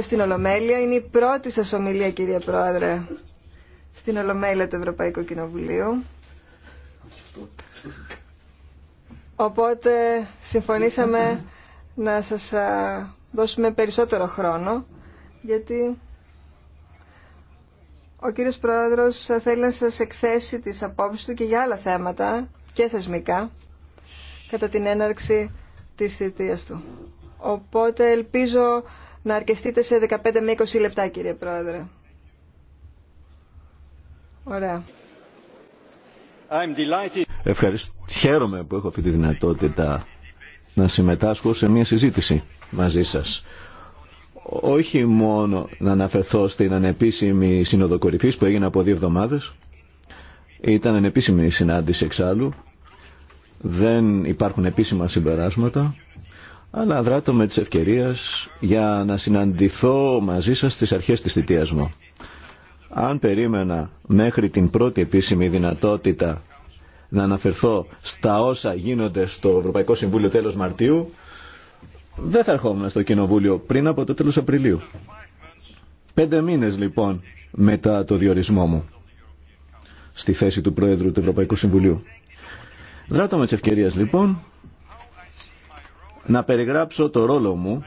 στην Ολομέλεια. Είναι η πρώτη σας ομιλία, κυρία Πρόεδρε, στην Ολομέλεια του Ευρωπαϊκού Κοινοβουλίου. Οπότε συμφωνήσαμε να σας δώσουμε περισσότερο χρόνο, γιατί ο κύριος Πρόεδρος θέλει να σας εκθέσει τις απόψεις του και για άλλα θέματα και θεσμικά κατά την έναρξη της θητείας του. Οπότε ελπίζω να αρκεστείτε σε 15 με 20 λεπτά, κύριε Πρόεδρε. Ωραία. Ευχαριστώ. Χαίρομαι που έχω αυτή τη δυνατότητα να συμμετάσχω σε μια συζήτηση μαζί σας. Όχι μόνο να αναφερθώ στην ανεπίσημη συνοδοκορυφή που έγινε από δύο εβδομάδες. Ήταν ανεπίσημη συνάντηση εξάλλου. Δεν υπάρχουν επίσημα συμπεράσματα αλλά δράτω με τις ευκαιρίες για να συναντηθώ μαζί σας στις αρχές της θητείας μου. Αν περίμενα μέχρι την πρώτη επίσημη δυνατότητα να αναφερθώ στα όσα γίνονται στο Ευρωπαϊκό Συμβούλιο τέλος Μαρτίου, δεν θα ερχόμουν στο Κοινοβούλιο πριν από το τέλος Απριλίου. Πέντε μήνες λοιπόν μετά το διορισμό μου στη θέση του Πρόεδρου του Ευρωπαϊκού Συμβουλίου. Δράτω με τις ευκαιρίες λοιπόν να περιγράψω το ρόλο μου,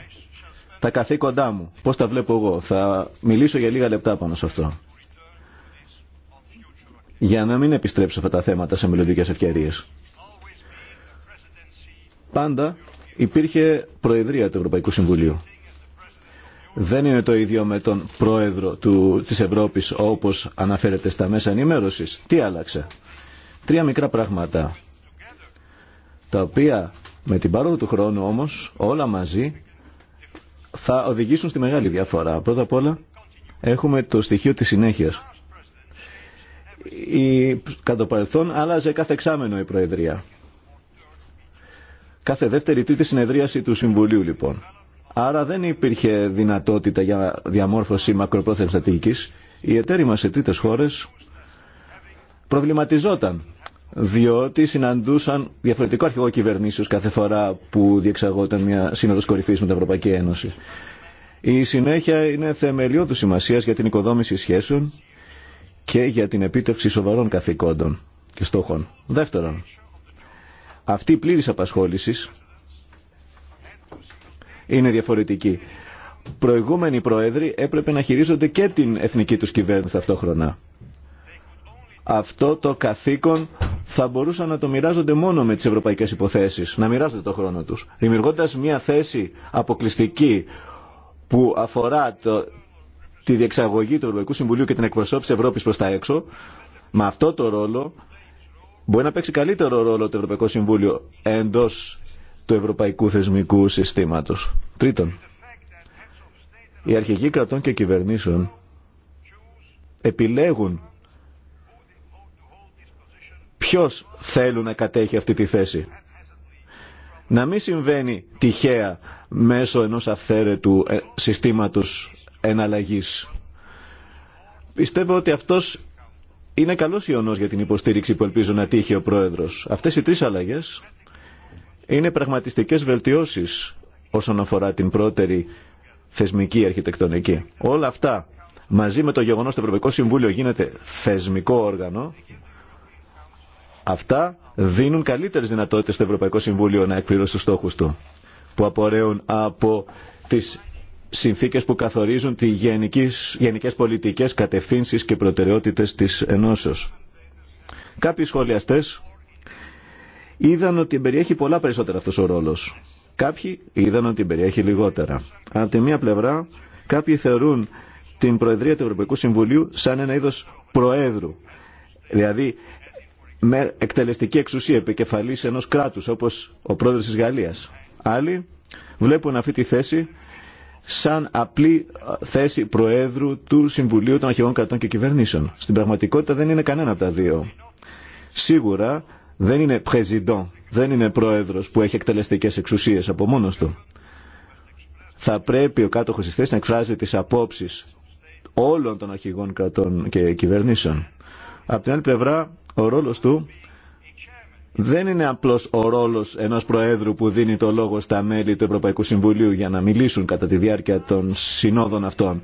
τα καθήκοντά μου, πώς τα βλέπω εγώ. Θα μιλήσω για λίγα λεπτά πάνω σε αυτό. Για να μην επιστρέψω αυτά τα θέματα σε μελλοντικέ ευκαιρίε. Πάντα υπήρχε Προεδρία του Ευρωπαϊκού Συμβουλίου. Δεν είναι το ίδιο με τον Πρόεδρο του, της Ευρώπης όπως αναφέρεται στα μέσα ενημέρωσης. Τι άλλαξε. Τρία μικρά πράγματα τα οποία με την παρόδο του χρόνου όμως όλα μαζί θα οδηγήσουν στη μεγάλη διαφορά. Πρώτα απ' όλα έχουμε το στοιχείο της συνέχειας. Η, κατά το παρελθόν άλλαζε κάθε εξάμενο η Προεδρία. Κάθε δεύτερη τρίτη συνεδρίαση του Συμβουλίου λοιπόν. Άρα δεν υπήρχε δυνατότητα για διαμόρφωση μακροπρόθεσμης στρατηγικής. Οι εταίροι μας σε τρίτες χώρες προβληματιζόταν διότι συναντούσαν διαφορετικό αρχηγό κυβερνήσεως κάθε φορά που διεξαγόταν μια σύνοδος κορυφής με την Ευρωπαϊκή Ένωση. Η συνέχεια είναι θεμελιώδου σημασίας για την οικοδόμηση σχέσεων και για την επίτευξη σοβαρών καθηκόντων και στόχων. Δεύτερον, αυτή η πλήρης απασχόλησης είναι διαφορετική. Προηγούμενοι πρόεδροι έπρεπε να χειρίζονται και την εθνική τους κυβέρνηση ταυτόχρονα αυτό το καθήκον θα μπορούσαν να το μοιράζονται μόνο με τις ευρωπαϊκές υποθέσεις, να μοιράζονται το χρόνο τους. Δημιουργώντας μια θέση αποκλειστική που αφορά το, τη διεξαγωγή του Ευρωπαϊκού Συμβουλίου και την εκπροσώπηση Ευρώπης προς τα έξω, με αυτό το ρόλο μπορεί να παίξει καλύτερο ρόλο το Ευρωπαϊκό Συμβούλιο εντός του Ευρωπαϊκού Θεσμικού Συστήματος. Τρίτον, οι αρχηγοί κρατών και κυβερνήσεων επιλέγουν ποιος θέλουν να κατέχει αυτή τη θέση. Να μην συμβαίνει τυχαία μέσω ενός αυθαίρετου ε, συστήματος εναλλαγής. Πιστεύω ότι αυτός είναι καλός ιονός για την υποστήριξη που ελπίζω να τύχει ο Πρόεδρος. Αυτές οι τρεις αλλαγές είναι πραγματιστικές βελτιώσεις όσον αφορά την πρώτερη θεσμική αρχιτεκτονική. Όλα αυτά μαζί με το γεγονός ότι το Ευρωπαϊκό Συμβούλιο γίνεται θεσμικό όργανο Αυτά δίνουν καλύτερες δυνατότητες στο Ευρωπαϊκό Συμβούλιο να εκπληρώσει τους στόχους του, που απορρέουν από τις συνθήκες που καθορίζουν τις γενικές, γενικές πολιτικές κατευθύνσεις και προτεραιότητες της Ενώσεως. Κάποιοι σχολιαστές είδαν ότι περιέχει πολλά περισσότερα αυτός ο ρόλος. Κάποιοι είδαν ότι περιέχει λιγότερα. Από τη μία πλευρά, κάποιοι θεωρούν την Προεδρία του Ευρωπαϊκού Συμβουλίου σαν ένα είδος προέδρου. Δηλαδή, με εκτελεστική εξουσία επικεφαλής ενός κράτους όπως ο πρόεδρος της Γαλλίας. Άλλοι βλέπουν αυτή τη θέση σαν απλή θέση Προέδρου του Συμβουλίου των Αρχηγών Κρατών και Κυβερνήσεων. Στην πραγματικότητα δεν είναι κανένα από τα δύο. Σίγουρα δεν είναι πρεζιντό, δεν είναι Πρόεδρος που έχει εκτελεστικές εξουσίες από μόνος του. Θα πρέπει ο κάτοχος της θέσης να εκφράζει τις απόψεις όλων των αρχηγών κρατών και κυβερνήσεων. Από την άλλη πλευρά ο ρόλος του δεν είναι απλώς ο ρόλος ενός Προέδρου που δίνει το λόγο στα μέλη του Ευρωπαϊκού Συμβουλίου για να μιλήσουν κατά τη διάρκεια των συνόδων αυτών.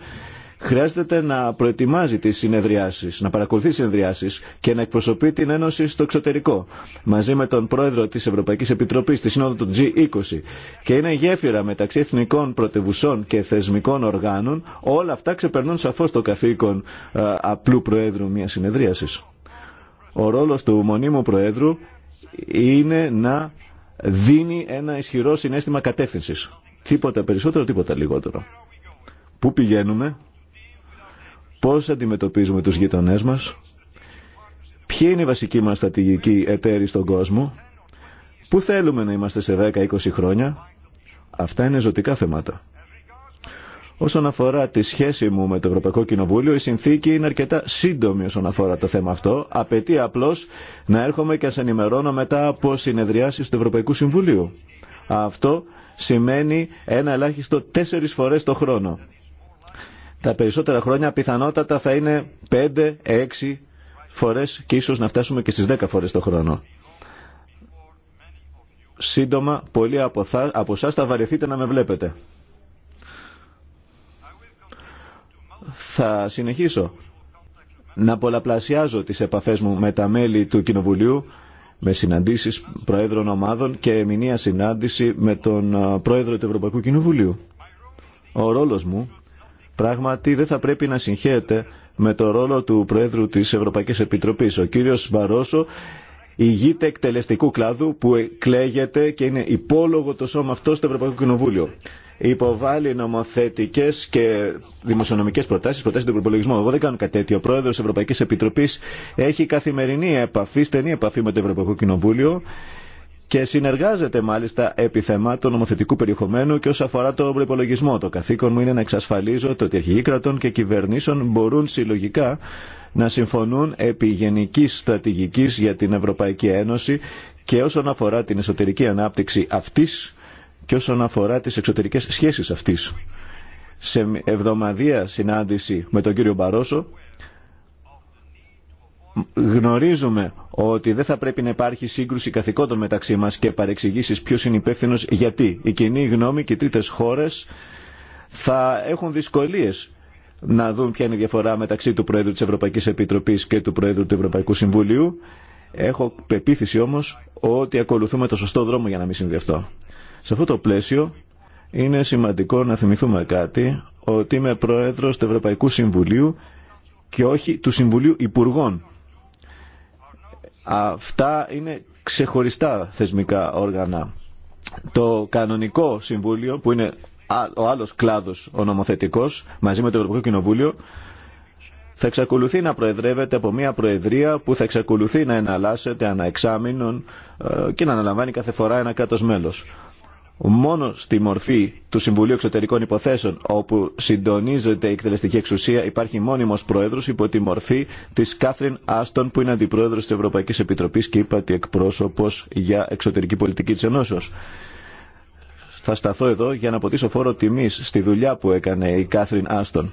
Χρειάζεται να προετοιμάζει τις συνεδριάσεις, να παρακολουθεί τις συνεδριάσεις και να εκπροσωπεί την Ένωση στο εξωτερικό μαζί με τον Πρόεδρο της Ευρωπαϊκής Επιτροπής τη Συνόδου του G20 και είναι γέφυρα μεταξύ εθνικών πρωτευουσών και θεσμικών οργάνων όλα αυτά ξεπερνούν σαφώς το καθήκον ε, απλού Προέδρου μιας συνεδρίασης. Ο ρόλος του μονίμου Προέδρου είναι να δίνει ένα ισχυρό συνέστημα κατεύθυνσης. Τίποτα περισσότερο, τίποτα λιγότερο. Πού πηγαίνουμε, πώς αντιμετωπίζουμε τους γειτονές μας, ποια είναι η βασική μας στρατηγική εταίρη στον κόσμο, πού θέλουμε να είμαστε σε 10-20 χρόνια. Αυτά είναι ζωτικά θέματα. Όσον αφορά τη σχέση μου με το Ευρωπαϊκό Κοινοβούλιο, η συνθήκη είναι αρκετά σύντομη όσον αφορά το θέμα αυτό. Απαιτεί απλώ να έρχομαι και να σα ενημερώνω μετά από συνεδριάσει του Ευρωπαϊκού Συμβουλίου. Αυτό σημαίνει ένα ελάχιστο τέσσερι φορέ το χρόνο. Τα περισσότερα χρόνια πιθανότατα θα είναι πέντε, έξι φορέ και ίσω να φτάσουμε και στι δέκα φορέ το χρόνο. Σύντομα, πολλοί από εσά θα βαρεθείτε να με βλέπετε. Θα συνεχίσω να πολλαπλασιάζω τις επαφές μου με τα μέλη του Κοινοβουλίου με συναντήσεις προέδρων ομάδων και μηνύα συνάντηση με τον πρόεδρο του Ευρωπαϊκού Κοινοβουλίου. Ο ρόλος μου πράγματι δεν θα πρέπει να συγχέεται με το ρόλο του Προέδρου της Ευρωπαϊκής Επιτροπής. Ο κύριος Μπαρόσο ηγείται εκτελεστικού κλάδου που εκλέγεται και είναι υπόλογο το σώμα αυτό στο Ευρωπαϊκό Κοινοβούλιο υποβάλει νομοθετικέ και δημοσιονομικέ προτάσει, προτάσει του προπολογισμού. Εγώ δεν κάνω κάτι τέτοιο. Ο πρόεδρο Ευρωπαϊκή Επιτροπή έχει καθημερινή επαφή, στενή επαφή με το Ευρωπαϊκό Κοινοβούλιο και συνεργάζεται μάλιστα επί θεμάτων νομοθετικού περιεχομένου και όσον αφορά τον προπολογισμό. Το καθήκον μου είναι να εξασφαλίζω ότι αρχηγοί κρατών και κυβερνήσεων μπορούν συλλογικά να συμφωνούν επί γενική στρατηγική για την Ευρωπαϊκή Ένωση και όσον αφορά την εσωτερική ανάπτυξη αυτής και όσον αφορά τις εξωτερικές σχέσεις αυτής. Σε εβδομαδία συνάντηση με τον κύριο Μπαρόσο γνωρίζουμε ότι δεν θα πρέπει να υπάρχει σύγκρουση καθηκόντων μεταξύ μας και παρεξηγήσεις ποιο είναι υπεύθυνο γιατί. Η κοινή γνώμη και οι τρίτες χώρες θα έχουν δυσκολίες να δουν ποια είναι η διαφορά μεταξύ του Προέδρου της Ευρωπαϊκής Επιτροπής και του Προέδρου του Ευρωπαϊκού Συμβουλίου. Έχω πεποίθηση όμως ότι ακολουθούμε το σωστό δρόμο για να μην συμβεί αυτό. Σε αυτό το πλαίσιο είναι σημαντικό να θυμηθούμε κάτι ότι είμαι πρόεδρος του Ευρωπαϊκού Συμβουλίου και όχι του Συμβουλίου Υπουργών. Αυτά είναι ξεχωριστά θεσμικά όργανα. Το κανονικό Συμβούλιο που είναι ο άλλος κλάδος ο νομοθετικός μαζί με το Ευρωπαϊκό Κοινοβούλιο θα εξακολουθεί να προεδρεύεται από μια προεδρία που θα εξακολουθεί να εναλλάσσεται ανά ε, και να αναλαμβάνει κάθε φορά ένα κράτος μέλος μόνο στη μορφή του Συμβουλίου Εξωτερικών Υποθέσεων, όπου συντονίζεται η εκτελεστική εξουσία, υπάρχει μόνιμος πρόεδρος υπό τη μορφή της Κάθριν Άστον, που είναι αντιπρόεδρο της Ευρωπαϊκής Επιτροπής και ότι εκπρόσωπος για εξωτερική πολιτική της Ενώσεω. Θα σταθώ εδώ για να αποτίσω φόρο τιμής στη δουλειά που έκανε η Κάθριν Άστον.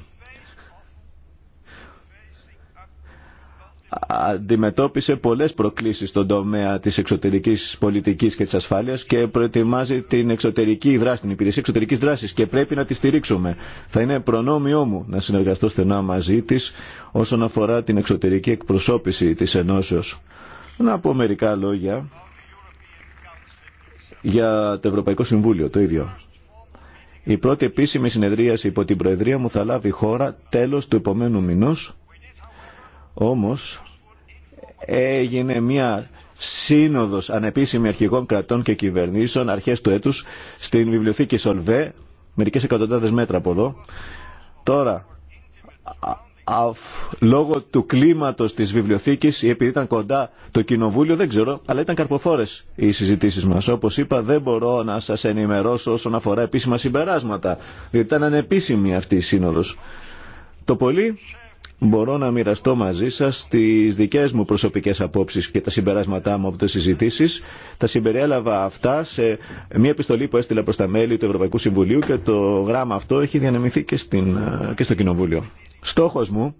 αντιμετώπισε πολλές προκλήσεις στον τομέα της εξωτερικής πολιτικής και της ασφάλειας και προετοιμάζει την εξωτερική δράση, την υπηρεσία εξωτερικής δράσης και πρέπει να τη στηρίξουμε. Θα είναι προνόμιό μου να συνεργαστώ στενά μαζί της όσον αφορά την εξωτερική εκπροσώπηση της Ενώσεως. Να πω μερικά λόγια για το Ευρωπαϊκό Συμβούλιο, το ίδιο. Η πρώτη επίσημη συνεδρίαση υπό την Προεδρία μου θα λάβει χώρα τέλος του επομένου μηνός όμως έγινε μια σύνοδος ανεπίσημη αρχηγών κρατών και κυβερνήσεων αρχές του έτους στην βιβλιοθήκη Σολβέ, μερικές εκατοντάδες μέτρα από εδώ. Τώρα, λόγω του κλίματος της βιβλιοθήκης ή επειδή ήταν κοντά το κοινοβούλιο δεν ξέρω αλλά ήταν καρποφόρες οι συζητήσεις μας όπως είπα δεν μπορώ να σας ενημερώσω όσον αφορά επίσημα συμπεράσματα διότι ήταν ανεπίσημη αυτή η σύνοδος το πολύ μπορώ να μοιραστώ μαζί σας τις δικές μου προσωπικές απόψεις και τα συμπεράσματά μου από τις συζητήσεις. Τα συμπεριέλαβα αυτά σε μια επιστολή που έστειλα προς τα μέλη του Ευρωπαϊκού Συμβουλίου και το γράμμα αυτό έχει διανεμηθεί και, στην, στο Κοινοβούλιο. Στόχος μου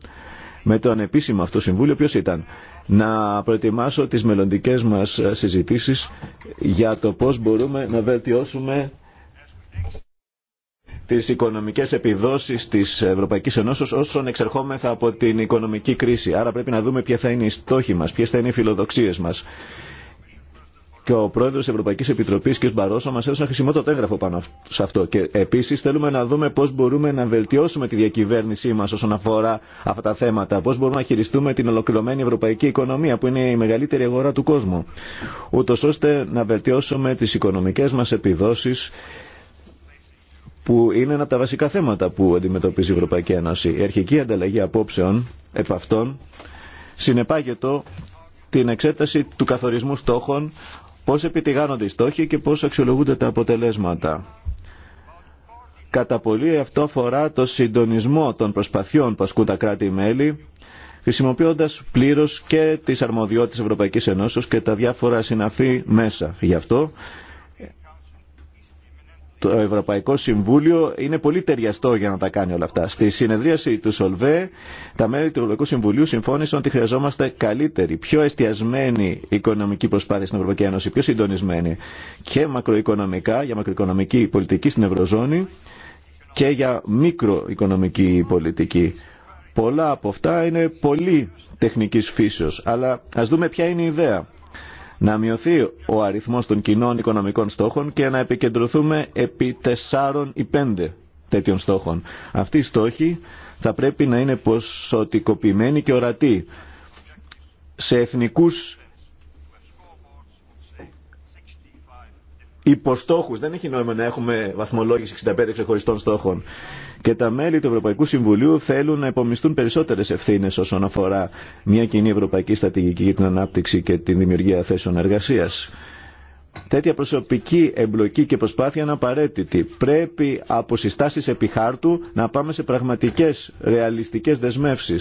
με το ανεπίσημο αυτό συμβούλιο ποιος ήταν να προετοιμάσω τις μελλοντικέ μας συζητήσεις για το πώς μπορούμε να βελτιώσουμε τις οικονομικές επιδόσεις της Ευρωπαϊκής Ενώσεως όσων εξερχόμεθα από την οικονομική κρίση. Άρα πρέπει να δούμε ποια θα είναι οι στόχοι μας, ποιες θα είναι οι φιλοδοξίες μας. Και ο πρόεδρος της Ευρωπαϊκής Επιτροπής, κ. Μπαρόσο, μας έδωσε ένα χρησιμότο έγγραφο πάνω σε αυτό. Και επίσης θέλουμε να δούμε πώς μπορούμε να βελτιώσουμε τη διακυβέρνησή μας όσον αφορά αυτά τα θέματα. Πώς μπορούμε να χειριστούμε την ολοκληρωμένη ευρωπαϊκή οικονομία που είναι η μεγαλύτερη αγορά του κόσμου. Ούτως ώστε να βελτιώσουμε τις οικονομικές μας επιδόσεις που είναι ένα από τα βασικά θέματα που αντιμετωπίζει η Ευρωπαϊκή Ένωση. Η αρχική ανταλλαγή απόψεων επ' αυτών συνεπάγεται την εξέταση του καθορισμού στόχων, πώς επιτυγάνονται οι στόχοι και πώς αξιολογούνται τα αποτελέσματα. Κατά πολύ αυτό αφορά το συντονισμό των προσπαθειών που ασκούν τα κράτη-μέλη, χρησιμοποιώντας πλήρως και τις αρμοδιότητες Ευρωπαϊκής Ένωση και τα διάφορα συναφή μέσα. Γι' αυτό το Ευρωπαϊκό Συμβούλιο είναι πολύ ταιριαστό για να τα κάνει όλα αυτά. Στη συνεδρίαση του Σολβέ, τα μέλη του Ευρωπαϊκού Συμβουλίου συμφώνησαν ότι χρειαζόμαστε καλύτερη, πιο εστιασμένη οικονομική προσπάθεια στην Ευρωπαϊκή Ένωση, πιο συντονισμένη και μακροοικονομικά, για μακροοικονομική πολιτική στην Ευρωζώνη και για μικροοικονομική πολιτική. Πολλά από αυτά είναι πολύ τεχνικής φύσεως, αλλά ας δούμε ποια είναι η ιδέα να μειωθεί ο αριθμός των κοινών οικονομικών στόχων και να επικεντρωθούμε επί τεσσάρων ή πέντε τέτοιων στόχων. Αυτοί οι στόχοι θα πρέπει να είναι ποσοτικοποιημένοι και ορατοί σε εθνικούς υποστόχους. Δεν έχει νόημα να έχουμε βαθμολόγηση 65 ξεχωριστών στόχων. Και τα μέλη του Ευρωπαϊκού Συμβουλίου θέλουν να υπομισθούν περισσότερε ευθύνε όσον αφορά μια κοινή ευρωπαϊκή στρατηγική για την ανάπτυξη και τη δημιουργία θέσεων εργασία. Τέτοια προσωπική εμπλοκή και προσπάθεια είναι απαραίτητη. Πρέπει από επι επιχάρτου να πάμε σε πραγματικέ, ρεαλιστικέ δεσμεύσει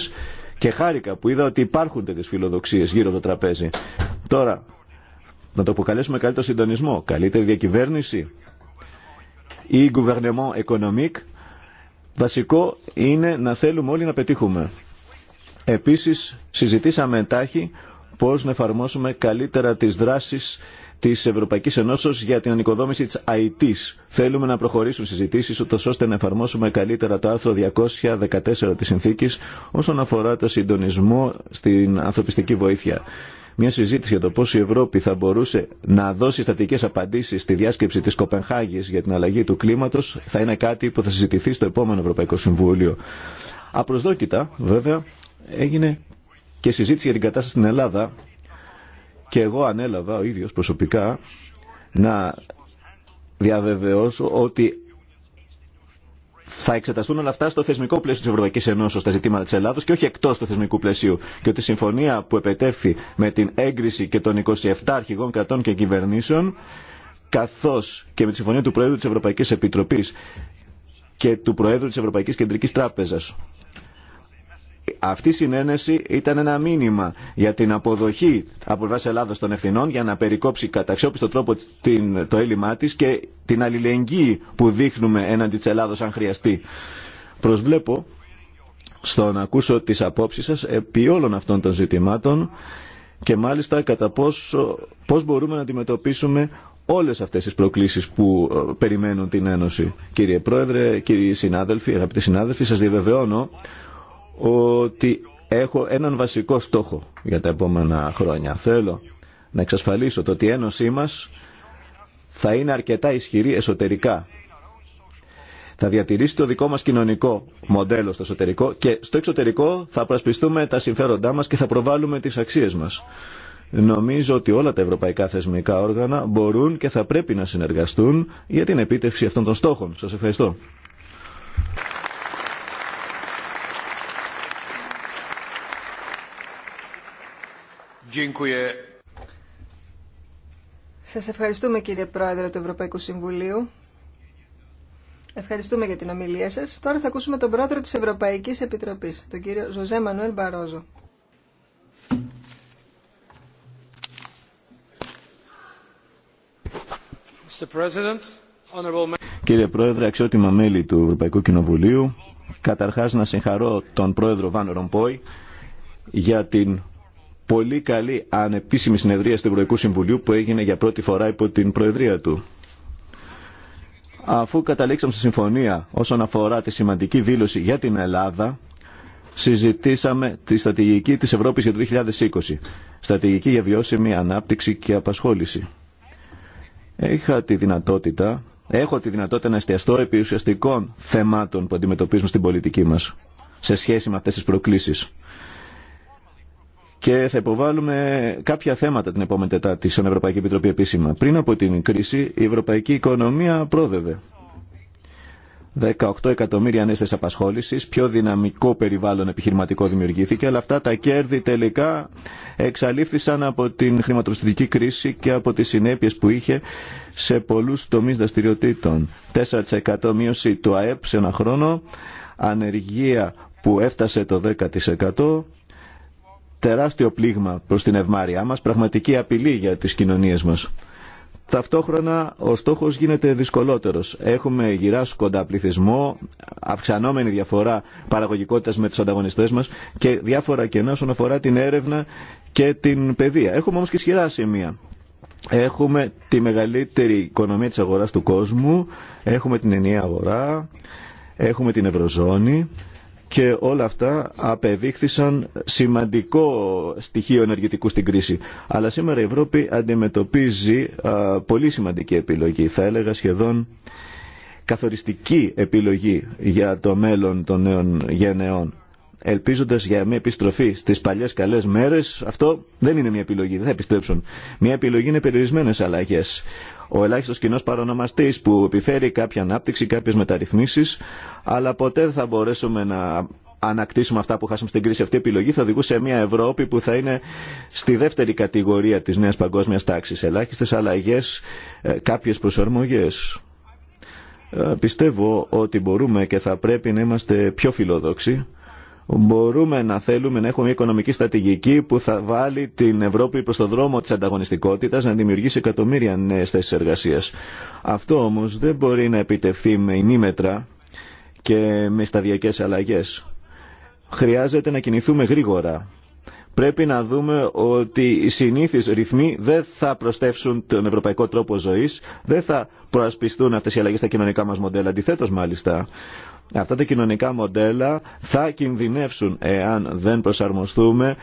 Και χάρηκα που είδα ότι υπάρχουν τι φιλοδοξίε γύρω το τραπέζι. Τώρα, να το αποκαλέσουμε καλύτερο συντονισμό, καλύτερη διακυβέρνηση ή gouvernement économique. Βασικό είναι να θέλουμε όλοι να πετύχουμε. Επίσης, συζητήσαμε εντάχει πώς να εφαρμόσουμε καλύτερα τις δράσεις της Ευρωπαϊκής Ενώσεως για την ανοικοδόμηση της ΑΙΤΙΣ. Θέλουμε να προχωρήσουν συζητήσεις ούτως ώστε να εφαρμόσουμε καλύτερα το άρθρο 214 της Συνθήκης όσον αφορά το συντονισμό στην ανθρωπιστική βοήθεια μια συζήτηση για το πώς η Ευρώπη θα μπορούσε να δώσει στατικές απαντήσεις στη διάσκεψη της Κοπενχάγης για την αλλαγή του κλίματος θα είναι κάτι που θα συζητηθεί στο επόμενο Ευρωπαϊκό Συμβούλιο. Απροσδόκητα βέβαια έγινε και συζήτηση για την κατάσταση στην Ελλάδα και εγώ ανέλαβα ο ίδιος προσωπικά να διαβεβαιώσω ότι θα εξεταστούν όλα αυτά στο θεσμικό πλαίσιο τη Ευρωπαϊκή Ενώσεω στα ζητήματα τη Ελλάδο και όχι εκτό του θεσμικού πλαισίου. Και ότι η συμφωνία που επετεύχθη με την έγκριση και των 27 αρχηγών κρατών και κυβερνήσεων, καθώ και με τη συμφωνία του Προέδρου τη Ευρωπαϊκή Επιτροπή και του Προέδρου τη Ευρωπαϊκή Κεντρική Τράπεζα, αυτή η συνένεση ήταν ένα μήνυμα για την αποδοχή από πλευρά Ελλάδα των ευθυνών για να περικόψει κατά αξιόπιστο τρόπο την, το έλλειμμά τη και την αλληλεγγύη που δείχνουμε έναντι τη Ελλάδο αν χρειαστεί. Προσβλέπω στο να ακούσω τι απόψει σα επί όλων αυτών των ζητημάτων και μάλιστα κατά πόσο, πώς μπορούμε να αντιμετωπίσουμε όλες αυτές τις προκλήσεις που ε, περιμένουν την Ένωση. Κύριε Πρόεδρε, κύριοι συνάδελφοι, αγαπητοί συνάδελφοι, σας διαβεβαιώνω ότι έχω έναν βασικό στόχο για τα επόμενα χρόνια. Θέλω να εξασφαλίσω το ότι η Ένωσή μας θα είναι αρκετά ισχυρή εσωτερικά. Θα διατηρήσει το δικό μας κοινωνικό μοντέλο στο εσωτερικό και στο εξωτερικό θα προσπιστούμε τα συμφέροντά μας και θα προβάλλουμε τις αξίες μας. Νομίζω ότι όλα τα ευρωπαϊκά θεσμικά όργανα μπορούν και θα πρέπει να συνεργαστούν για την επίτευξη αυτών των στόχων. Σας ευχαριστώ. Σας ευχαριστούμε κύριε Πρόεδρε του Ευρωπαϊκού Συμβουλίου. Ευχαριστούμε για την ομιλία σας. Τώρα θα ακούσουμε τον Πρόεδρο της Ευρωπαϊκής Επιτροπής, τον κύριο Ζωζέ Μανουέλ Μπαρόζο. Κύριε Πρόεδρε, αξιότιμα μέλη του Ευρωπαϊκού Κοινοβουλίου, καταρχάς να συγχαρώ τον Πρόεδρο Βαν Ρομπόη για την πολύ καλή ανεπίσημη συνεδρία του Ευρωπαϊκού Συμβουλίου που έγινε για πρώτη φορά υπό την Προεδρία του. Αφού καταλήξαμε στη συμφωνία όσον αφορά τη σημαντική δήλωση για την Ελλάδα, συζητήσαμε τη στρατηγική της Ευρώπης για το 2020, στρατηγική για βιώσιμη ανάπτυξη και απασχόληση. Είχα τη δυνατότητα, έχω τη δυνατότητα να εστιαστώ επί ουσιαστικών θεμάτων που αντιμετωπίζουμε στην πολιτική μας, σε σχέση με αυτές τις προκλήσεις και θα υποβάλουμε κάποια θέματα την επόμενη Τετάρτη στην Ευρωπαϊκή Επιτροπή επίσημα. Πριν από την κρίση, η ευρωπαϊκή οικονομία πρόδευε. 18 εκατομμύρια νέε θέσει απασχόληση, πιο δυναμικό περιβάλλον επιχειρηματικό δημιουργήθηκε, αλλά αυτά τα κέρδη τελικά εξαλείφθησαν από την χρηματοπιστωτική κρίση και από τι συνέπειε που είχε σε πολλού τομεί δραστηριοτήτων. 4% μείωση του ΑΕΠ σε ένα χρόνο, ανεργία που έφτασε το 10%, τεράστιο πλήγμα προς την ευμάρειά μας, πραγματική απειλή για τις κοινωνίες μας. Ταυτόχρονα ο στόχος γίνεται δυσκολότερος. Έχουμε κοντά πληθυσμό, αυξανόμενη διαφορά παραγωγικότητας με τους ανταγωνιστές μας και διάφορα κενά όσον αφορά την έρευνα και την παιδεία. Έχουμε όμως και ισχυρά σημεία. Έχουμε τη μεγαλύτερη οικονομία της αγοράς του κόσμου, έχουμε την ενιαία αγορά, έχουμε την Ευρωζώνη, και όλα αυτά απεδείχθησαν σημαντικό στοιχείο ενεργητικού στην κρίση. Αλλά σήμερα η Ευρώπη αντιμετωπίζει πολύ σημαντική επιλογή, θα έλεγα σχεδόν καθοριστική επιλογή για το μέλλον των νέων γενεών. Ελπίζοντας για μια επιστροφή στις παλιές καλές μέρες, αυτό δεν είναι μια επιλογή, δεν θα επιστρέψουν. Μια επιλογή είναι περιορισμένες αλλαγές ο ελάχιστο κοινό παρονομαστή που επιφέρει κάποια ανάπτυξη, κάποιε μεταρρυθμίσει, αλλά ποτέ δεν θα μπορέσουμε να ανακτήσουμε αυτά που χάσαμε στην κρίση. Αυτή η επιλογή θα οδηγούσε σε μια Ευρώπη που θα είναι στη δεύτερη κατηγορία τη νέα παγκόσμια τάξη. Ελάχιστε αλλαγέ, ε, κάποιε προσαρμογέ. Ε, πιστεύω ότι μπορούμε και θα πρέπει να είμαστε πιο φιλόδοξοι μπορούμε να θέλουμε να έχουμε μια οικονομική στρατηγική που θα βάλει την Ευρώπη προς τον δρόμο της ανταγωνιστικότητας να δημιουργήσει εκατομμύρια νέες θέσεις εργασίας. Αυτό όμως δεν μπορεί να επιτευχθεί με ημίμετρα και με σταδιακές αλλαγές. Χρειάζεται να κινηθούμε γρήγορα. Πρέπει να δούμε ότι οι συνήθεις ρυθμοί δεν θα προστεύσουν τον ευρωπαϊκό τρόπο ζωής, δεν θα προασπιστούν αυτές οι αλλαγές στα κοινωνικά μας μοντέλα, αντιθέτως μάλιστα Αυτά τα κοινωνικά μοντέλα θα κινδυνεύσουν εάν δεν προσαρμοστούμε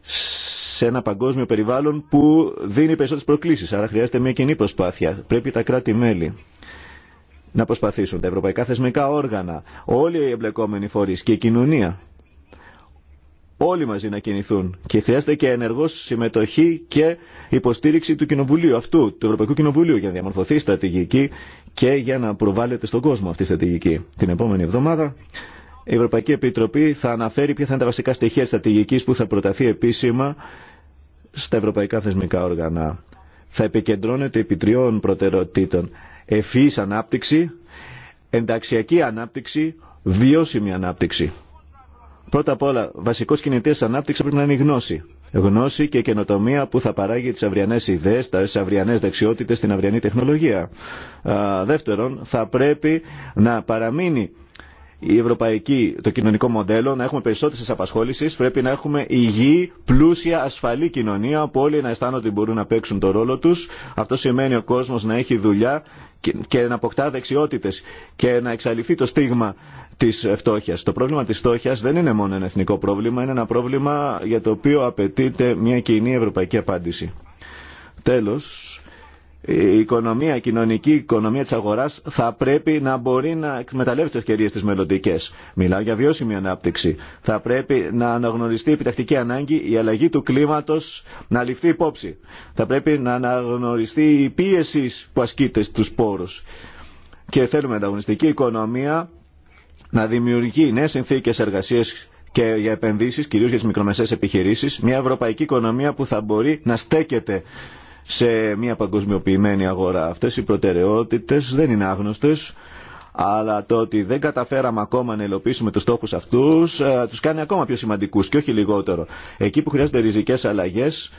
σε ένα παγκόσμιο περιβάλλον που δίνει περισσότερες προκλήσεις. Άρα χρειάζεται μια κοινή προσπάθεια. Πρέπει τα κράτη-μέλη να προσπαθήσουν, τα ευρωπαϊκά θεσμικά όργανα, όλοι οι εμπλεκόμενοι φορείς και η κοινωνία όλοι μαζί να κινηθούν. Και χρειάζεται και ενεργό συμμετοχή και υποστήριξη του Κοινοβουλίου αυτού, του Ευρωπαϊκού Κοινοβουλίου, για να διαμορφωθεί η στρατηγική και για να προβάλλεται στον κόσμο αυτή η στρατηγική. Την επόμενη εβδομάδα η Ευρωπαϊκή Επιτροπή θα αναφέρει ποια θα είναι τα βασικά στοιχεία στρατηγική που θα προταθεί επίσημα στα ευρωπαϊκά θεσμικά όργανα. Θα επικεντρώνεται επί τριών προτεραιοτήτων. Ευφυή ανάπτυξη, ενταξιακή ανάπτυξη, βιώσιμη ανάπτυξη. Πρώτα απ' όλα, βασικό κινητή ανάπτυξη πρέπει να είναι η γνώση. Γνώση και καινοτομία που θα παράγει τι αυριανέ ιδέε, τι αυριανέ δεξιότητε, την αυριανή τεχνολογία. Δεύτερον, θα πρέπει να παραμείνει η ευρωπαϊκή, το κοινωνικό μοντέλο, να έχουμε περισσότερε απασχόλησει. Πρέπει να έχουμε υγιή, πλούσια, ασφαλή κοινωνία, όπου όλοι να αισθάνονται ότι μπορούν να παίξουν το ρόλο του. Αυτό σημαίνει ο κόσμο να έχει δουλειά και να αποκτά δεξιότητες και να εξαλειφθεί το στίγμα της φτώχειας. Το πρόβλημα της φτώχειας δεν είναι μόνο ένα εθνικό πρόβλημα, είναι ένα πρόβλημα για το οποίο απαιτείται μια κοινή ευρωπαϊκή απάντηση. Τέλος, η οικονομία, η κοινωνική οικονομία τη αγορά θα πρέπει να μπορεί να εκμεταλλεύει τις ευκαιρίε τις μελλοντικέ. Μιλάω για βιώσιμη ανάπτυξη. Θα πρέπει να αναγνωριστεί η επιτακτική ανάγκη, η αλλαγή του κλίματο, να ληφθεί υπόψη. Θα πρέπει να αναγνωριστεί η πίεση που ασκείται στους πόρου. Και θέλουμε η ανταγωνιστική οικονομία να δημιουργεί νέε συνθήκε εργασία και για επενδύσει κυρίω για τι μικρομεσαίες επιχειρήσει, μια ευρωπαϊκή οικονομία που θα μπορεί να στέκεται σε μια παγκοσμιοποιημένη αγορά. Αυτές οι προτεραιότητες δεν είναι άγνωστες, αλλά το ότι δεν καταφέραμε ακόμα να ελοπίσουμε τους στόχους αυτούς ε, τους κάνει ακόμα πιο σημαντικούς και όχι λιγότερο. Εκεί που χρειάζονται ριζικές αλλαγές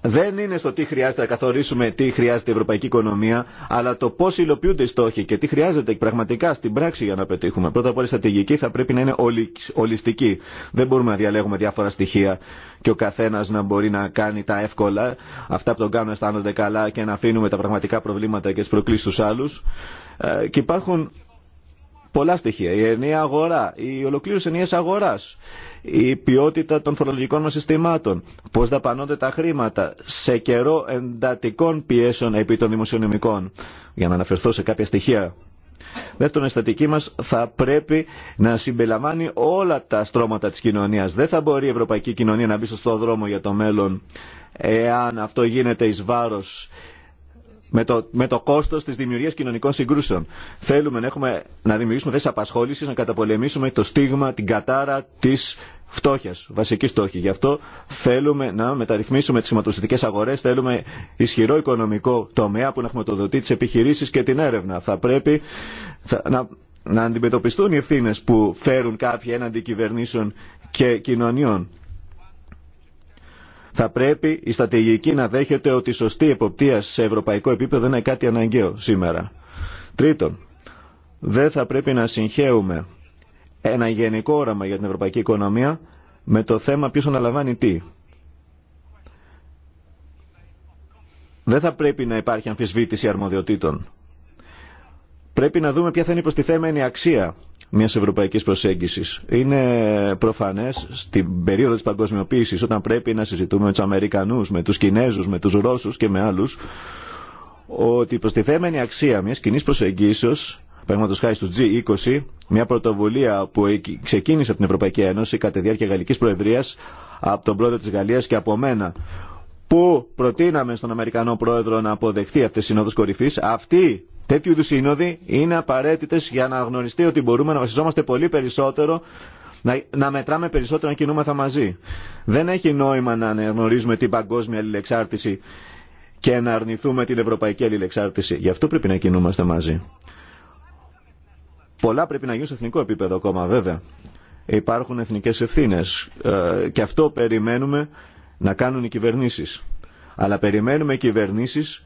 δεν είναι στο τι χρειάζεται να καθορίσουμε τι χρειάζεται η ευρωπαϊκή οικονομία, αλλά το πώ υλοποιούνται οι στόχοι και τι χρειάζεται πραγματικά στην πράξη για να πετύχουμε. Πρώτα απ' όλα η στρατηγική θα πρέπει να είναι ολιστική. Δεν μπορούμε να διαλέγουμε διάφορα στοιχεία και ο καθένα να μπορεί να κάνει τα εύκολα, αυτά που τον κάνουν αισθάνονται καλά και να αφήνουμε τα πραγματικά προβλήματα και τι προκλήσει στου άλλου. Ε, και υπάρχουν πολλά στοιχεία. Η ενιαία αγορά, η ολοκλήρωση ενιαία αγορά, η ποιότητα των φορολογικών μας συστημάτων, πώς δαπανώνται τα χρήματα σε καιρό εντατικών πιέσεων επί των δημοσιονομικών, για να αναφερθώ σε κάποια στοιχεία. Δεύτερον, η στατική μας θα πρέπει να συμπεριλαμβάνει όλα τα στρώματα της κοινωνίας. Δεν θα μπορεί η ευρωπαϊκή κοινωνία να μπει στο δρόμο για το μέλλον εάν αυτό γίνεται εις βάρος με το, με το κόστος της δημιουργίας κοινωνικών συγκρούσεων. Θέλουμε να, έχουμε, να δημιουργήσουμε θέσεις απασχόλησης, να καταπολεμήσουμε το στίγμα, την κατάρα της φτώχειας, βασική στόχη. Γι' αυτό θέλουμε να μεταρρυθμίσουμε τις χρηματοδοτικές αγορές, θέλουμε ισχυρό οικονομικό τομέα που να χρηματοδοτεί τις επιχειρήσεις και την έρευνα. Θα πρέπει να, να αντιμετωπιστούν οι ευθύνε που φέρουν κάποιοι έναντι κυβερνήσεων και κοινωνιών θα πρέπει η στρατηγική να δέχεται ότι η σωστή εποπτεία σε ευρωπαϊκό επίπεδο δεν είναι κάτι αναγκαίο σήμερα. Τρίτον, δεν θα πρέπει να συγχαίουμε ένα γενικό όραμα για την ευρωπαϊκή οικονομία με το θέμα ποιος αναλαμβάνει τι. Δεν θα πρέπει να υπάρχει αμφισβήτηση αρμοδιοτήτων. Πρέπει να δούμε ποια θα είναι η προστιθέμενη αξία μια Ευρωπαϊκή προσέγγιση. Είναι προφανέ στην περίοδο τη παγκοσμιοποίηση όταν πρέπει να συζητούμε με του Αμερικανού, με του κινέζου, με του Ρώσους και με άλλου, ότι η προστιθέμενη αξία μια κοινή προσεγγίσεω, Παραδείγματο χάρη του G20, μια πρωτοβουλία που ξεκίνησε από την Ευρωπαϊκή Ένωση κατά τη διάρκεια Γαλλική Προεδρία από τον πρόεδρο τη Γαλλία και από μένα, που προτείναμε στον Αμερικανό πρόεδρο να αποδεχτεί αυτέ τι συνόδου κορυφή. Αυτή Τέτοιου είδου σύνοδοι είναι απαραίτητε για να γνωριστεί ότι μπορούμε να βασιζόμαστε πολύ περισσότερο να, μετράμε περισσότερο να κινούμεθα μαζί. Δεν έχει νόημα να αναγνωρίζουμε την παγκόσμια αλληλεξάρτηση και να αρνηθούμε την ευρωπαϊκή αλληλεξάρτηση. Γι' αυτό πρέπει να κινούμαστε μαζί. Πολλά πρέπει να γίνουν σε εθνικό επίπεδο ακόμα βέβαια. Υπάρχουν εθνικέ ευθύνε. Ε, και αυτό περιμένουμε να κάνουν οι κυβερνήσει. Αλλά περιμένουμε κυβερνήσει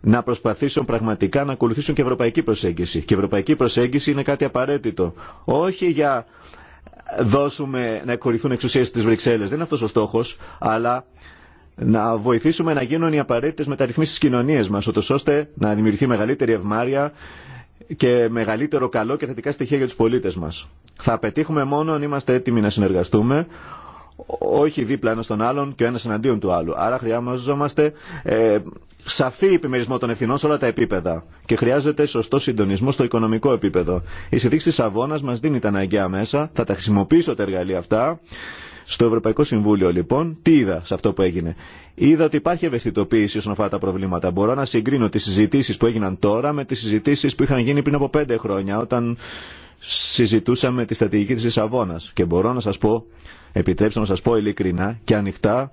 να προσπαθήσουν πραγματικά να ακολουθήσουν και ευρωπαϊκή προσέγγιση. Και η ευρωπαϊκή προσέγγιση είναι κάτι απαραίτητο. Όχι για δώσουμε να εκχωρηθούν εξουσίες στις Βρυξέλλες. Δεν είναι αυτός ο στόχος, αλλά να βοηθήσουμε να γίνουν οι απαραίτητες μεταρρυθμίσεις στις κοινωνίες μας, ώστε να δημιουργηθεί μεγαλύτερη ευμάρεια και μεγαλύτερο καλό και θετικά στοιχεία για τους πολίτες μας. Θα πετύχουμε μόνο αν είμαστε έτοιμοι να συνεργαστούμε, όχι δίπλα ένα στον άλλον και ο ένα εναντίον του άλλου. Άρα χρειάζομαστε ε, σαφή επιμερισμό των εθνών σε όλα τα επίπεδα και χρειάζεται σωστό συντονισμό στο οικονομικό επίπεδο. Η συνδείξη τη Αβώνα μα δίνει τα αναγκαία μέσα. Θα τα χρησιμοποιήσω τα εργαλεία αυτά. Στο Ευρωπαϊκό Συμβούλιο, λοιπόν, τι είδα σε αυτό που έγινε. Είδα ότι υπάρχει ευαισθητοποίηση όσον αφορά τα προβλήματα. Μπορώ να συγκρίνω τι συζητήσει που έγιναν τώρα με τι συζητήσει που είχαν γίνει πριν από πέντε χρόνια, όταν συζητούσαμε τη στρατηγική τη Λισαβόνα. Και μπορώ να σα πω Επιτρέψτε να σας πω ειλικρινά και ανοιχτά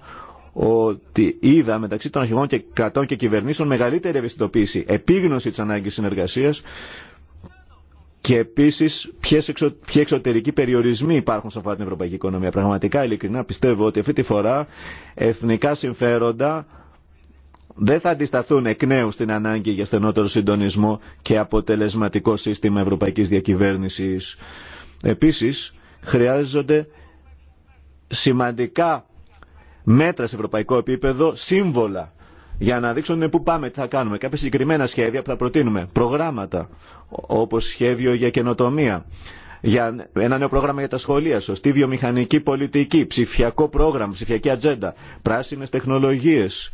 ότι είδα μεταξύ των αρχηγών και κρατών και κυβερνήσεων μεγαλύτερη ευαισθητοποίηση, επίγνωση της ανάγκης συνεργασίας και επίσης ποιοι εξωτερικοί περιορισμοί υπάρχουν σε αυτή την ευρωπαϊκή οικονομία. Πραγματικά ειλικρινά πιστεύω ότι αυτή τη φορά εθνικά συμφέροντα δεν θα αντισταθούν εκ νέου στην ανάγκη για στενότερο συντονισμό και αποτελεσματικό σύστημα ευρωπαϊκής διακυβέρνησης. Επίσης, χρειάζονται σημαντικά μέτρα σε ευρωπαϊκό επίπεδο, σύμβολα, για να δείξουν πού πάμε, τι θα κάνουμε. Κάποια συγκεκριμένα σχέδια που θα προτείνουμε, προγράμματα, όπως σχέδιο για καινοτομία, για ένα νέο πρόγραμμα για τα σχολεία, σωστή βιομηχανική πολιτική, ψηφιακό πρόγραμμα, ψηφιακή ατζέντα, πράσινες τεχνολογίες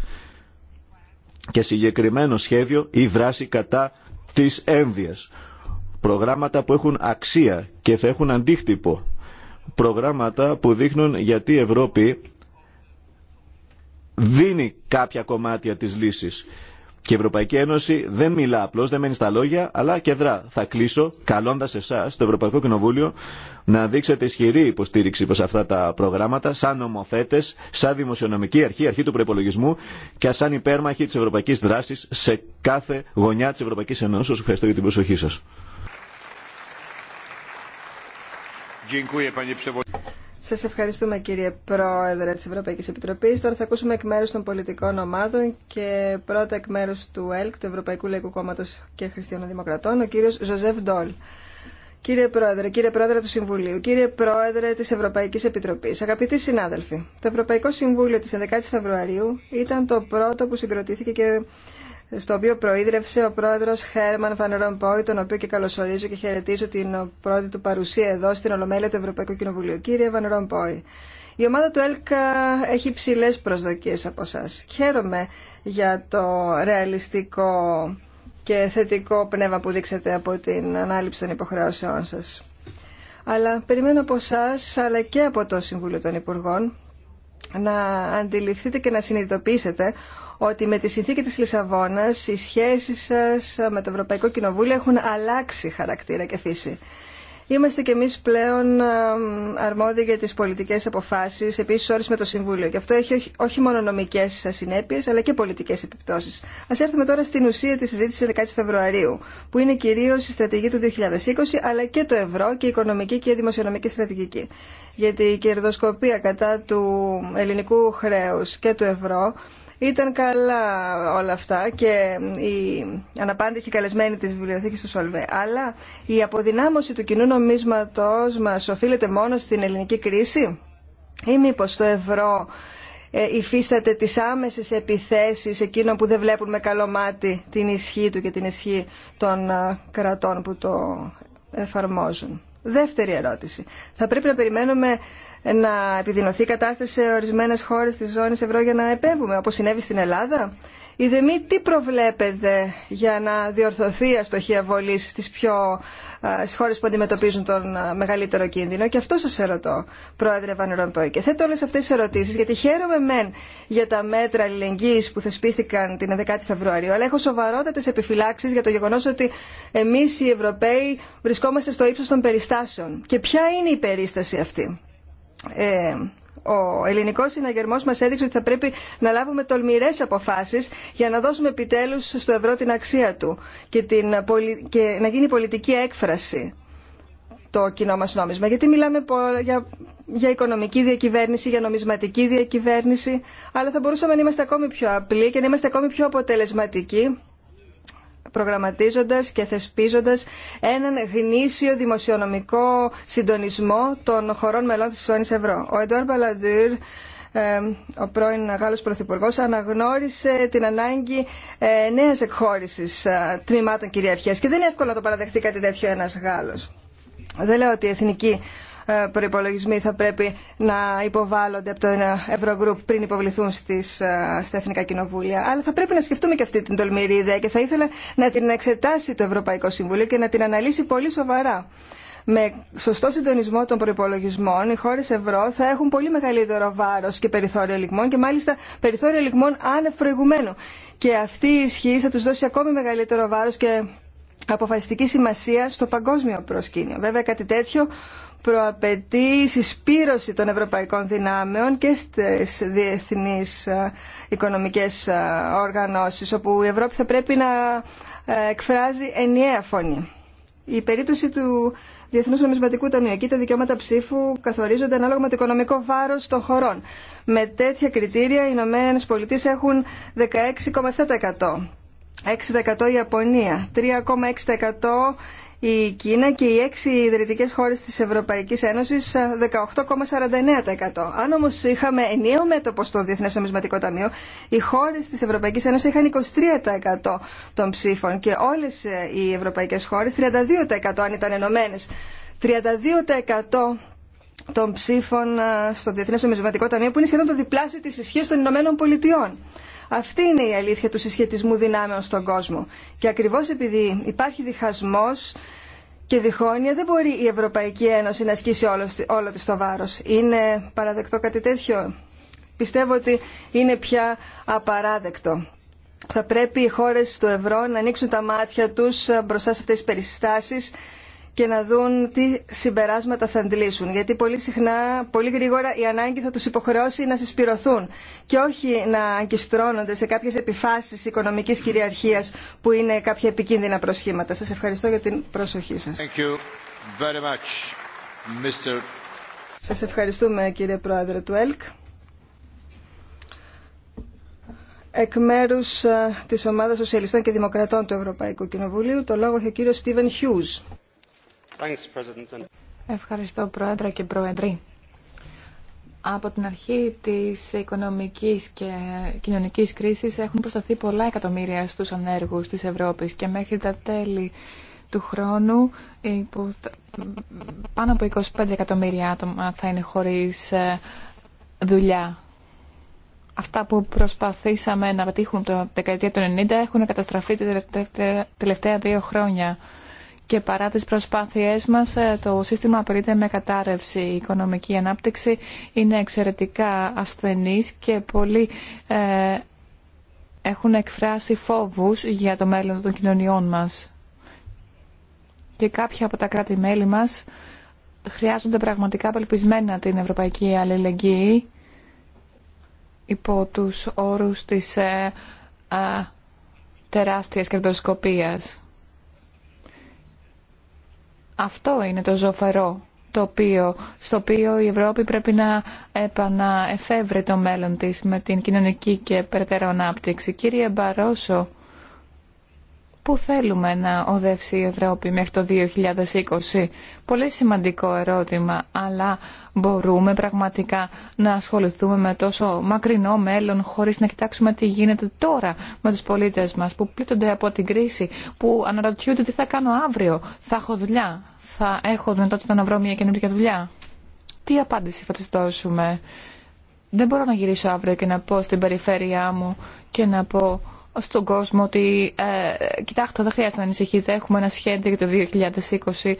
και συγκεκριμένο σχέδιο ή δράση κατά της ένδυας. Προγράμματα που έχουν αξία και θα έχουν αντίκτυπο προγράμματα που δείχνουν γιατί η Ευρώπη δίνει κάποια κομμάτια της λύσης. Και η Ευρωπαϊκή Ένωση δεν μιλά απλώς, δεν μένει στα λόγια, αλλά και δρά. Θα κλείσω καλώντας εσά, το Ευρωπαϊκό Κοινοβούλιο, να δείξετε ισχυρή υποστήριξη προς αυτά τα προγράμματα, σαν νομοθέτε, σαν δημοσιονομική αρχή, αρχή του προπολογισμού και σαν υπέρμαχοι της Ευρωπαϊκής δράσης σε κάθε γωνιά τη Ευρωπαϊκή Σας Ευχαριστώ για την προσοχή σα. Σας ευχαριστούμε κύριε Πρόεδρε της Ευρωπαϊκής Επιτροπής. Τώρα θα ακούσουμε εκ μέρους των πολιτικών ομάδων και πρώτα εκ μέρους του ΕΛΚ, του Ευρωπαϊκού Λαϊκού Κόμματος και Χριστιανών Δημοκρατών, ο κύριος Ζωζεύ Ντόλ. Κύριε Πρόεδρε, κύριε Πρόεδρε του Συμβουλίου, κύριε Πρόεδρε της Ευρωπαϊκής Επιτροπής, αγαπητοί συνάδελφοι, το Ευρωπαϊκό Συμβούλιο της 11 η Φεβρουαρίου ήταν το πρώτο που συγκροτήθηκε και στο οποίο προείδρευσε ο πρόεδρος Χέρμαν Βαν Ρομπόη, τον οποίο και καλωσορίζω και χαιρετίζω την πρώτη του παρουσία εδώ στην Ολομέλεια του Ευρωπαϊκού Κοινοβουλίου. Κύριε Βαν η ομάδα του ΕΛΚΑ έχει υψηλέ προσδοκίες από εσά. Χαίρομαι για το ρεαλιστικό και θετικό πνεύμα που δείξατε από την ανάληψη των υποχρεώσεών σας. Αλλά περιμένω από εσά, αλλά και από το Συμβούλιο των Υπουργών, να αντιληφθείτε και να συνειδητοποιήσετε ότι με τη συνθήκη της Λισαβόνας οι σχέσεις σας με το Ευρωπαϊκό Κοινοβούλιο έχουν αλλάξει χαρακτήρα και φύση. Είμαστε και εμείς πλέον αρμόδιοι για τις πολιτικές αποφάσεις, επίσης όρες με το Συμβούλιο. Και αυτό έχει όχι μόνο νομικές συνέπειες, αλλά και πολιτικές επιπτώσεις. Ας έρθουμε τώρα στην ουσία της συζήτησης 11 Φεβρουαρίου, που είναι κυρίως η στρατηγική του 2020, αλλά και το ευρώ και η οικονομική και η δημοσιονομική στρατηγική. Γιατί η κερδοσκοπία κατά του ελληνικού χρέους και του ευρώ ήταν καλά όλα αυτά και η αναπάντηχη καλεσμένη της βιβλιοθήκης του Σολβέ. Αλλά η αποδυνάμωση του κοινού νομίσματός μας οφείλεται μόνο στην ελληνική κρίση ή μήπως το ευρώ ε, υφίσταται τις άμεσες επιθέσεις εκείνων που δεν βλέπουν με καλό μάτι την ισχύ του και την ισχύ των ε, κρατών που το εφαρμόζουν. Δεύτερη ερώτηση. Θα πρέπει να περιμένουμε να επιδεινωθεί η κατάσταση σε ορισμένες χώρες της ζώνης ευρώ για να επέμβουμε, όπως συνέβη στην Ελλάδα. Η ΔΕΜΗ τι προβλέπετε για να διορθωθεί η αστοχή αβολή στις, πιο, στις χώρες που αντιμετωπίζουν τον μεγαλύτερο κίνδυνο. Και αυτό σας ερωτώ, Πρόεδρε Βαν Ρομπόη. Και θέτω όλες αυτές τις ερωτήσεις, γιατί χαίρομαι μεν για τα μέτρα αλληλεγγύης που θεσπίστηκαν την 11η Φεβρουαρίου, αλλά έχω σοβαρότατες επιφυλάξεις για το γεγονός ότι εμείς οι Ευρωπαίοι βρισκόμαστε στο ύψος των περιστάσεων. Και ποια είναι η περίσταση αυτή ε, ο ελληνικός συναγερμός μας έδειξε ότι θα πρέπει να λάβουμε τολμηρές αποφάσεις για να δώσουμε επιτέλους στο ευρώ την αξία του και, την, και να γίνει πολιτική έκφραση το κοινό μας νόμισμα. Γιατί μιλάμε για, για οικονομική διακυβέρνηση, για νομισματική διακυβέρνηση, αλλά θα μπορούσαμε να είμαστε ακόμη πιο απλοί και να είμαστε ακόμη πιο αποτελεσματικοί προγραμματίζοντας και θεσπίζοντας έναν γνήσιο δημοσιονομικό συντονισμό των χωρών μελών της Ζώνης Ευρώ. Ο Εντουάρ Μπαλαντούρ, ο πρώην Γάλλος Πρωθυπουργός, αναγνώρισε την ανάγκη ε, νέας εκχώρησης ε, τμήματων κυριαρχίας και δεν είναι εύκολο να το παραδεχτεί κάτι τέτοιο ένας Γάλλος. Δεν λέω ότι η εθνική ε, προπολογισμοί θα πρέπει να υποβάλλονται από το Ευρωγκρουπ πριν υποβληθούν στις, ε, στα Εθνικά Κοινοβούλια. Αλλά θα πρέπει να σκεφτούμε και αυτή την τολμηρή ιδέα και θα ήθελα να την εξετάσει το Ευρωπαϊκό Συμβούλιο και να την αναλύσει πολύ σοβαρά. Με σωστό συντονισμό των προπολογισμών, οι χώρε ευρώ θα έχουν πολύ μεγαλύτερο βάρο και περιθώριο λιγμών και μάλιστα περιθώριο λιγμών άνευ προηγουμένου. Και αυτή η ισχύ θα του δώσει ακόμη μεγαλύτερο βάρο και αποφασιστική σημασία στο παγκόσμιο προσκήνιο. Βέβαια, κάτι τέτοιο προαπαιτεί συσπήρωση των ευρωπαϊκών δυνάμεων και στις διεθνείς ε, οικονομικές ε, οργανώσεις, όπου η Ευρώπη θα πρέπει να ε, εκφράζει ενιαία φωνή. Η περίπτωση του Διεθνούς Νομισματικού Ταμείου, εκεί τα δικαιώματα ψήφου καθορίζονται ανάλογα με το οικονομικό βάρος των χωρών. Με τέτοια κριτήρια οι Ηνωμένε Πολιτείε έχουν 16,7%. 6% η Ιαπωνία, 3,6% η Κίνα και οι έξι ιδρυτικές χώρες της Ευρωπαϊκής Ένωσης 18,49%. Αν όμως είχαμε ενιαίο μέτωπο στο Διεθνές Νομισματικό Ταμείο, οι χώρες της Ευρωπαϊκής Ένωσης είχαν 23% των ψήφων και όλες ε, οι ευρωπαϊκές χώρες 32% αν ήταν ενωμένε. 32% των ψήφων στο Διεθνές Νομισματικό Ταμείο που είναι σχεδόν το διπλάσιο της ισχύω των Ηνωμένων Πολιτειών. Αυτή είναι η αλήθεια του συσχετισμού δυνάμεων στον κόσμο. Και ακριβώς επειδή υπάρχει διχασμός και διχόνοια, δεν μπορεί η Ευρωπαϊκή Ένωση να ασκήσει όλο, όλο το βάρο. Είναι παραδεκτό κάτι τέτοιο. Πιστεύω ότι είναι πια απαράδεκτο. Θα πρέπει οι χώρες του ευρώ να ανοίξουν τα μάτια τους μπροστά σε αυτές τις περιστάσεις και να δουν τι συμπεράσματα θα αντλήσουν. Γιατί πολύ συχνά, πολύ γρήγορα η ανάγκη θα τους υποχρεώσει να συσπηρωθούν και όχι να αγκιστρώνονται σε κάποιες επιφάσεις οικονομικής κυριαρχίας που είναι κάποια επικίνδυνα προσχήματα. Σας ευχαριστώ για την προσοχή σας. Σας ευχαριστούμε κύριε Πρόεδρε του ΕΛΚ. Εκ μέρου ε, τη Ομάδα Σοσιαλιστών και Δημοκρατών του Ευρωπαϊκού Κοινοβουλίου, το λόγο έχει ο κύριο Στίβεν Χιούζ. Ευχαριστώ Πρόεδρε και Πρόεδροι. Από την αρχή της οικονομικής και κοινωνικής κρίσης έχουν προσταθεί πολλά εκατομμύρια στους ανέργους της Ευρώπης και μέχρι τα τέλη του χρόνου πάνω από 25 εκατομμύρια άτομα θα είναι χωρίς ε, δουλειά. Αυτά που προσπαθήσαμε να πετύχουμε το δεκαετία του 90 έχουν καταστραφεί τα τελευταία δύο χρόνια και παρά τις προσπάθειές μας ε, το σύστημα απαιτείται με κατάρρευση. Η οικονομική ανάπτυξη είναι εξαιρετικά ασθενής και πολλοί ε, έχουν εκφράσει φόβους για το μέλλον των κοινωνιών μας. Και κάποια από τα κράτη-μέλη μας χρειάζονται πραγματικά απελπισμένα την ευρωπαϊκή αλληλεγγύη υπό τους όρους της ε, ε, τεράστιας κερδοσκοπίας. Αυτό είναι το ζωφερό οποίο στο οποίο η Ευρώπη πρέπει να επαναεφεύρει το μέλλον της με την κοινωνική και περαιτέρω ανάπτυξη. Κύριε Μπαρόσο, Πού θέλουμε να οδεύσει η Ευρώπη μέχρι το 2020. Πολύ σημαντικό ερώτημα, αλλά μπορούμε πραγματικά να ασχοληθούμε με τόσο μακρινό μέλλον χωρίς να κοιτάξουμε τι γίνεται τώρα με τους πολίτες μας που πλήττονται από την κρίση, που αναρωτιούνται τι θα κάνω αύριο, θα έχω δουλειά, θα έχω δυνατότητα να βρω μια καινούργια δουλειά. Τι απάντηση θα τους δώσουμε. Δεν μπορώ να γυρίσω αύριο και να πω στην περιφέρειά μου και να πω στον κόσμο ότι ε, κοιτάξτε δεν χρειάζεται να ανησυχείτε, έχουμε ένα σχέδιο για το 2020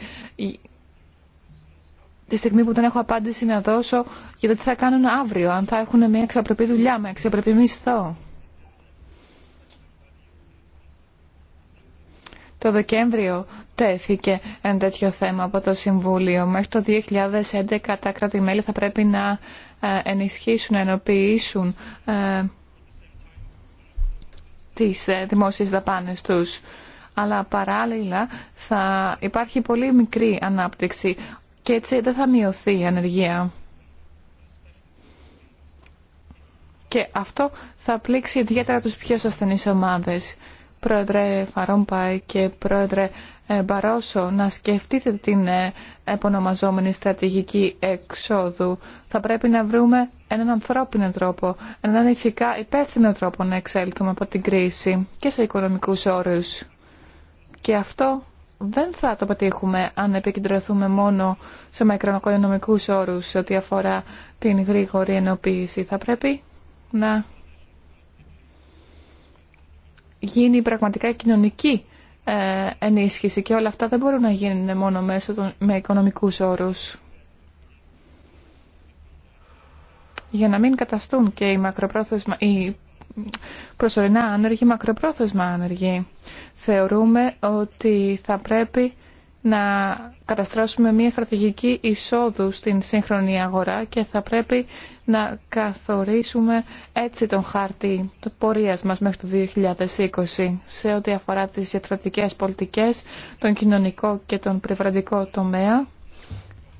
τη στιγμή που δεν έχω απάντηση να δώσω για το τι θα κάνουν αύριο, αν θα έχουν μια εξαπρεπή δουλειά, με εξαπρεπή μισθό. Το Δεκέμβριο τέθηκε ένα τέτοιο θέμα από το Συμβούλιο. Μέχρι το 2011 τα κράτη-μέλη θα πρέπει να ε, ενισχύσουν, να ενοποιήσουν ε, τις ε, δημόσιες δαπάνες τους. Αλλά παράλληλα θα υπάρχει πολύ μικρή ανάπτυξη και έτσι δεν θα μειωθεί η ανεργία. Και αυτό θα πλήξει ιδιαίτερα τους πιο ασθενείς ομάδες. Πρόεδρε Φαρόμπα και Πρόεδρε ε, Μπαρόσο να σκεφτείτε την ε, επωνομαζόμενη στρατηγική εξόδου. Θα πρέπει να βρούμε έναν ανθρώπινο τρόπο, έναν ηθικά υπεύθυνο τρόπο να εξέλθουμε από την κρίση και σε οικονομικούς όρους. Και αυτό δεν θα το πετύχουμε αν επικεντρωθούμε μόνο σε μακροοικονομικούς όρους σε ό,τι αφορά την γρήγορη ενοποίηση. Θα πρέπει να γίνει πραγματικά κοινωνική ε, ενίσχυση και όλα αυτά δεν μπορούν να γίνουν μόνο μέσω των, με οικονομικούς όρους. Για να μην καταστούν και οι, μακροπρόθεσμα, οι προσωρινά άνεργοι μακροπρόθεσμα άνεργοι. Θεωρούμε ότι θα πρέπει να καταστρώσουμε μια στρατηγική εισόδου στην σύγχρονη αγορά και θα πρέπει να καθορίσουμε έτσι τον χάρτη του πορείας μας μέχρι το 2020 σε ό,τι αφορά τις διατρατικές πολιτικές, τον κοινωνικό και τον περιβαλλοντικό τομέα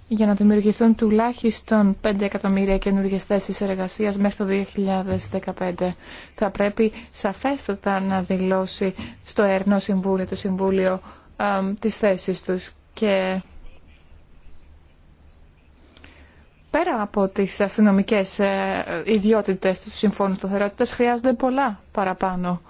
για να δημιουργηθούν τουλάχιστον 5 εκατομμύρια καινούργιε θέσει εργασία μέχρι το 2015. Θα πρέπει σαφέστατα να δηλώσει στο Ερνό Συμβούλιο το Συμβούλιο α, τις θέσεις τους και πέρα από τις αστυνομικές ε, ιδιότητες του Συμφώνου Σταθερότητας χρειάζονται πολλά παραπάνω.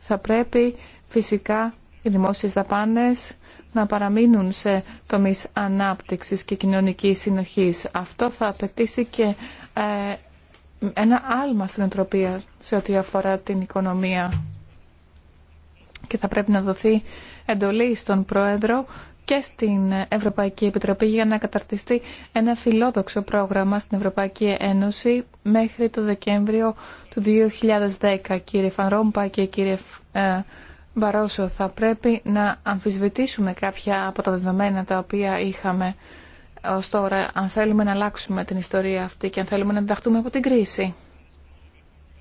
Θα πρέπει φυσικά οι δημόσιες δαπάνες να παραμείνουν σε τομείς ανάπτυξης και κοινωνικής συνοχής. Αυτό θα απαιτήσει και ε, ένα άλμα στην σε ό,τι αφορά την οικονομία και θα πρέπει να δοθεί εντολή στον Πρόεδρο και στην Ευρωπαϊκή Επιτροπή για να καταρτιστεί ένα φιλόδοξο πρόγραμμα στην Ευρωπαϊκή Ένωση μέχρι το Δεκέμβριο του 2010. Κύριε Φανρόμπα και κύριε Μπαρόσο, ε, θα πρέπει να αμφισβητήσουμε κάποια από τα δεδομένα τα οποία είχαμε ως τώρα, αν θέλουμε να αλλάξουμε την ιστορία αυτή και αν θέλουμε να διδαχτούμε από την κρίση.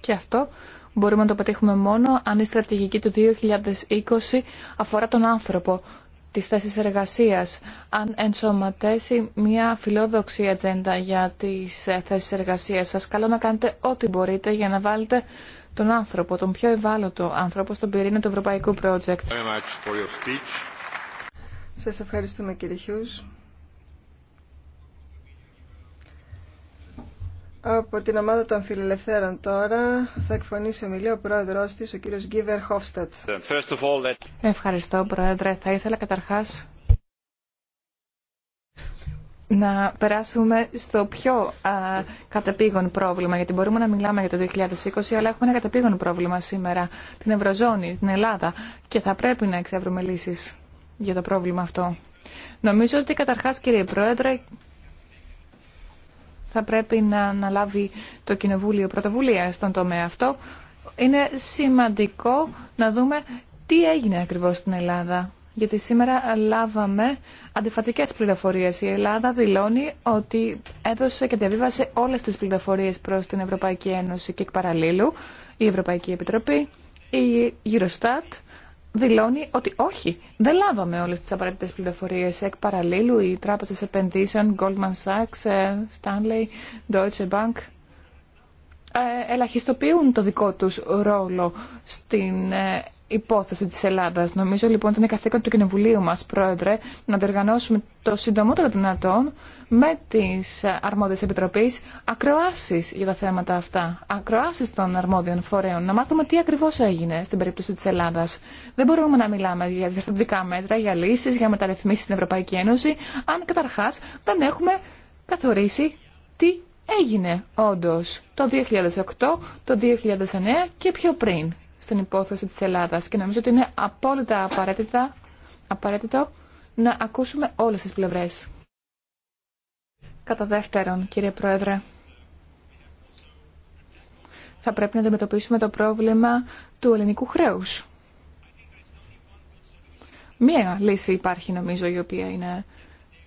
Και αυτό μπορούμε να το πετύχουμε μόνο αν η στρατηγική του 2020 αφορά τον άνθρωπο, τις θέσεις εργασίας, αν ενσωματέσει μια φιλόδοξη ατζέντα για τις ε, θέσεις εργασίας σας. Καλό να κάνετε ό,τι μπορείτε για να βάλετε τον άνθρωπο, τον πιο ευάλωτο άνθρωπο στον πυρήνα του Ευρωπαϊκού Project. Σας ευχαριστούμε κύριε Χιούς. Από την ομάδα των φιλελευθέρων τώρα θα εκφωνήσει ομιλία ο πρόεδρος της, ο κύριος Γκίβερ Χόφστατ. Ευχαριστώ πρόεδρε. Θα ήθελα καταρχάς να περάσουμε στο πιο α, κατεπήγον πρόβλημα, γιατί μπορούμε να μιλάμε για το 2020, αλλά έχουμε ένα κατεπήγον πρόβλημα σήμερα, την Ευρωζώνη, την Ελλάδα, και θα πρέπει να εξεύρουμε λύσεις για το πρόβλημα αυτό. Νομίζω ότι καταρχάς κύριε Πρόεδρε θα πρέπει να αναλάβει το Κοινοβούλιο πρωτοβουλία στον τομέα αυτό. Είναι σημαντικό να δούμε τι έγινε ακριβώς στην Ελλάδα. Γιατί σήμερα λάβαμε αντιφατικές πληροφορίες. Η Ελλάδα δηλώνει ότι έδωσε και διαβίβασε όλες τις πληροφορίες προς την Ευρωπαϊκή Ένωση και εκ παραλλήλου η Ευρωπαϊκή Επιτροπή, η Eurostat δηλώνει ότι όχι, δεν λάβαμε όλες τις απαραίτητες πληροφορίες. Εκ παραλλήλου, οι τράπεζε επενδύσεων, Goldman Sachs, ε, Stanley, Deutsche Bank, ε, ελαχιστοποιούν το δικό τους ρόλο στην ε, υπόθεση της Ελλάδας. Νομίζω λοιπόν ότι είναι καθήκον του Κοινοβουλίου μας, Πρόεδρε, να διοργανώσουμε το συντομότερο δυνατόν με τις αρμόδιες επιτροπές ακροάσεις για τα θέματα αυτά, ακροάσεις των αρμόδιων φορέων, να μάθουμε τι ακριβώς έγινε στην περίπτωση της Ελλάδας. Δεν μπορούμε να μιλάμε για διευθυντικά μέτρα, για λύσεις, για μεταρρυθμίσεις στην Ευρωπαϊκή Ένωση, αν καταρχάς δεν έχουμε καθορίσει τι έγινε όντως το 2008, το 2009 και πιο πριν στην υπόθεση της Ελλάδας και νομίζω ότι είναι απόλυτα απαραίτητα, απαραίτητο να ακούσουμε όλες τις πλευρές. Κατά δεύτερον, κύριε Πρόεδρε, θα πρέπει να αντιμετωπίσουμε το πρόβλημα του ελληνικού χρέους. Μία λύση υπάρχει νομίζω η οποία είναι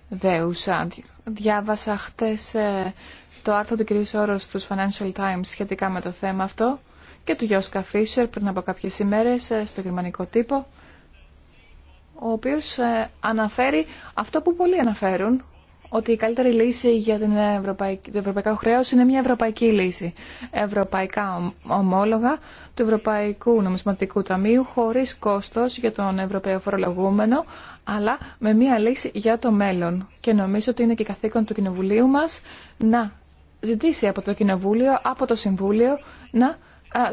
δέουσα. Διάβασα χτες ε, το άρθρο του κ. Σόρος στους Financial Times σχετικά με το θέμα αυτό και του Γιώσκα Φίσερ πριν από κάποιες ημέρες ε, στο γερμανικό τύπο, ο οποίος ε, αναφέρει αυτό που πολλοί αναφέρουν, ότι η καλύτερη λύση για την το ευρωπαϊκό χρέος είναι μια ευρωπαϊκή λύση. Ευρωπαϊκά ομόλογα του Ευρωπαϊκού Νομισματικού Ταμείου χωρίς κόστος για τον Ευρωπαίο φορολογούμενο, αλλά με μια λύση για το μέλλον. Και νομίζω ότι είναι και καθήκον του Κοινοβουλίου μας να ζητήσει από το Κοινοβούλιο, από το Συμβούλιο, να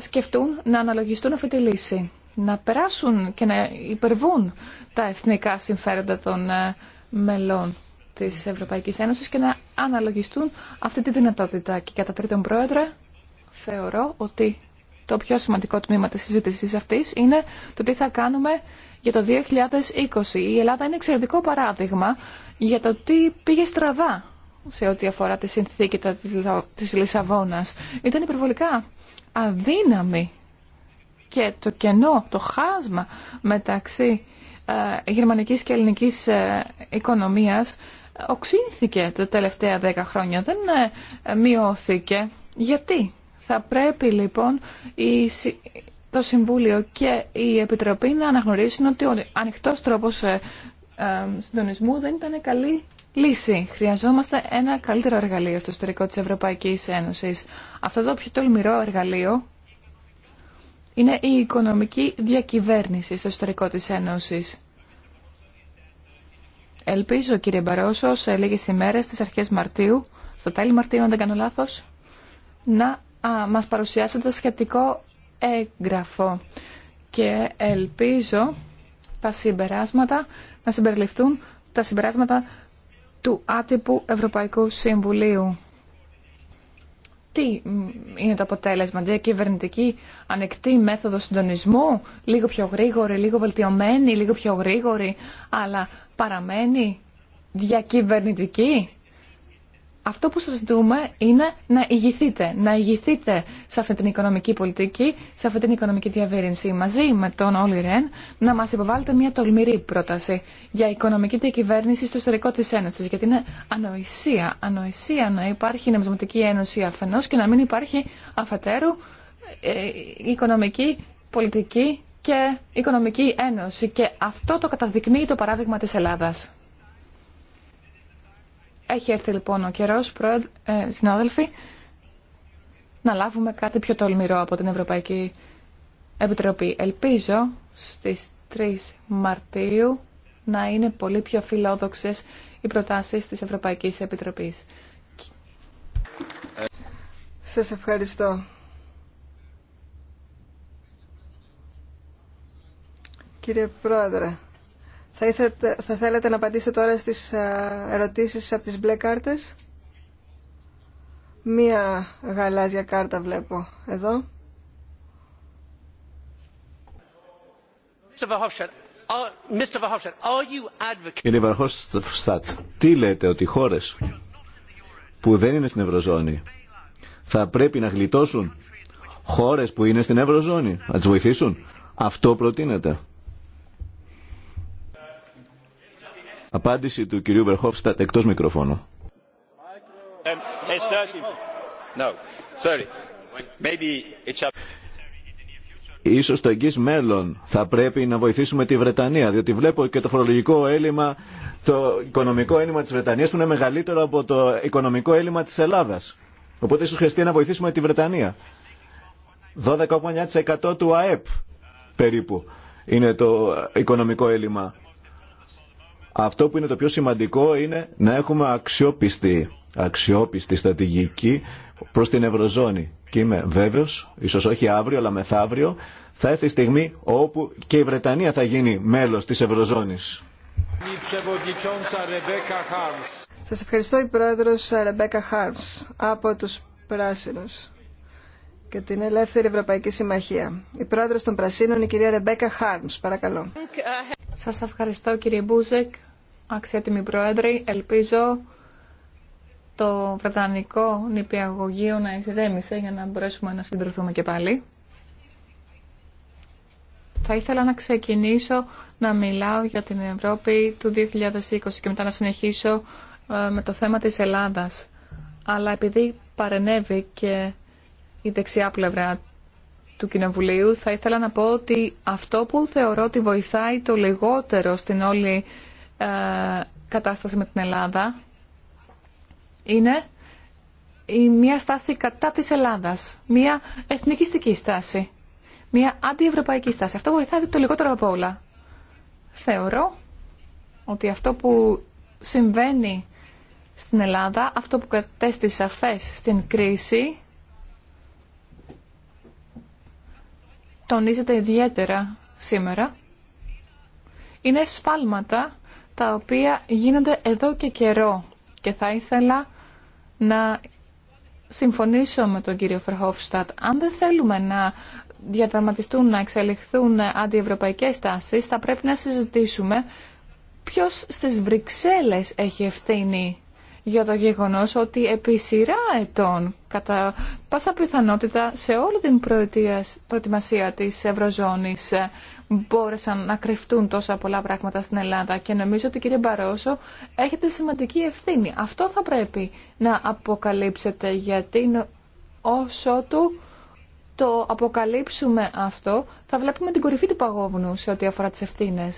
σκεφτούν να αναλογιστούν αυτή τη λύση. Να περάσουν και να υπερβούν τα εθνικά συμφέροντα των ε, μελών της Ευρωπαϊκής Ένωσης και να αναλογιστούν αυτή τη δυνατότητα. Και κατά τρίτον πρόεδρε, θεωρώ ότι το πιο σημαντικό τμήμα της συζήτησης αυτής είναι το τι θα κάνουμε για το 2020. Η Ελλάδα είναι εξαιρετικό παράδειγμα για το τι πήγε στραβά σε ό,τι αφορά τη συνθήκη της Λισαβόνας. Ήταν υπερβολικά αδύναμη και το κενό, το χάσμα μεταξύ ε, γερμανικής και ελληνικής ε, οικονομίας ε, οξύνθηκε τα τελευταία δέκα χρόνια, δεν μειώθηκε. Γιατί θα πρέπει λοιπόν η, το Συμβούλιο και η Επιτροπή να αναγνωρίσουν ότι ο ανοιχτός τρόπος συντονισμού δεν ήταν καλή λύση. Χρειαζόμαστε ένα καλύτερο εργαλείο στο ιστορικό της Ευρωπαϊκής Ένωσης. Αυτό το πιο τολμηρό εργαλείο είναι η οικονομική διακυβέρνηση στο ιστορικό της Ένωσης. Ελπίζω, κύριε Μπαρόσο, σε λίγες ημέρες, στις αρχές Μαρτίου, στο τέλη Μαρτίου, αν δεν κάνω λάθος, να α, μας παρουσιάσετε σχετικό έγγραφο. Και ελπίζω τα συμπεράσματα να συμπεριληφθούν τα συμπεράσματα του άτυπου Ευρωπαϊκού Συμβουλίου. Τι είναι το αποτέλεσμα, διακυβερνητική ανεκτή μέθοδο συντονισμού, λίγο πιο γρήγορη, λίγο βελτιωμένη, λίγο πιο γρήγορη, αλλά παραμένει διακυβερνητική αυτό που σας δούμε είναι να ηγηθείτε, να ηγηθείτε σε αυτή την οικονομική πολιτική, σε αυτή την οικονομική διαβίρυνση μαζί με τον Όλη Ρεν, να μας υποβάλλετε μια τολμηρή πρόταση για οικονομική διακυβέρνηση στο ιστορικό της Ένωσης, γιατί είναι ανοησία, ανοησία να υπάρχει νομισματική ένωση αφενός και να μην υπάρχει αφετέρου ε, οικονομική πολιτική και οικονομική ένωση και αυτό το καταδεικνύει το παράδειγμα της Ελλάδας. Έχει έρθει λοιπόν ο καιρός, ε, συνάδελφοι, να λάβουμε κάτι πιο τολμηρό από την Ευρωπαϊκή Επιτροπή. Ελπίζω στις 3 Μαρτίου να είναι πολύ πιο φιλόδοξες οι προτάσεις της Ευρωπαϊκής Επιτροπής. Σας ευχαριστώ. Κύριε Πρόεδρε. Θα, θα θέλετε να απαντήσετε τώρα στις ε, ερωτήσεις από τις μπλε κάρτες. Μία γαλάζια κάρτα βλέπω εδώ. Κύριε Βαρχόστατ, τι λέτε ότι οι χώρες που δεν είναι στην Ευρωζώνη θα πρέπει να γλιτώσουν χώρες που είναι στην Ευρωζώνη, να τις βοηθήσουν. Αυτό προτείνεται. Απάντηση του κυρίου Βερχόφστατ εκτός μικροφώνου. Ίσως το εγγύς μέλλον θα πρέπει να βοηθήσουμε τη Βρετανία, διότι βλέπω και το φορολογικό έλλειμμα, το οικονομικό έλλειμμα της Βρετανίας που είναι μεγαλύτερο από το οικονομικό έλλειμμα της Ελλάδας. Οπότε ίσως χρειαστεί να βοηθήσουμε τη Βρετανία. 12,9% του ΑΕΠ περίπου είναι το οικονομικό έλλειμμα αυτό που είναι το πιο σημαντικό είναι να έχουμε αξιόπιστη, αξιόπιστη στρατηγική προς την Ευρωζώνη. Και είμαι βέβαιος, ίσως όχι αύριο αλλά μεθαύριο, θα έρθει η στιγμή όπου και η Βρετανία θα γίνει μέλος της Ευρωζώνης. Σας ευχαριστώ η πρόεδρος Ρεμπέκα Χάρμς από τους Πράσινους και την Ελεύθερη Ευρωπαϊκή Συμμαχία. Η πρόεδρος των Πρασίνων, η κυρία Ρεμπέκα Χάρμς. Παρακαλώ. Σας ευχαριστώ κύριε Μπούζεκ αξιότιμοι πρόεδροι, ελπίζω το Βρετανικό νηπιαγωγείο να ειδέμισε για να μπορέσουμε να συντηρηθούμε και πάλι. Θα ήθελα να ξεκινήσω να μιλάω για την Ευρώπη του 2020 και μετά να συνεχίσω ε, με το θέμα της Ελλάδας. Αλλά επειδή παρενέβη και η δεξιά πλευρά του Κοινοβουλίου, θα ήθελα να πω ότι αυτό που θεωρώ ότι βοηθάει το λιγότερο στην όλη ε, κατάσταση με την Ελλάδα είναι η μια στάση κατά της Ελλάδας, μια εθνικιστική στάση, μια αντιευρωπαϊκή στάση. Αυτό βοηθάει το λιγότερο από όλα. Θεωρώ ότι αυτό που συμβαίνει στην Ελλάδα, αυτό που κατέστησε σαφές στην κρίση, τονίζεται ιδιαίτερα σήμερα, είναι σφάλματα τα οποία γίνονται εδώ και καιρό και θα ήθελα να συμφωνήσω με τον κύριο Φερχόφστατ. Αν δεν θέλουμε να διαδραματιστούν, να εξελιχθούν αντιευρωπαϊκές τάσεις, θα πρέπει να συζητήσουμε ποιος στις Βρυξέλλες έχει ευθύνη για το γεγονός ότι επί σειρά ετών, κατά πάσα πιθανότητα σε όλη την προετοιμασία της Ευρωζώνης, μπόρεσαν να κρυφτούν τόσα πολλά πράγματα στην Ελλάδα και νομίζω ότι κύριε Μπαρόσο έχετε σημαντική ευθύνη. Αυτό θα πρέπει να αποκαλύψετε γιατί όσο του το αποκαλύψουμε αυτό θα βλέπουμε την κορυφή του παγόβουνου σε ό,τι αφορά τις ευθύνε.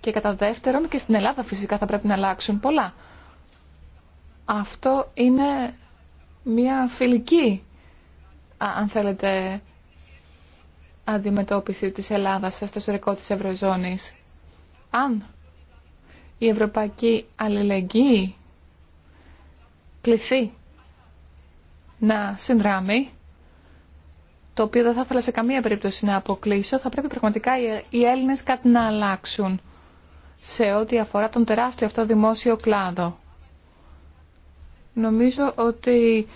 Και κατά δεύτερον και στην Ελλάδα φυσικά θα πρέπει να αλλάξουν πολλά. Αυτό είναι μια φιλική, αν θέλετε, αντιμετώπιση της Ελλάδας στο εσωτερικό της Ευρωζώνης. Αν η ευρωπαϊκή αλληλεγγύη κληθεί να συνδράμει, το οποίο δεν θα ήθελα σε καμία περίπτωση να αποκλείσω, θα πρέπει πραγματικά οι Έλληνες κάτι να αλλάξουν σε ό,τι αφορά τον τεράστιο αυτό δημόσιο κλάδο. Νομίζω ότι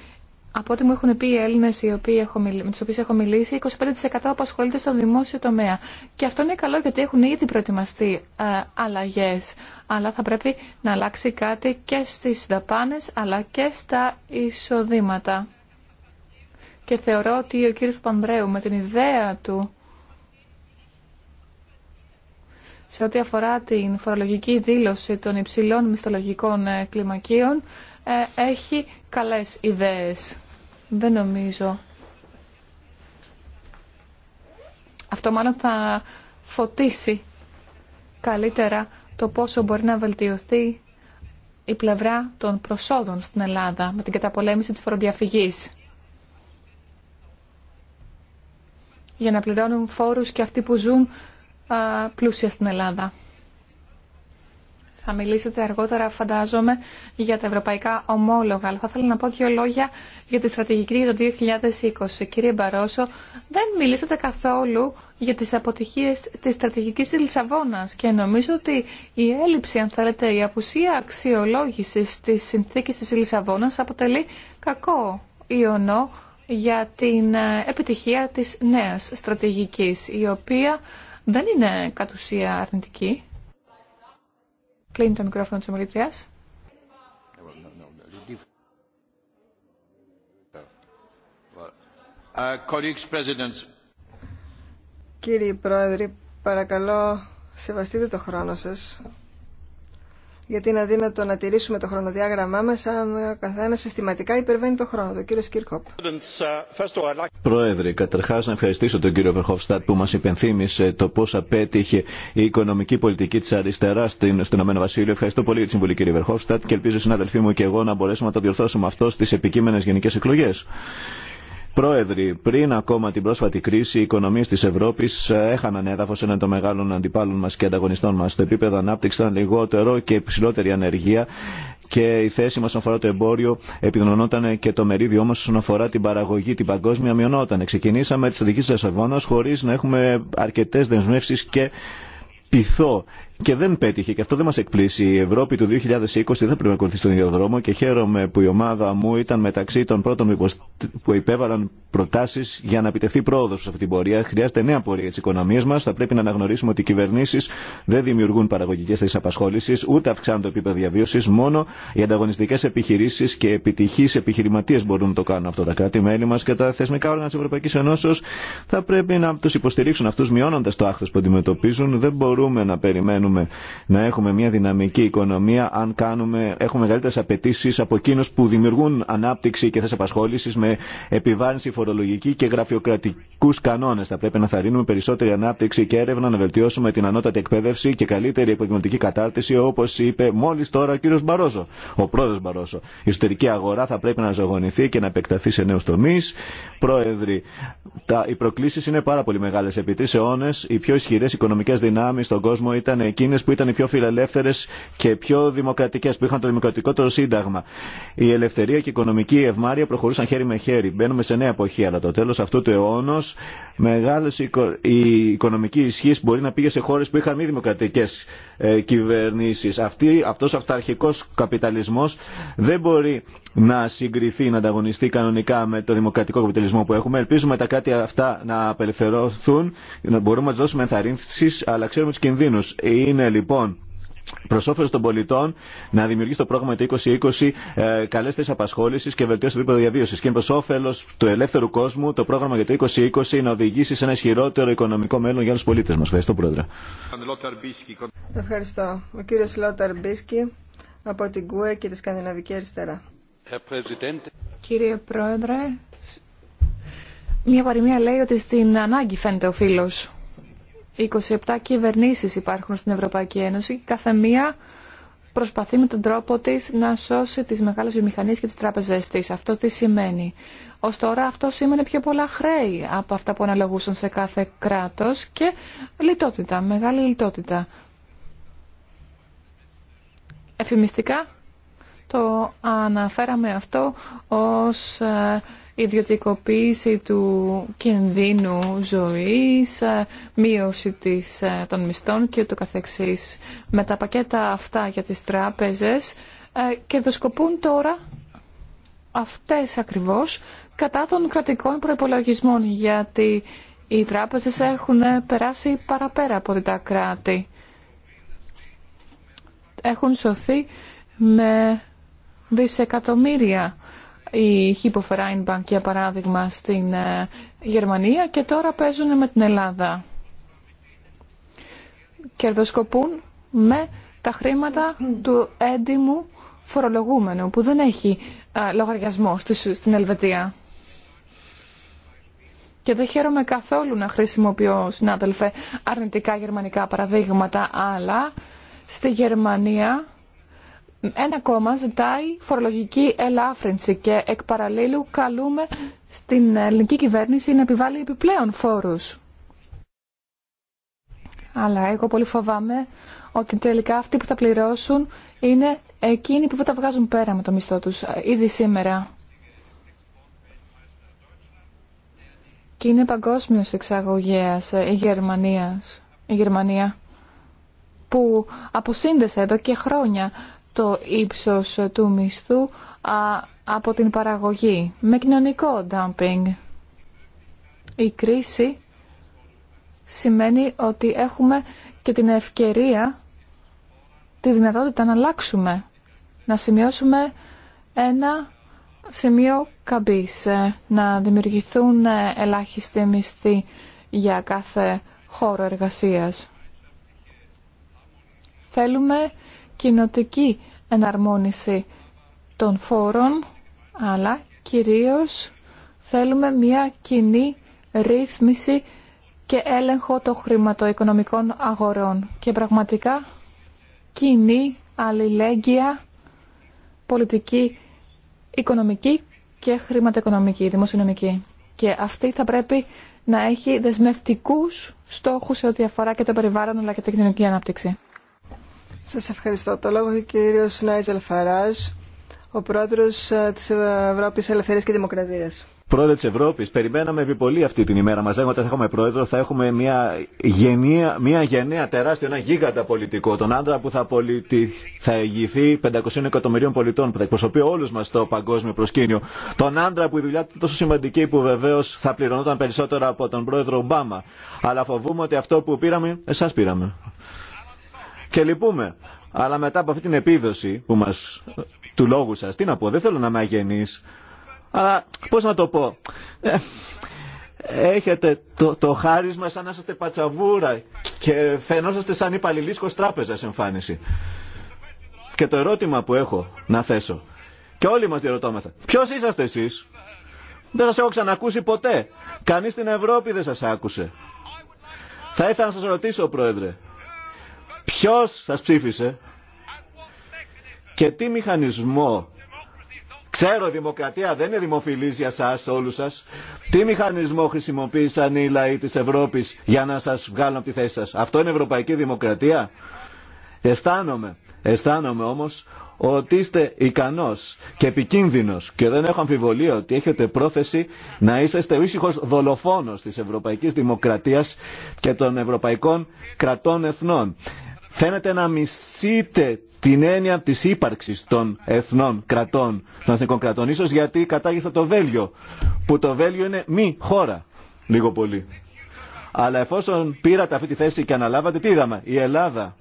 από ό,τι μου έχουν πει οι Έλληνε με του οποίου έχω μιλήσει, 25% απασχολείται στο δημόσιο τομέα. Και αυτό είναι καλό γιατί έχουν ήδη προετοιμαστεί ε, αλλαγέ. Αλλά θα πρέπει να αλλάξει κάτι και στι δαπάνε αλλά και στα εισοδήματα. Και θεωρώ ότι ο κύριος Πανδρέου με την ιδέα του σε ό,τι αφορά την φορολογική δήλωση των υψηλών μισθολογικών ε, κλιμακίων ε, έχει καλές ιδέες. Δεν νομίζω. Αυτό μάλλον θα φωτίσει καλύτερα το πόσο μπορεί να βελτιωθεί η πλευρά των προσόδων στην Ελλάδα με την καταπολέμηση της φοροδιαφυγής. Για να πληρώνουν φόρους και αυτοί που ζουν πλούσια στην Ελλάδα. Θα μιλήσετε αργότερα, φαντάζομαι, για τα ευρωπαϊκά ομόλογα. Αλλά θα ήθελα να πω δύο λόγια για τη στρατηγική για το 2020. Κύριε Μπαρόσο, δεν μιλήσατε καθόλου για τις αποτυχίες της στρατηγικής τη Λισαβόνας και νομίζω ότι η έλλειψη, αν θέλετε, η απουσία αξιολόγησης της συνθήκης της Λισαβόνας αποτελεί κακό ιονό για την ε, επιτυχία της νέας στρατηγικής, η οποία δεν είναι κατ' ουσία αρνητική. Κλείνει το μικρόφωνο της ομιλητριάς. Κύριε Πρόεδρε, παρακαλώ σεβαστείτε το χρόνο σας γιατί είναι αδύνατο να τηρήσουμε το χρονοδιάγραμμά μας αν ο καθένας συστηματικά υπερβαίνει το χρόνο. Το κύριο Σκύρκοπ. Πρόεδρε, καταρχάς να ευχαριστήσω τον κύριο Βερχοφστάτ που μας υπενθύμησε το πώς απέτυχε η οικονομική πολιτική της αριστερά στην, στον Αμένο Βασίλειο. Ευχαριστώ πολύ για τη συμβουλή κύριε Βερχοφστάτ και ελπίζω συναδελφοί μου και εγώ να μπορέσουμε να το διορθώσουμε αυτό στις επικείμενες γενικές εκλογές. Πρόεδροι, πριν ακόμα την πρόσφατη κρίση, οι οικονομίε τη Ευρώπη ε, έχαναν έδαφο έναν των μεγάλων αντιπάλων μα και ανταγωνιστών μα. Το επίπεδο ανάπτυξη ήταν λιγότερο και υψηλότερη ανεργία και η θέση μα όσον αφορά το εμπόριο επιδεινωνόταν και το μερίδιο όμω όσον αφορά την παραγωγή, την παγκόσμια μειωνόταν. Ξεκινήσαμε τη στρατηγική τη χωρί να έχουμε αρκετέ δεσμεύσει και πειθό και δεν πέτυχε και αυτό δεν μας εκπλήσει. Η Ευρώπη του 2020 δεν πρέπει να ακολουθεί στον ίδιο δρόμο και χαίρομαι που η ομάδα μου ήταν μεταξύ των πρώτων που υπέβαλαν προτάσεις για να επιτευχθεί πρόοδος σε αυτή την πορεία. Χρειάζεται νέα πορεία τη οικονομία μας. Θα πρέπει να αναγνωρίσουμε ότι οι κυβερνήσεις δεν δημιουργούν παραγωγικές θέσεις απασχόλησης, ούτε αυξάνουν το επίπεδο διαβίωση, Μόνο οι ανταγωνιστικές επιχειρήσεις και επιτυχείς επιχειρηματίες μπορούν να το κάνουν αυτό. Τα κράτη-μέλη μας και τα θεσμικά όργανα της Ευρωπαϊκής Ενώσεως θα πρέπει να τους υποστηρίξουν αυτούς μειώνοντας το άχθος που αντιμετωπίζουν. Δεν μπορούμε να περιμένουμε να έχουμε μια δυναμική οικονομία αν κάνουμε, έχουμε μεγαλύτερε απαιτήσει από εκείνου που δημιουργούν ανάπτυξη και θέσει απασχόληση με επιβάρυνση φορολογική και γραφειοκρατικού κανόνε. Θα πρέπει να θαρρύνουμε περισσότερη ανάπτυξη και έρευνα, να βελτιώσουμε την ανώτατη εκπαίδευση και καλύτερη επαγγελματική κατάρτιση, όπω είπε μόλι τώρα ο κύριο Μπαρόζο, ο πρόεδρο Μπαρόζο. Η εσωτερική αγορά θα πρέπει να ζωγονηθεί και να επεκταθεί σε νέου τομεί. Πρόεδροι, τα, οι προκλήσει είναι πάρα πολύ μεγάλε. Επί τρει αιώνε, οι πιο ισχυρέ οικονομικέ δυνάμει στον κόσμο ήταν εκείνε που ήταν οι πιο φιλελεύθερε και πιο δημοκρατικέ, που είχαν το δημοκρατικότερο σύνταγμα. Η ελευθερία και η οικονομική ευμάρεια προχωρούσαν χέρι με χέρι. Μπαίνουμε σε νέα εποχή, αλλά το τέλο, αυτού του αιώνα Μεγάλε η οικονομική ισχύ μπορεί να πήγε σε χώρε που είχαν μη δημοκρατικέ ε, κυβερνήσει. Αυτό ο αυταρχικός καπιταλισμό δεν μπορεί να συγκριθεί, να ανταγωνιστεί κανονικά με το δημοκρατικό καπιταλισμό που έχουμε. Ελπίζουμε τα κάτι αυτά να απελευθερωθούν, να μπορούμε να του δώσουμε ενθαρρύνσει, αλλά ξέρουμε του κινδύνου. Είναι λοιπόν προ όφελο των πολιτών να δημιουργήσει το πρόγραμμα το 2020 ε, καλέ θέσει απασχόληση και βελτίωση του επίπεδου διαβίωση. Και προ όφελο του ελεύθερου κόσμου το πρόγραμμα για το 2020 να οδηγήσει σε ένα ισχυρότερο οικονομικό μέλλον για του πολίτε μα. Ευχαριστώ, Πρόεδρε. Ευχαριστώ. Ο κύριο Λόταρ Μπίσκι από την ΚΟΕ και τη Σκανδιναβική Αριστερά. Κύριε Πρόεδρε, μια παροιμία λέει ότι στην ανάγκη φαίνεται ο φίλος. 27 κυβερνήσεις υπάρχουν στην Ευρωπαϊκή Ένωση και κάθε μία προσπαθεί με τον τρόπο της να σώσει τις μεγάλες βιομηχανίες και τις τράπεζές της. Αυτό τι σημαίνει. Ως τώρα αυτό σήμαινε πιο πολλά χρέη από αυτά που αναλογούσαν σε κάθε κράτος και λιτότητα, μεγάλη λιτότητα. Εφημιστικά το αναφέραμε αυτό ως ε, ιδιωτικοποίηση του κινδύνου ζωής, ε, μείωση της, ε, των μισθών και το καθεξής. Με τα πακέτα αυτά για τις τράπεζες κερδοσκοπούν τώρα αυτές ακριβώς κατά των κρατικών προϋπολογισμών γιατί οι τράπεζες έχουν περάσει παραπέρα από τα κράτη. Έχουν σωθεί με δισεκατομμύρια η Hypo Bank για παράδειγμα στην ε, Γερμανία και τώρα παίζουν με την Ελλάδα. Κερδοσκοπούν με τα χρήματα του έντιμου φορολογούμενου που δεν έχει ε, λογαριασμό στην Ελβετία. Και δεν χαίρομαι καθόλου να χρησιμοποιώ, συνάδελφε, αρνητικά γερμανικά παραδείγματα, αλλά στη Γερμανία ένα κόμμα ζητάει φορολογική ελάφρυνση και εκ παραλίλου καλούμε στην ελληνική κυβέρνηση να επιβάλλει επιπλέον φόρους. Αλλά εγώ πολύ φοβάμαι ότι τελικά αυτοί που θα πληρώσουν είναι εκείνοι που θα τα βγάζουν πέρα με το μισθό τους ήδη σήμερα. Και είναι παγκόσμιο εξαγωγέας ε, η Γερμανία, η Γερμανία που αποσύνδεσε εδώ και χρόνια το ύψος του μισθού από την παραγωγή, με κοινωνικό dumping. Η κρίση σημαίνει ότι έχουμε και την ευκαιρία, τη δυνατότητα να αλλάξουμε, να σημειώσουμε ένα σημείο καμπής, ε, να δημιουργηθούν ε, ελάχιστοι μισθοί για κάθε χώρο εργασίας. Θέλουμε κοινοτική εναρμόνιση των φόρων, αλλά κυρίως θέλουμε μια κοινή ρύθμιση και έλεγχο των χρηματοοικονομικών αγορών και πραγματικά κοινή αλληλέγγυα πολιτική, οικονομική και χρηματοοικονομική, δημοσιονομική. Και αυτή θα πρέπει να έχει δεσμευτικούς στόχους σε ό,τι αφορά και το περιβάλλον αλλά και την κοινωνική ανάπτυξη. Σας ευχαριστώ. Το λόγο έχει ο κύριος Νάιτζελ Φαράζ, ο πρόεδρος ε, της Ευρώπης Ελευθερίας και Δημοκρατίας. Πρόεδρε τη Ευρώπη, περιμέναμε επί πολύ αυτή την ημέρα. Μα λέγανε ότι θα έχουμε πρόεδρο, θα έχουμε μια γενία, μια γενναία τεράστια, ένα γίγαντα πολιτικό. Τον άντρα που θα, πολιτι... θα ηγηθεί 500 εκατομμυρίων πολιτών, που θα εκπροσωπεί όλου μα στο παγκόσμιο προσκήνιο. Τον άντρα που η δουλειά του τόσο σημαντική που βεβαίω θα πληρωνόταν περισσότερο από τον πρόεδρο Ομπάμα. Αλλά φοβούμαι ότι αυτό που πήραμε, εσά πήραμε. Και λυπούμε. Αλλά μετά από αυτή την επίδοση που μας, του λόγου σας, τι να πω, δεν θέλω να είμαι αλλά πώς να το πω, ε, έχετε το, το χάρισμα σαν να είσαστε πατσαβούρα και φαινόσαστε σαν υπαλληλίσκος τράπεζας εμφάνιση. Και το ερώτημα που έχω να θέσω, και όλοι μας διερωτώμεθα, ποιος είσαστε εσείς, δεν σας έχω ξανακούσει ποτέ, κανείς στην Ευρώπη δεν σας άκουσε. Θα ήθελα να σας ρωτήσω, Πρόεδρε, Ποιος σας ψήφισε και τι μηχανισμό Ξέρω, δημοκρατία δεν είναι δημοφιλής για σας, όλους σας. Τι μηχανισμό χρησιμοποίησαν οι λαοί της Ευρώπης για να σας βγάλουν από τη θέση σας. Αυτό είναι ευρωπαϊκή δημοκρατία. Αισθάνομαι, αισθάνομαι όμως ότι είστε ικανός και επικίνδυνος και δεν έχω αμφιβολία ότι έχετε πρόθεση να είστε ήσυχο δολοφόνος της ευρωπαϊκής δημοκρατίας και των ευρωπαϊκών κρατών εθνών. Φαίνεται να μισείτε την έννοια της ύπαρξης των εθνών κρατών, των εθνικών κρατών. Ίσως γιατί κατάγεστα το Βέλγιο, που το Βέλγιο είναι μη χώρα, λίγο πολύ. Αλλά εφόσον πήρατε αυτή τη θέση και αναλάβατε, τι είδαμε. Η Ελλάδα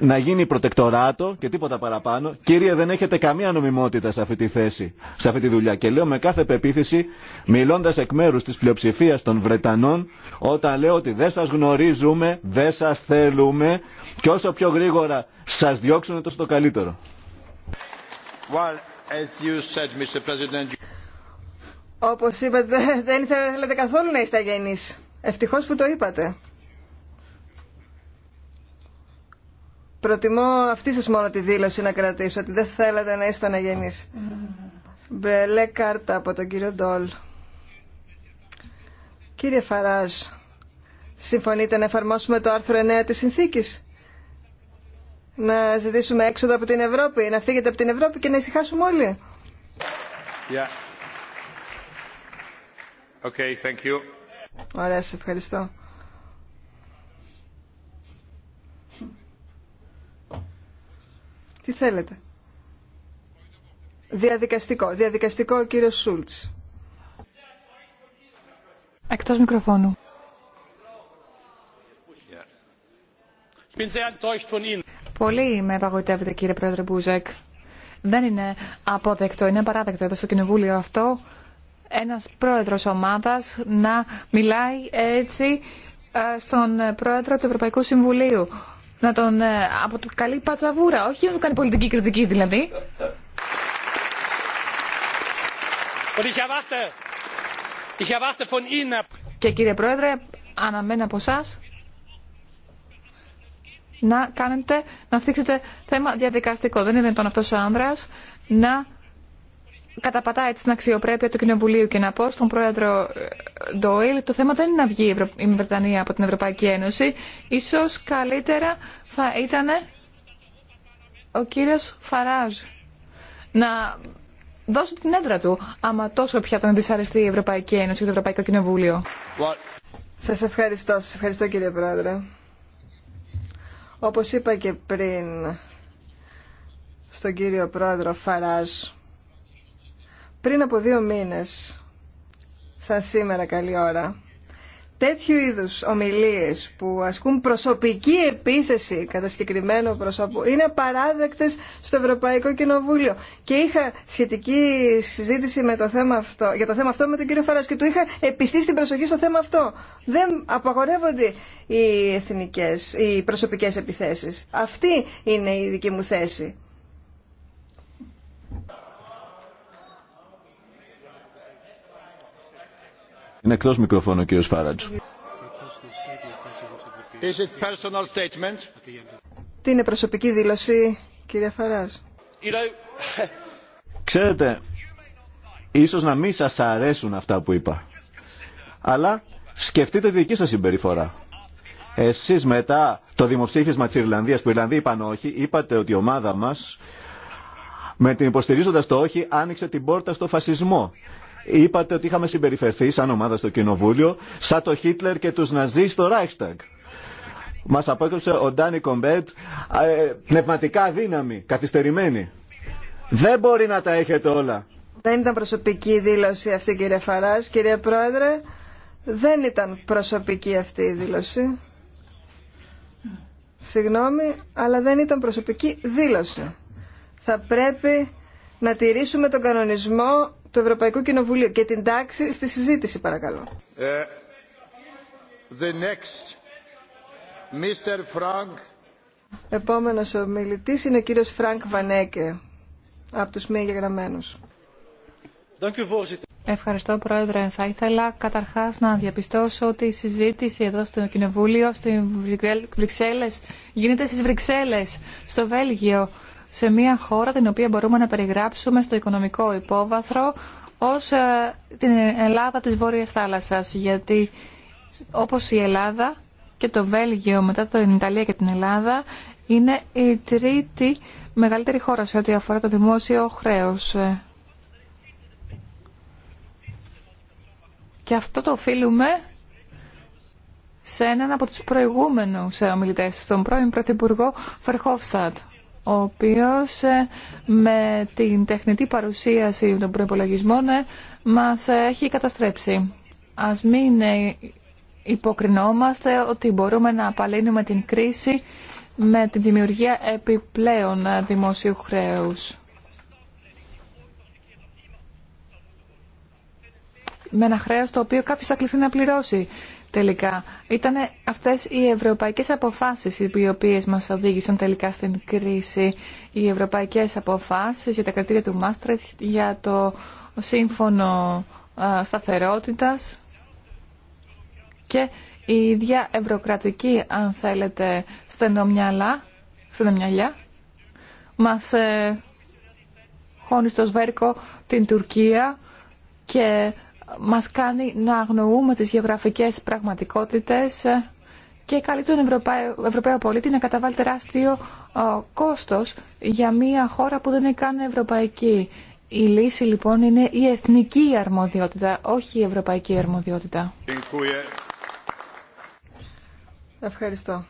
να γίνει προτεκτοράτο και τίποτα παραπάνω. Κύριε, δεν έχετε καμία νομιμότητα σε αυτή τη θέση, σε αυτή τη δουλειά. Και λέω με κάθε πεποίθηση, μιλώντα εκ μέρου τη πλειοψηφία των Βρετανών, όταν λέω ότι δεν σα γνωρίζουμε, δεν σα θέλουμε και όσο πιο γρήγορα σα διώξουν, τόσο το καλύτερο. Well, as you said, Mr. President... Όπως είπατε, δεν θέλετε καθόλου να είστε αγενείς. Ευτυχώς που το είπατε. Προτιμώ αυτή σας μόνο τη δήλωση να κρατήσω, ότι δεν θέλατε να είστε αναγενείς. Μπελέ κάρτα από τον κύριο Ντόλ. Κύριε Φαράζ, συμφωνείτε να εφαρμόσουμε το άρθρο 9 της συνθήκης. Να ζητήσουμε έξοδο από την Ευρώπη, να φύγετε από την Ευρώπη και να ησυχάσουμε όλοι. Yeah. Okay, thank you. Ωραία, σας ευχαριστώ. Τι θέλετε. Διαδικαστικό. Διαδικαστικό ο κύριος Σούλτς. Εκτός μικροφώνου. Πολύ με παγωτεύετε, κύριε Πρόεδρε Μπούζεκ. Δεν είναι αποδεκτό, είναι παράδεκτο εδώ στο Κοινοβούλιο αυτό ένας πρόεδρος ομάδας να μιλάει έτσι ε, στον πρόεδρο του Ευρωπαϊκού Συμβουλίου να τον ε, από το καλή πατσαβούρα, όχι να του κάνει πολιτική κριτική δηλαδή. Και κύριε Πρόεδρε, αναμένω από εσά να κάνετε, να θίξετε θέμα διαδικαστικό. Δεν είναι τον αυτός ο άνδρας να καταπατάει την αξιοπρέπεια του Κοινοβουλίου και να πω στον πρόεδρο ε, Ντόιλ το θέμα δεν είναι να βγει η Βρετανία από την Ευρωπαϊκή Ένωση. Ίσως καλύτερα θα ήταν ο κύριος Φαράζ να δώσει την έντρα του άμα τόσο πια τον δυσαρεστεί η Ευρωπαϊκή Ένωση και το Ευρωπαϊκό Κοινοβούλιο. Σας ευχαριστώ. Σας ευχαριστώ κύριε πρόεδρε. Όπως είπα και πριν στον κύριο πρόεδρο Φαράζ πριν από δύο μήνες, σαν σήμερα καλή ώρα, τέτοιου είδους ομιλίες που ασκούν προσωπική επίθεση κατά συγκεκριμένο προσώπου είναι απαράδεκτες στο Ευρωπαϊκό Κοινοβούλιο. Και είχα σχετική συζήτηση με το θέμα αυτό, για το θέμα αυτό με τον κύριο Φαράς και του είχα επιστήσει την προσοχή στο θέμα αυτό. Δεν απαγορεύονται οι, εθνικές, οι προσωπικές επιθέσεις. Αυτή είναι η δική μου θέση. Είναι εκτός μικροφώνου ο κύριος Φάρατζ. Τι είναι προσωπική δήλωση, κύριε Φαράζ. Ξέρετε, ίσως να μην σας αρέσουν αυτά που είπα. Αλλά σκεφτείτε τη δική σας συμπεριφορά. Εσείς μετά το δημοψήφισμα της Ιρλανδίας που οι Ιρλανδοί είπαν όχι, είπατε ότι η ομάδα μας με την υποστηρίζοντας το όχι άνοιξε την πόρτα στο φασισμό Είπατε ότι είχαμε συμπεριφερθεί σαν ομάδα στο Κοινοβούλιο, σαν το Χίτλερ και τους Ναζί στο Reichstag. Μας απόκριψε ο Ντάνι Κομπέτ ε, πνευματικά δύναμη, καθυστερημένη. Δεν μπορεί να τα έχετε όλα. Δεν ήταν προσωπική δήλωση αυτή κύριε Φαράς. Κύριε Πρόεδρε, δεν ήταν προσωπική αυτή η δήλωση. Συγγνώμη, αλλά δεν ήταν προσωπική δήλωση. Θα πρέπει να τηρήσουμε τον κανονισμό του Ευρωπαϊκού Κοινοβουλίου και την τάξη στη συζήτηση, παρακαλώ. Επόμενο Επόμενος ο είναι ο κύριος Φρανκ Βανέκε, από τους μη εγγεγραμμένους. Ευχαριστώ, Πρόεδρε. Θα ήθελα καταρχάς να διαπιστώσω ότι η συζήτηση εδώ στο Κοινοβούλιο, στις Βρυξέλλες, γίνεται στις Βρυξέλλες, στο Βέλγιο σε μια χώρα την οποία μπορούμε να περιγράψουμε στο οικονομικό υπόβαθρο ως ε, την Ελλάδα της Βόρειας Θάλασσας. Γιατί όπως η Ελλάδα και το Βέλγιο μετά την Ιταλία και την Ελλάδα είναι η τρίτη μεγαλύτερη χώρα σε ό,τι αφορά το δημόσιο χρέος. Και αυτό το οφείλουμε σε έναν από τους προηγούμενους ομιλητές, τον πρώην Πρωθυπουργό Φερχόφστατ ο οποίος ε, με την τεχνητή παρουσίαση των προϋπολογισμών ε, μας έχει καταστρέψει. Ας μην ε, υποκρινόμαστε ότι μπορούμε να απαλύνουμε την κρίση με τη δημιουργία επιπλέον δημόσιου χρέους. Με ένα χρέος το οποίο κάποιος θα κληθεί να πληρώσει τελικά. Ήταν αυτές οι ευρωπαϊκές αποφάσεις οι οποίες μας οδήγησαν τελικά στην κρίση. Οι ευρωπαϊκές αποφάσεις για τα κρατήρια του Μάστρετ, για το σύμφωνο σταθερότητας και η ίδια ευρωκρατική, αν θέλετε, στενομυαλά, στενομυαλιά, μας ε, χώνει στο σβέρκο την Τουρκία και μας κάνει να αγνοούμε τις γεωγραφικές πραγματικότητες και καλεί τον Ευρωπαίο, πολίτη να καταβάλει τεράστιο κόστος για μια χώρα που δεν είναι καν ευρωπαϊκή. Η λύση λοιπόν είναι η εθνική αρμοδιότητα, όχι η ευρωπαϊκή αρμοδιότητα. Ευχαριστώ.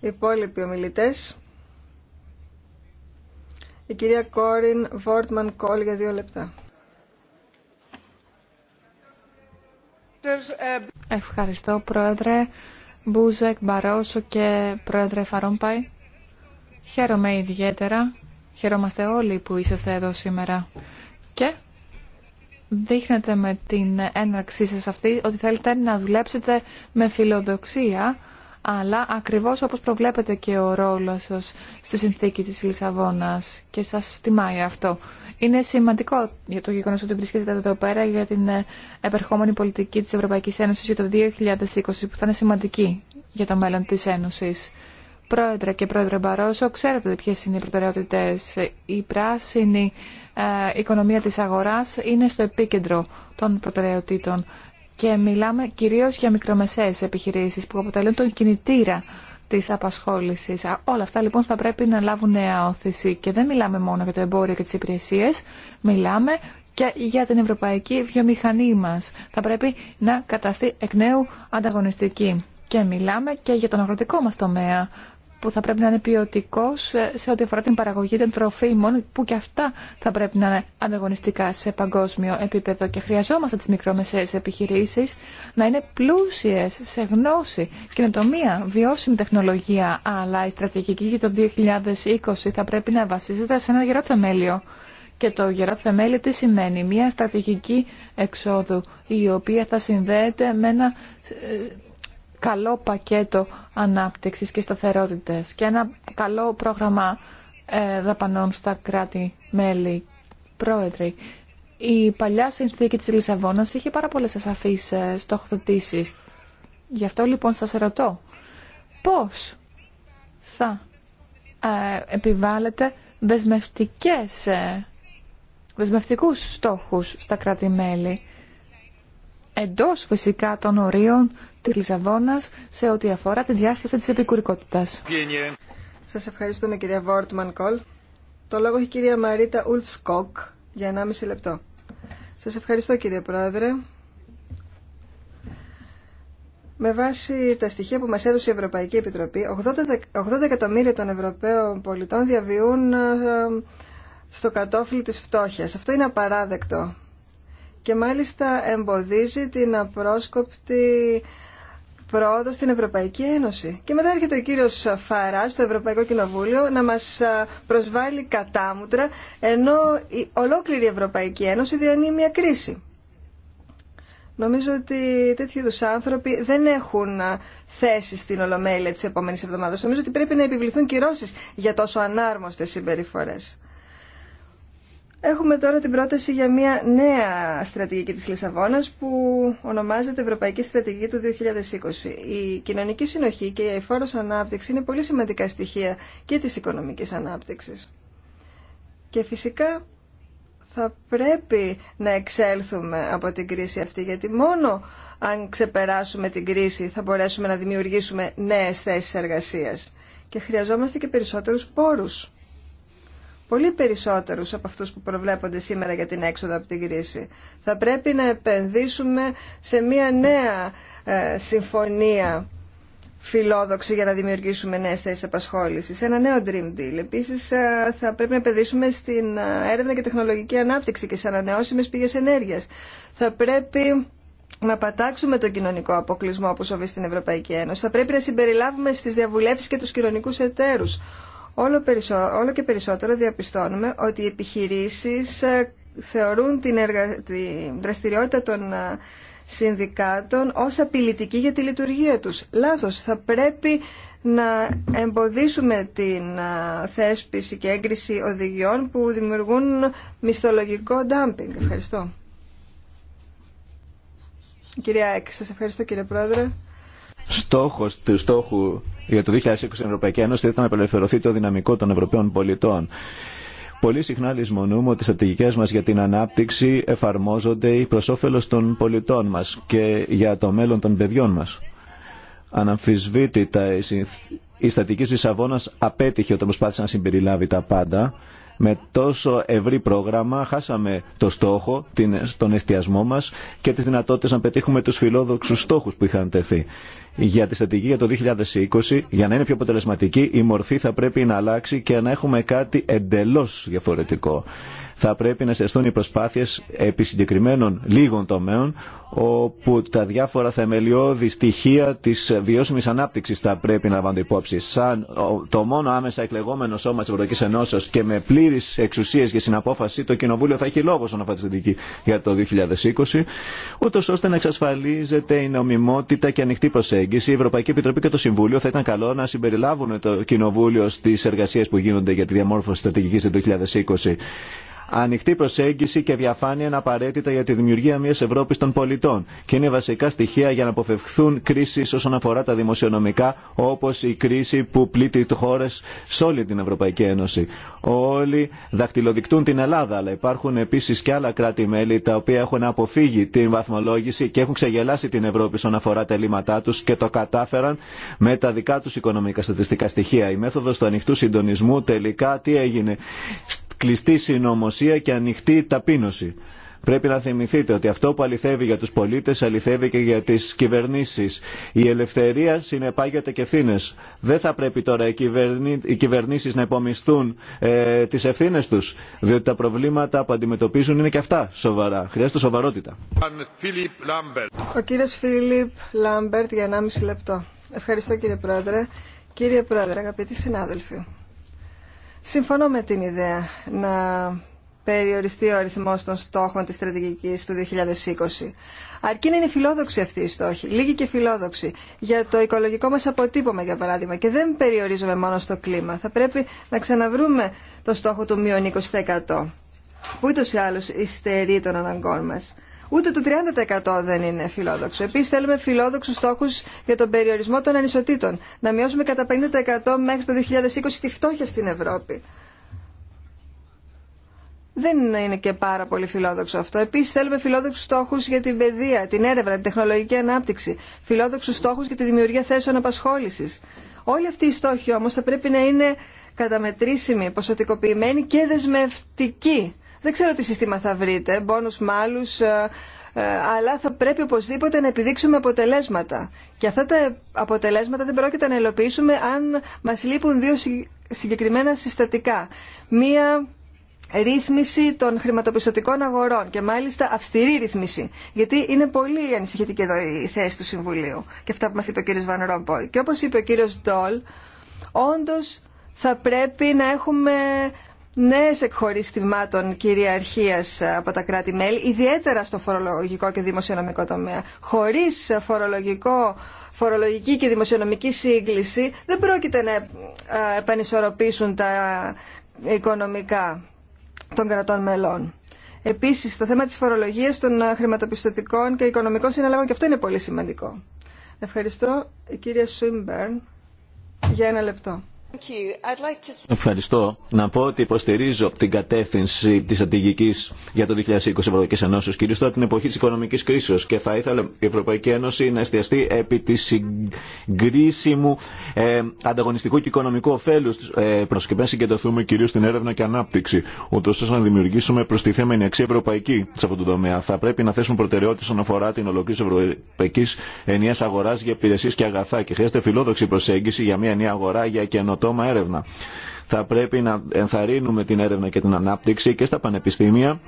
Οι υπόλοιποι ομιλητέ. Η κυρία Κόριν Βόρτμαν Κόλ για δύο λεπτά. Eh, Ευχαριστώ, Πρόεδρε Μπούζεκ, Μπαρόσο και Πρόεδρε Φαρόμπαϊ. Χαίρομαι ιδιαίτερα. Χαιρόμαστε όλοι που είσαστε εδώ σήμερα. Και δείχνετε με την έναρξή σας αυτή ότι θέλετε να δουλέψετε με φιλοδοξία, αλλά ακριβώς όπως προβλέπετε και ο ρόλος σας στη συνθήκη της Λισαβόνας και σας τιμάει αυτό. Είναι σημαντικό για το γεγονό ότι βρίσκεται εδώ πέρα για την ε, επερχόμενη πολιτική τη Ευρωπαϊκή Ένωση για το 2020, που θα είναι σημαντική για το μέλλον τη Ένωση. Πρόεδρε και Πρόεδρε Μπαρόσο, ξέρετε ποιε είναι οι προτεραιότητε. Η πράσινη ε, οικονομία τη αγορά είναι στο επίκεντρο των προτεραιοτήτων και μιλάμε κυρίω για μικρομεσαίες επιχειρήσει που αποτελούν τον κινητήρα της απασχόλησης. Όλα αυτά λοιπόν θα πρέπει να λάβουν νέα όθηση και δεν μιλάμε μόνο για το εμπόριο και τις υπηρεσίες, μιλάμε και για την ευρωπαϊκή βιομηχανή μας. Θα πρέπει να καταστεί εκ νέου ανταγωνιστική. Και μιλάμε και για τον αγροτικό μας τομέα που θα πρέπει να είναι ποιοτικό σε ό,τι αφορά την παραγωγή των τροφίμων, που και αυτά θα πρέπει να είναι ανταγωνιστικά σε παγκόσμιο επίπεδο. Και χρειαζόμαστε τι μικρομεσαίε επιχειρήσει να είναι πλούσιε σε γνώση, καινοτομία, βιώσιμη τεχνολογία. Αλλά η στρατηγική για το 2020 θα πρέπει να βασίζεται σε ένα γερό θεμέλιο. Και το γερό θεμέλιο τι σημαίνει, μια στρατηγική εξόδου η οποία θα συνδέεται με ένα ε, καλό πακέτο ανάπτυξης και σταθερότητες και ένα καλό πρόγραμμα ε, δαπανών στα κράτη-μέλη. Πρόεδρε, η παλιά συνθήκη της Λισαβόνας είχε πάρα πολλές ασαφείς ε, στοχοθετήσεις. Γι' αυτό λοιπόν σας ρωτώ, πώς θα ε, επιβάλλετε δεσμευτικές, δεσμευτικούς στόχους στα κράτη-μέλη εντός φυσικά των ορίων της Λισαβόνας σε ό,τι αφορά τη διάσταση της επικουρικότητας. Σας ευχαριστούμε κυρία Βόρτμαν Κολ. Το λόγο έχει η κυρία Μαρίτα Σκοκ για 1,5 λεπτό. Σας ευχαριστώ κύριε Πρόεδρε. Με βάση τα στοιχεία που μας έδωσε η Ευρωπαϊκή Επιτροπή, 80, 80 εκατομμύρια των Ευρωπαίων πολιτών διαβιούν ε, στο κατόφλι της φτώχειας. Αυτό είναι απαράδεκτο και μάλιστα εμποδίζει την απρόσκοπτη πρόοδο στην Ευρωπαϊκή Ένωση. Και μετά έρχεται ο κύριος Φαρά στο Ευρωπαϊκό Κοινοβούλιο να μας προσβάλλει κατάμουτρα ενώ η ολόκληρη Ευρωπαϊκή Ένωση διανύει μια κρίση. Νομίζω ότι τέτοιου είδου άνθρωποι δεν έχουν θέση στην Ολομέλεια τη επόμενη εβδομάδα. Νομίζω ότι πρέπει να επιβληθούν κυρώσει για τόσο ανάρμοστε συμπεριφορέ. Έχουμε τώρα την πρόταση για μια νέα στρατηγική της Λισαβόνας που ονομάζεται Ευρωπαϊκή Στρατηγική του 2020. Η κοινωνική συνοχή και η φόρος ανάπτυξη είναι πολύ σημαντικά στοιχεία και της οικονομικής ανάπτυξης. Και φυσικά θα πρέπει να εξέλθουμε από την κρίση αυτή γιατί μόνο αν ξεπεράσουμε την κρίση θα μπορέσουμε να δημιουργήσουμε νέες θέσεις εργασίας. Και χρειαζόμαστε και περισσότερους πόρους πολύ περισσότερους από αυτούς που προβλέπονται σήμερα για την έξοδο από την κρίση. Θα πρέπει να επενδύσουμε σε μια νέα ε, συμφωνία φιλόδοξη για να δημιουργήσουμε νέες θέσεις απασχόλησης, ένα νέο Dream Deal. Επίσης ε, θα πρέπει να επενδύσουμε στην ε, έρευνα και τεχνολογική ανάπτυξη και σε ανανεώσιμες πηγές ενέργειας. Θα πρέπει να πατάξουμε τον κοινωνικό αποκλεισμό που σοβεί στην Ευρωπαϊκή Ένωση. Θα πρέπει να συμπεριλάβουμε στις διαβουλεύσεις και τους κοινωνικούς εταίρους όλο, και περισσότερο διαπιστώνουμε ότι οι επιχειρήσεις ε, θεωρούν την, την δραστηριότητα των ε, συνδικάτων ως απειλητική για τη λειτουργία τους. Λάθος, θα πρέπει να εμποδίσουμε την ε, θέσπιση και έγκριση οδηγιών που δημιουργούν μισθολογικό ντάμπινγκ. Ευχαριστώ. Κυρία Έκ, σας ευχαριστώ κύριε Πρόεδρε. Στόχος του στόχου για το 2020 στην Ευρωπαϊκή Ένωση ήταν να απελευθερωθεί το δυναμικό των Ευρωπαίων πολιτών. Πολύ συχνά λησμονούμε ότι οι στρατηγικέ μα για την ανάπτυξη εφαρμόζονται προ όφελο των πολιτών μα και για το μέλλον των παιδιών μα. Αναμφισβήτητα, η στατική τη απέτυχε όταν προσπάθησε να συμπεριλάβει τα πάντα με τόσο ευρύ πρόγραμμα χάσαμε το στόχο, την, τον εστιασμό μας και τις δυνατότητες να πετύχουμε τους φιλόδοξους στόχους που είχαν τεθεί. Για τη στρατηγική για το 2020, για να είναι πιο αποτελεσματική, η μορφή θα πρέπει να αλλάξει και να έχουμε κάτι εντελώς διαφορετικό. Θα πρέπει να στεστούν οι προσπάθειες επί συγκεκριμένων λίγων τομέων όπου τα διάφορα θεμελιώδη στοιχεία της βιώσιμης ανάπτυξης θα πρέπει να λαμβάνονται υπόψη. Σαν το μόνο άμεσα εκλεγόμενο σώμα της Ευρωπαϊκής Ενώσεως και με πλήρης εξουσίες για συναπόφαση το Κοινοβούλιο θα έχει λόγο στον αφατιστική για το 2020 ούτως ώστε να εξασφαλίζεται η νομιμότητα και ανοιχτή προσέγγιση. Η Ευρωπαϊκή Επιτροπή και το Συμβούλιο θα ήταν καλό να συμπεριλάβουν το Κοινοβούλιο στις εργασίες που γίνονται για τη διαμόρφωση στρατηγικής του 2020. Ανοιχτή προσέγγιση και διαφάνεια είναι απαραίτητα για τη δημιουργία μια Ευρώπη των πολιτών και είναι βασικά στοιχεία για να αποφευχθούν κρίσει όσον αφορά τα δημοσιονομικά, όπω η κρίση που πλήττει χώρε σε όλη την Ευρωπαϊκή Ένωση. Όλοι δακτυλοδεικτούν την Ελλάδα, αλλά υπάρχουν επίση και άλλα κράτη-μέλη τα οποία έχουν αποφύγει την βαθμολόγηση και έχουν ξεγελάσει την Ευρώπη στον αφορά τα ελλείμματά του και το κατάφεραν με τα δικά του οικονομικά στατιστικά στοιχεία. Η μέθοδο του ανοιχτού συντονισμού τελικά τι έγινε. Κλειστή συνωμοσία και ανοιχτή ταπείνωση. Πρέπει να θυμηθείτε ότι αυτό που αληθεύει για τους πολίτες αληθεύει και για τις κυβερνήσεις. Η ελευθερία συνεπάγεται και ευθύνε. Δεν θα πρέπει τώρα οι, κυβερνή, οι κυβερνήσεις να υπομισθούν ε, τις ευθύνε τους, διότι τα προβλήματα που αντιμετωπίζουν είναι και αυτά σοβαρά. Χρειάζεται σοβαρότητα. Ο κύριος Φίλιπ Λάμπερτ για 1,5 λεπτό. Ευχαριστώ κύριε Πρόεδρε. Κύριε Πρόεδρε, αγαπητοί συνάδελφοι. Συμφωνώ με την ιδέα να περιοριστεί ο αριθμό των στόχων τη στρατηγική του 2020. Αρκεί να είναι φιλόδοξη αυτή η στόχοι, λίγη και φιλόδοξοι, για το οικολογικό μα αποτύπωμα για παράδειγμα και δεν περιορίζομαι μόνο στο κλίμα. Θα πρέπει να ξαναβρούμε το στόχο του μείον 20% που ούτω ή άλλω υστερεί των αναγκών μα. Ούτε το 30% δεν είναι φιλόδοξο. Επίση, θέλουμε φιλόδοξου στόχου για τον περιορισμό των ανισοτήτων. Να μειώσουμε κατά 50% μέχρι το 2020 τη φτώχεια στην Ευρώπη. Δεν είναι και πάρα πολύ φιλόδοξο αυτό. Επίση, θέλουμε φιλόδοξου στόχου για την παιδεία, την έρευνα, την τεχνολογική ανάπτυξη. Φιλόδοξου στόχου για τη δημιουργία θέσεων απασχόληση. Όλοι αυτοί οι στόχοι όμω θα πρέπει να είναι καταμετρήσιμοι, ποσοτικοποιημένοι και δεσμευτικοί. Δεν ξέρω τι σύστημα θα βρείτε, μπόνους μάλους, ε, ε, αλλά θα πρέπει οπωσδήποτε να επιδείξουμε αποτελέσματα. Και αυτά τα αποτελέσματα δεν πρόκειται να ελοπίσουμε αν μας λείπουν δύο συγκεκριμένα συστατικά. Μία ρύθμιση των χρηματοπιστωτικών αγορών και μάλιστα αυστηρή ρύθμιση. Γιατί είναι πολύ ανησυχητική εδώ η θέση του Συμβουλίου και αυτά που μα είπε ο κύριος Βαν Ρόμποϊ. Και όπω είπε ο κύριος Ντόλ, όντω θα πρέπει να έχουμε νέε εκχωρίστημάτων τιμάτων κυριαρχίας από τα κράτη-μέλη, ιδιαίτερα στο φορολογικό και δημοσιονομικό τομέα. Χωρί φορολογικό, φορολογική και δημοσιονομική σύγκληση δεν πρόκειται να επανισορροπήσουν τα οικονομικά των κρατών μελών. Επίση, το θέμα τη φορολογία των ε, χρηματοπιστωτικών και οικονομικών συναλλαγών και αυτό είναι πολύ σημαντικό. Ευχαριστώ, η κυρία Σουίμπερν, για ένα λεπτό. Ευχαριστώ. Να πω ότι υποστηρίζω την κατεύθυνση τη στρατηγική για το 2020 Ευρωπαϊκή Ένωση, κυρίω τώρα την εποχή τη οικονομική κρίσεω. Και θα ήθελα η Ευρωπαϊκή Ένωση να εστιαστεί επί τη συγκρίσιμου ε, ανταγωνιστικού και οικονομικού ωφέλου. Ε, και να συγκεντρωθούμε κυρίω στην έρευνα και ανάπτυξη, ούτω ώστε να δημιουργήσουμε προστιθέμενη αξία ευρωπαϊκή σε αυτό τον τομέα. Θα πρέπει να θέσουμε προτεραιότητε όσον αφορά την ολοκλήρωση ευρωπαϊκή ενιαία αγορά για υπηρεσίε και αγαθά. Και χρειάζεται φιλόδοξη προσέγγιση για μια ενιαία αγορά για καινοτομία έρευνα. Θα πρέπει να ενθαρρύνουμε την έρευνα και την ανάπτυξη και στα πανεπιστήμια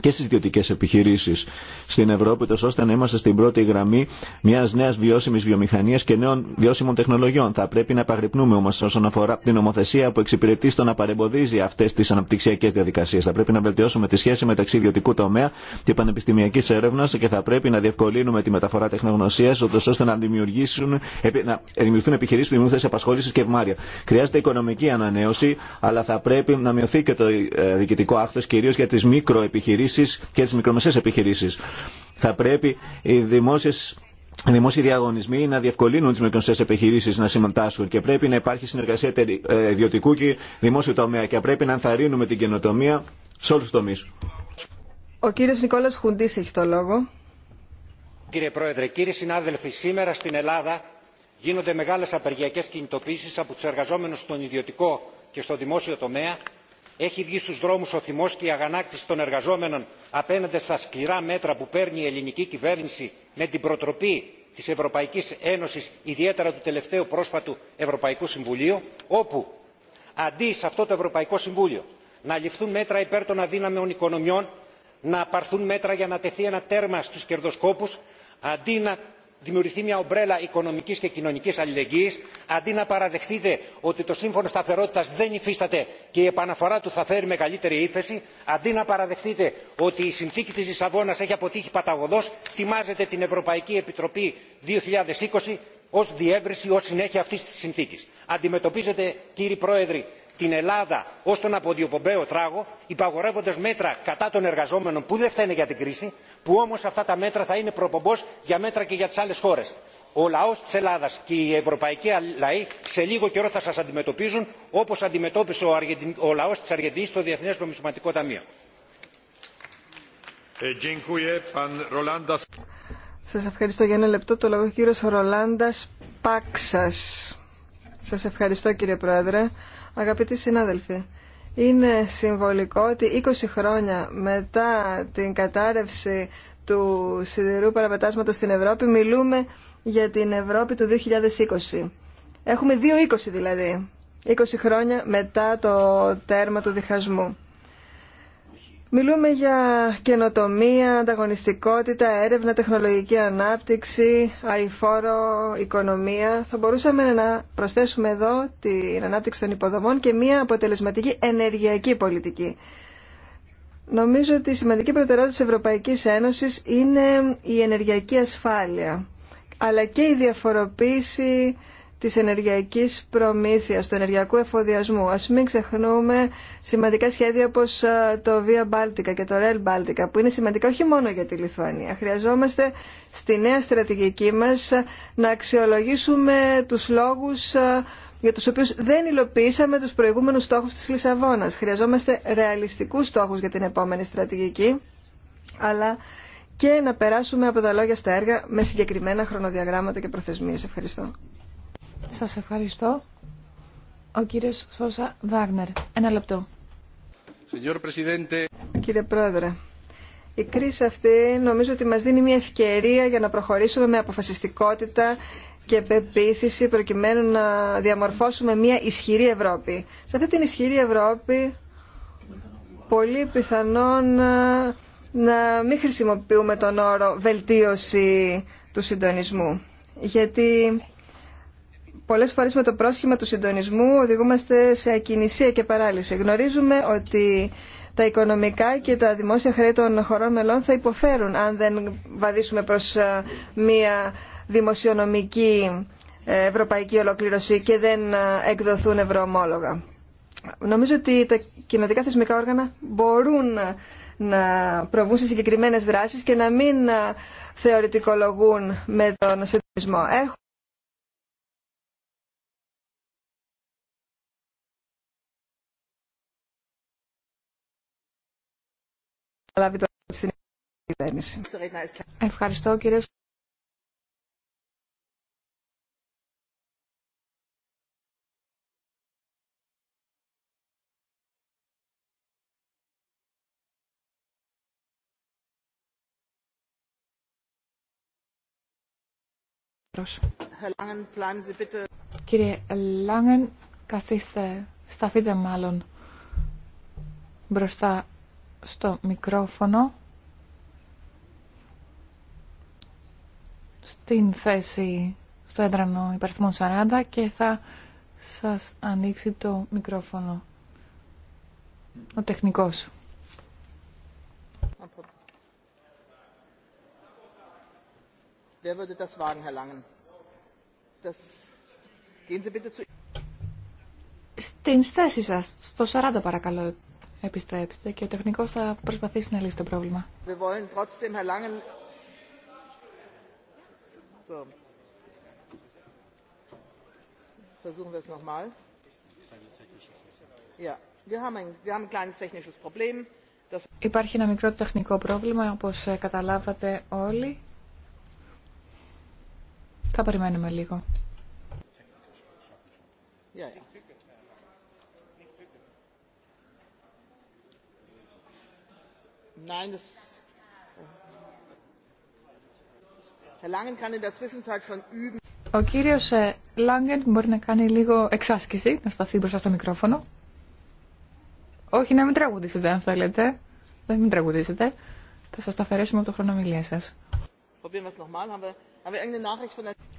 και στις ιδιωτικέ επιχειρήσεις στην Ευρώπη, τόσο ώστε να είμαστε στην πρώτη γραμμή μιας νέας βιώσιμης βιομηχανίας και νέων βιώσιμων τεχνολογιών. Θα πρέπει να επαγρυπνούμε όμως όσον αφορά την νομοθεσία που εξυπηρετεί στο να παρεμποδίζει αυτές τις αναπτυξιακές διαδικασίες. Θα πρέπει να βελτιώσουμε τη σχέση μεταξύ ιδιωτικού τομέα και πανεπιστημιακή έρευνα, και θα πρέπει να διευκολύνουμε τη μεταφορά τεχνογνωσία, ώστε να, δημιουργήσουν, να δημιουργηθούν επιχειρήσεις που δημιουργούν και ευμάρεια. Χρειάζεται οικονομική ανανέωση, αλλά θα πρέπει να μειωθεί και το ε, διοικητικό άκτο κυρίως για τις μικροεπιχειρήσεις και τι μικρομεσαίες επιχειρήσει. Θα πρέπει οι οι δημόσιοι διαγωνισμοί να διευκολύνουν τι μικρομεσαίε επιχειρήσει να συμμετάσχουν και πρέπει να υπάρχει συνεργασία ε, ιδιωτικού και δημόσιου τομέα και πρέπει να ενθαρρύνουμε την καινοτομία σε όλου του τομεί. Ο κύριο Νικόλα Χουντή έχει το λόγο. Κύριε Πρόεδρε, κύριοι συνάδελφοι, σήμερα στην Ελλάδα γίνονται μεγάλε απεργιακέ κινητοποίησει από του εργαζόμενου στον ιδιωτικό και στο δημόσιο τομέα έχει βγει στους δρόμους ο θυμός και η αγανάκτηση των εργαζόμενων απέναντι στα σκληρά μέτρα που παίρνει η ελληνική κυβέρνηση με την προτροπή της ευρωπαϊκής ένωσης ιδιαίτερα του τελευταίου πρόσφατου ευρωπαϊκού συμβουλίου όπου αντί σε αυτό το ευρωπαϊκό συμβούλιο να ληφθούν μέτρα υπέρ των αδύναμων οικονομιών να πάρθουν μέτρα για να τεθεί ένα τέρμα στους κερδοσκόπους αντί να δημιουργηθεί μια ομπρέλα οικονομική και κοινωνική αλληλεγγύη αντί να παραδεχτείτε ότι το σύμφωνο σταθερότητα δεν υφίσταται και η επαναφορά του θα φέρει μεγαλύτερη ύφεση αντί να παραδεχτείτε ότι η συνθήκη τη λισαβόνα έχει αποτύχει παταγωγό, τιμάζετε την ευρωπαϊκή επιτροπή 2020 ω διεύρυνση ω συνέχεια αυτή τη συνθήκη. αντιμετωπίζετε κύριε πρόεδρε την Ελλάδα ω τον αποδιοπομπαίο τράγο, υπαγορεύοντα μέτρα κατά των εργαζόμενων που δεν φταίνε για την κρίση, που όμω αυτά τα μέτρα θα είναι προπομπό για μέτρα και για τι άλλε χώρε. Ο λαό τη Ελλάδα και οι ευρωπαϊκοί λαοί σε λίγο καιρό θα σα αντιμετωπίζουν όπω αντιμετώπισε ο, ο λαό τη Αργεντινή στο Διεθνέ Νομισματικό Ταμείο. Σας ευχαριστώ κύριε Πρόεδρε. Αγαπητοί συνάδελφοι, είναι συμβολικό ότι 20 χρόνια μετά την κατάρρευση του σιδηρού παραπετάσματος στην Ευρώπη μιλούμε για την Ευρώπη του 2020. Έχουμε δύο 20 δηλαδή, χρόνια μετά το τέρμα του διχασμού. Μιλούμε για καινοτομία, ανταγωνιστικότητα, έρευνα, τεχνολογική ανάπτυξη, αηφόρο, οικονομία. Θα μπορούσαμε να προσθέσουμε εδώ την ανάπτυξη των υποδομών και μια αποτελεσματική ενεργειακή πολιτική. Νομίζω ότι η σημαντική προτεραιότητα της Ευρωπαϊκής Ένωσης είναι η ενεργειακή ασφάλεια, αλλά και η διαφοροποίηση της ενεργειακής προμήθειας, του ενεργειακού εφοδιασμού. Ας μην ξεχνούμε σημαντικά σχέδια όπως ε, το Via Baltica και το Rail Baltica, που είναι σημαντικά όχι μόνο για τη Λιθουανία. Χρειαζόμαστε στη νέα στρατηγική μας ε, να αξιολογήσουμε τους λόγους ε, για τους οποίους δεν υλοποιήσαμε τους προηγούμενους στόχους της Λισαβόνας. Χρειαζόμαστε ρεαλιστικούς στόχους για την επόμενη στρατηγική, αλλά και να περάσουμε από τα λόγια στα έργα με συγκεκριμένα χρονοδιαγράμματα και προθεσμίες. Ευχαριστώ. Σας ευχαριστώ. Ο κύριος Σώσα Βάγνερ. Ένα λεπτό. Κύριε Πρόεδρε, η κρίση αυτή νομίζω ότι μας δίνει μια ευκαιρία για να προχωρήσουμε με αποφασιστικότητα και πεποίθηση προκειμένου να διαμορφώσουμε μια ισχυρή Ευρώπη. Σε αυτή την ισχυρή Ευρώπη πολύ πιθανόν ε, να μην χρησιμοποιούμε τον όρο βελτίωση του συντονισμού. Γιατί Πολλέ φορές με το πρόσχημα του συντονισμού οδηγούμαστε σε ακινησία και παράλυση. Γνωρίζουμε ότι τα οικονομικά και τα δημόσια χρέη των χωρών μελών θα υποφέρουν αν δεν βαδίσουμε προς ε, μια δημοσιονομική ε, ευρωπαϊκή ολοκλήρωση και δεν ε, εκδοθούν ευρωομόλογα. Νομίζω ότι τα κοινοτικά θεσμικά όργανα μπορούν να προβούν σε συγκεκριμένες δράσεις και να μην θεωρητικολογούν με τον συντονισμό. λάβει το στην κυβέρνηση. Ευχαριστώ κύριε Κύριε Λάγεν, καθίστε, σταθείτε μάλλον μπροστά στο μικρόφωνο στην θέση στο έντρανο υπαριθμό 40 και θα σας ανοίξει το μικρόφωνο ο τεχνικός. Wer würde das wagen, Herr Langen? Das... Gehen Sie bitte zu... Στην θέση σας, στο 40 παρακαλώ, Επιστρέψτε και ο τεχνικός θα προσπαθήσει να λύσει το πρόβλημα. Υπάρχει ένα μικρό τεχνικό πρόβλημα, όπως ε, καταλάβατε όλοι. Θα περιμένουμε λίγο. Ο κύριος Λάγκεν μπορεί να κάνει λίγο εξάσκηση, να σταθεί μπροστά στο μικρόφωνο. Όχι, να μην τραγουδήσετε αν θέλετε. Δεν μην τραγουδήσετε. Θα σας τα αφαιρέσουμε από το χρόνο μιλία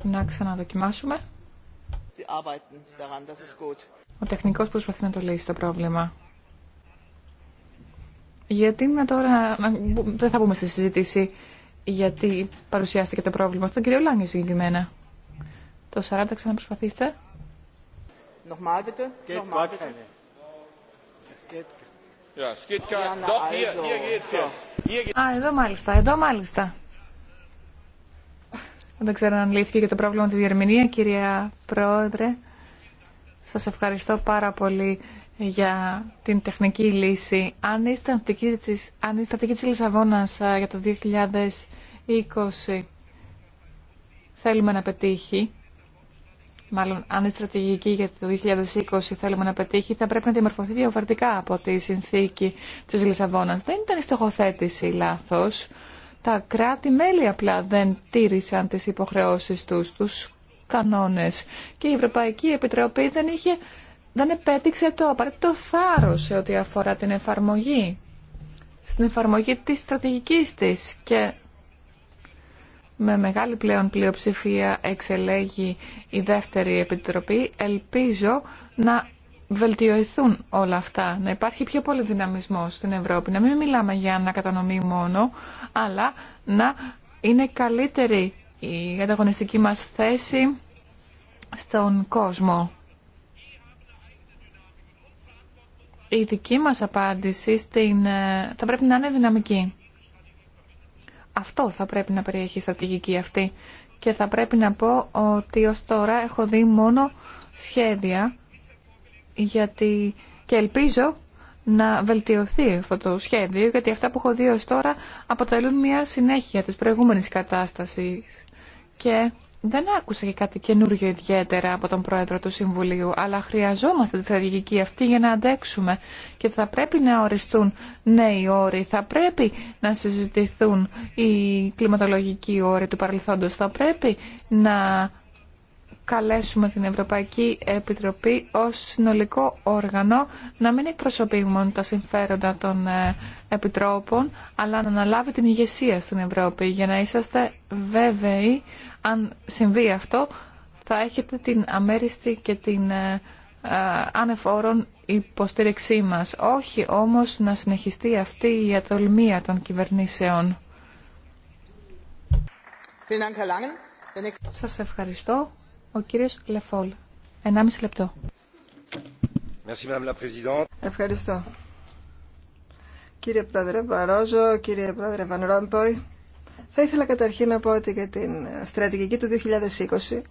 Να ξαναδοκιμάσουμε. Ο τεχνικός προσπαθεί να το λύσει το πρόβλημα. Γιατί να τώρα, δεν θα πούμε στη συζήτηση γιατί παρουσιάστηκε το πρόβλημα στον κύριο Λάγκη συγκεκριμένα. Το 40 ξαναπροσπαθήστε. Nochmal bitte. bitte. Α, εδώ μάλιστα, εδώ μάλιστα. Δεν ξέρω αν λύθηκε και το πρόβλημα τη διερμηνία, κυρία Πρόεδρε. Σας ευχαριστώ πάρα πολύ για την τεχνική λύση. Αν η στρατηγική της, αν η στρατηγική της Λισαβόνας για το 2020 θέλουμε να πετύχει, μάλλον αν η στρατηγική για το 2020 θέλουμε να πετύχει, θα πρέπει να διαμορφωθεί διαφορετικά από τη συνθήκη της Λισαβόνας. Δεν ήταν η στοχοθέτηση λάθος. Τα κράτη-μέλη απλά δεν τήρησαν τις υποχρεώσεις τους, τους κανόνες. Και η Ευρωπαϊκή Επιτροπή δεν είχε δεν επέτυξε το απαραίτητο θάρρο σε ό,τι αφορά την εφαρμογή, στην εφαρμογή της στρατηγικής της και με μεγάλη πλέον πλειοψηφία εξελέγει η δεύτερη επιτροπή. Ελπίζω να βελτιωθούν όλα αυτά, να υπάρχει πιο πολύ δυναμισμό στην Ευρώπη, να μην μιλάμε για ανακατανομή μόνο, αλλά να είναι καλύτερη η ανταγωνιστική μας θέση στον κόσμο. η δική μας απάντηση ε, θα πρέπει να είναι δυναμική. Αυτό θα πρέπει να περιέχει η στρατηγική αυτή. Και θα πρέπει να πω ότι ως τώρα έχω δει μόνο σχέδια γιατί... και ελπίζω να βελτιωθεί αυτό το σχέδιο γιατί αυτά που έχω δει ως τώρα αποτελούν μια συνέχεια της προηγούμενης κατάστασης και δεν άκουσα και κάτι καινούργιο ιδιαίτερα από τον Πρόεδρο του Συμβουλίου, αλλά χρειαζόμαστε τη στρατηγική αυτή για να αντέξουμε και θα πρέπει να οριστούν νέοι όροι, θα πρέπει να συζητηθούν οι κλιματολογικοί όροι του παρελθόντος, θα πρέπει να καλέσουμε την Ευρωπαϊκή Επιτροπή ως συνολικό όργανο να μην εκπροσωπεί μόνο τα συμφέροντα των ε, επιτρόπων, αλλά να αναλάβει την ηγεσία στην Ευρώπη. Για να είσαστε βέβαιοι, αν συμβεί αυτό, θα έχετε την αμέριστη και την ανεφόρον ε, ε, υποστήριξή μας. Όχι όμως να συνεχιστεί αυτή η ατολμία των κυβερνήσεων. Σας ευχαριστώ. Ο κύριος Λεφόλ. 1,5 λεπτό. Ευχαριστώ. Κύριε Πρόεδρε Βαρόζο, κύριε Πρόεδρε Βαν Ρόμποϊ, θα ήθελα καταρχήν να πω ότι για την στρατηγική του 2020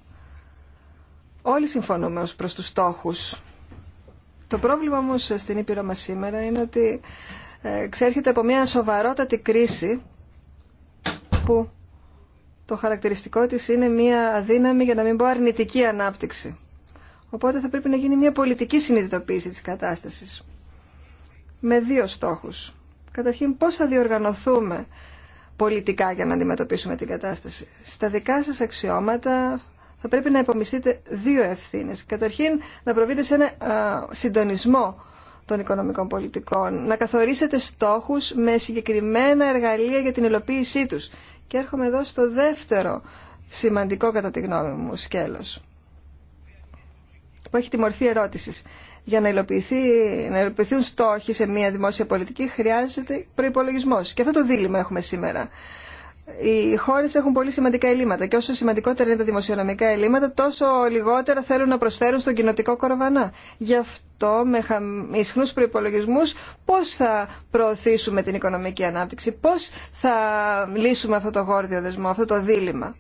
όλοι συμφωνούμε ως προς τους στόχους. Το πρόβλημα όμως στην Ήπειρο μας σήμερα είναι ότι ε, ξέρχεται από μια σοβαρότατη κρίση που το χαρακτηριστικό της είναι μια αδύναμη για να μην πω αρνητική ανάπτυξη. Οπότε θα πρέπει να γίνει μια πολιτική συνειδητοποίηση της κατάστασης με δύο στόχους. Καταρχήν, πώς θα διοργανωθούμε πολιτικά για να αντιμετωπίσουμε την κατάσταση. Στα δικά σας αξιώματα θα πρέπει να υπομειστείτε δύο ευθύνες. Καταρχήν, να προβείτε σε ένα συντονισμό των οικονομικών πολιτικών, να καθορίσετε στόχους με συγκεκριμένα εργαλεία για την υλοποίησή τους. Και έρχομαι εδώ στο δεύτερο σημαντικό κατά τη γνώμη μου σκέλος, που έχει τη μορφή ερώτησης για να, υλοποιηθεί, υλοποιηθούν στόχοι σε μια δημόσια πολιτική χρειάζεται προπολογισμό. Και αυτό το δίλημα έχουμε σήμερα. Οι χώρε έχουν πολύ σημαντικά ελλείμματα και όσο σημαντικότερα είναι τα δημοσιονομικά ελλείμματα, τόσο λιγότερα θέλουν να προσφέρουν στον κοινοτικό κοροβανά. Γι' αυτό με ισχνού προπολογισμού πώ θα προωθήσουμε την οικονομική ανάπτυξη, Πώ θα λύσουμε αυτό το γόρδιο δεσμό, αυτό το δίλημα.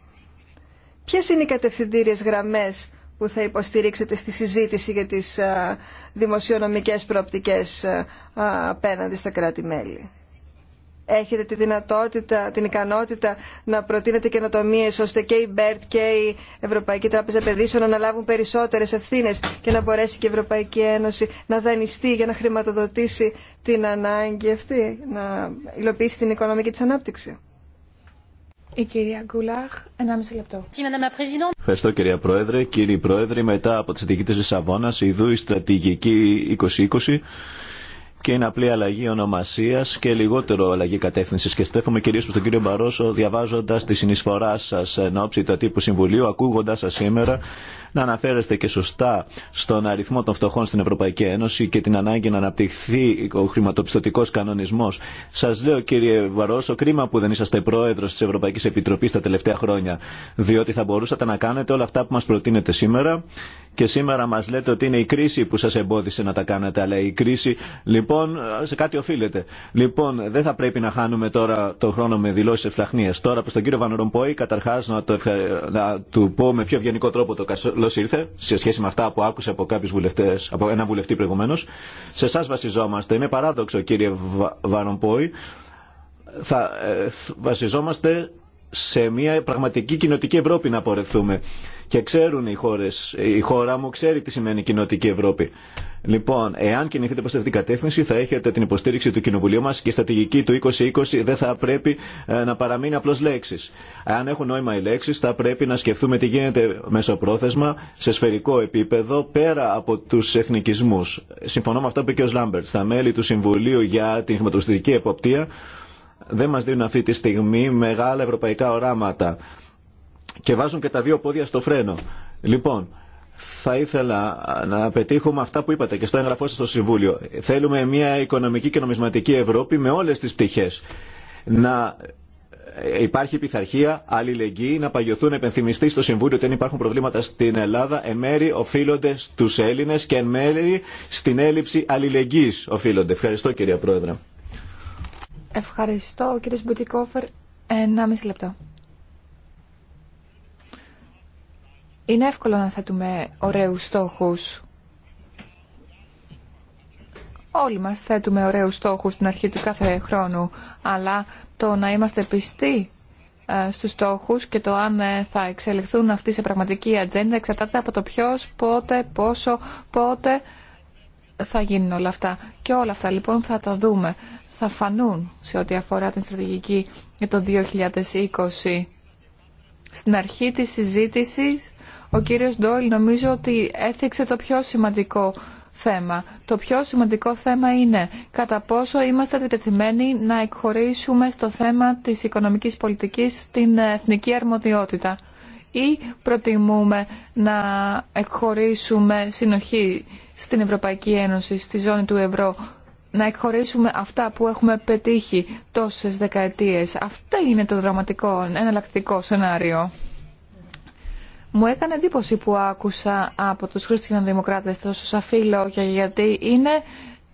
Ποιε είναι οι κατευθυντήριε γραμμέ, που θα υποστηρίξετε στη συζήτηση για τις δημοσιονομικές προοπτικές απέναντι στα κράτη-μέλη. Έχετε τη δυνατότητα, την ικανότητα να προτείνετε καινοτομίες ώστε και η Μπερτ και η Ευρωπαϊκή Τράπεζα Επενδύσεων να λάβουν περισσότερες ευθύνες και να μπορέσει και η Ευρωπαϊκή Ένωση να δανειστεί για να χρηματοδοτήσει την ανάγκη αυτή, να υλοποιήσει την οικονομική της ανάπτυξη. Η κυρία Γκουλάχ, 1,5 λεπτό. Ευχαριστώ κυρία Πρόεδρε. κύριε Πρόεδρε, μετά από τη στρατηγική της η ειδού η στρατηγική 2020 και είναι απλή αλλαγή ονομασία και λιγότερο αλλαγή κατεύθυνση. Και στρέφομαι κυρίω προ τον κύριο Μπαρόσο, διαβάζοντα τη συνεισφορά σα εν ώψη του τύπου συμβουλίου, ακούγοντά σα σήμερα να αναφέρεστε και σωστά στον αριθμό των φτωχών στην Ευρωπαϊκή Ένωση και την ανάγκη να αναπτυχθεί ο χρηματοπιστωτικό κανονισμό. Σα λέω, κύριε Βαρόσο, κρίμα που δεν είσαστε πρόεδρο τη Ευρωπαϊκή Επιτροπή τα τελευταία χρόνια, διότι θα μπορούσατε να κάνετε όλα αυτά που μα προτείνετε σήμερα και σήμερα μα λέτε ότι είναι η κρίση που σα εμπόδισε να τα κάνετε, αλλά η κρίση λοιπόν σε κάτι οφείλεται. Λοιπόν, δεν θα πρέπει να χάνουμε τώρα τον χρόνο με δηλώσει ευλαχνία. Τώρα προ τον κύριο Βανρομπόη, καταρχά να, ευχα... να του πω με πιο ευγενικό τρόπο το απλώ ήρθε σε σχέση με αυτά που άκουσα από κάποιου βουλευτέ, από ένα βουλευτή προηγουμένω. Σε εσά βασιζόμαστε. Είναι παράδοξο, κύριε Βαρομπόη. Θα ε, βασιζόμαστε σε μια πραγματική κοινοτική Ευρώπη να πορευθούμε και ξέρουν οι χώρες, η χώρα μου ξέρει τι σημαίνει κοινοτική Ευρώπη. Λοιπόν, εάν κινηθείτε προς αυτή την κατεύθυνση θα έχετε την υποστήριξη του Κοινοβουλίου μα και η στρατηγική του 2020 δεν θα πρέπει ε, να παραμείνει απλώ λέξει. Αν έχουν νόημα οι λέξει, θα πρέπει να σκεφτούμε τι γίνεται μεσοπρόθεσμα σε σφαιρικό επίπεδο πέρα από του εθνικισμού. Συμφωνώ με αυτό που είπε και ο Λάμπερτ. Τα μέλη του Συμβουλίου για την χρηματοστηρική εποπτεία δεν μα δίνουν αυτή τη στιγμή μεγάλα ευρωπαϊκά οράματα και βάζουν και τα δύο πόδια στο φρένο. Λοιπόν, θα ήθελα να πετύχουμε αυτά που είπατε και στο έγγραφό σα στο Συμβούλιο. Θέλουμε μια οικονομική και νομισματική Ευρώπη με όλε τι πτυχέ Να ε, υπάρχει πειθαρχία, αλληλεγγύη, να παγιωθούν επενθυμιστεί στο Συμβούλιο ότι αν υπάρχουν προβλήματα στην Ελλάδα, εν μέρη οφείλονται στου Έλληνε και εν μέρη στην έλλειψη αλληλεγγύη οφείλονται. Ευχαριστώ κυρία Πρόεδρε. Ευχαριστώ κύριε Σμπουτικόφερ. Ένα μισή λεπτό. Είναι εύκολο να θέτουμε ωραίους στόχους. Όλοι μας θέτουμε ωραίους στόχους στην αρχή του κάθε χρόνου, αλλά το να είμαστε πιστοί ε, στους στόχους και το αν ε, θα εξελιχθούν αυτοί σε πραγματική ατζέντα εξαρτάται από το ποιος, πότε, πόσο, πότε θα γίνουν όλα αυτά. Και όλα αυτά λοιπόν θα τα δούμε, θα φανούν σε ό,τι αφορά την στρατηγική για το 2020. Στην αρχή της συζήτησης ο κύριος Ντόιλ νομίζω ότι έθιξε το πιο σημαντικό θέμα. Το πιο σημαντικό θέμα είναι κατά πόσο είμαστε διτεθειμένοι να εκχωρήσουμε στο θέμα της οικονομικής πολιτικής την εθνική αρμοδιότητα ή προτιμούμε να εκχωρήσουμε συνοχή στην Ευρωπαϊκή Ένωση, στη ζώνη του ευρώ, να εκχωρήσουμε αυτά που έχουμε πετύχει τόσες δεκαετίες. Αυτό είναι το δραματικό, εναλλακτικό σενάριο. Μου έκανε εντύπωση που άκουσα από τους χριστιανοδημοκράτες τόσο σαφή λόγια γιατί είναι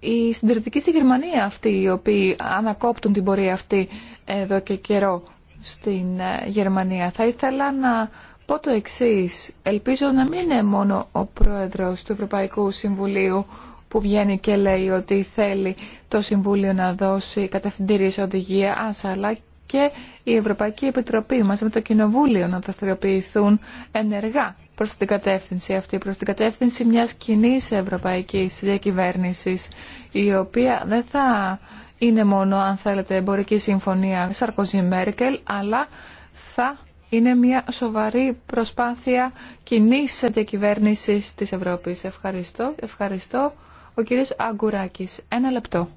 οι συντηρητικοί στη Γερμανία αυτοί οι οποίοι ανακόπτουν την πορεία αυτή εδώ και καιρό στην ε, Γερμανία. Θα ήθελα να πω το εξή. Ελπίζω να μην είναι μόνο ο πρόεδρος του Ευρωπαϊκού Συμβουλίου που βγαίνει και λέει ότι θέλει το Συμβούλιο να δώσει κατευθυντήριες οδηγία, αλλά και η Ευρωπαϊκή Επιτροπή μαζί με το Κοινοβούλιο να δραστηριοποιηθούν ενεργά προς την κατεύθυνση αυτή, προς την κατεύθυνση μιας κοινή ευρωπαϊκής διακυβέρνησης, η οποία δεν θα είναι μόνο, αν θέλετε, εμπορική συμφωνία Σαρκοζή Μέρκελ, αλλά θα είναι μια σοβαρή προσπάθεια κοινή διακυβέρνηση της Ευρώπης. Ευχαριστώ, ευχαριστώ. Ο κύριος Αγκουράκης. Ένα λεπτό.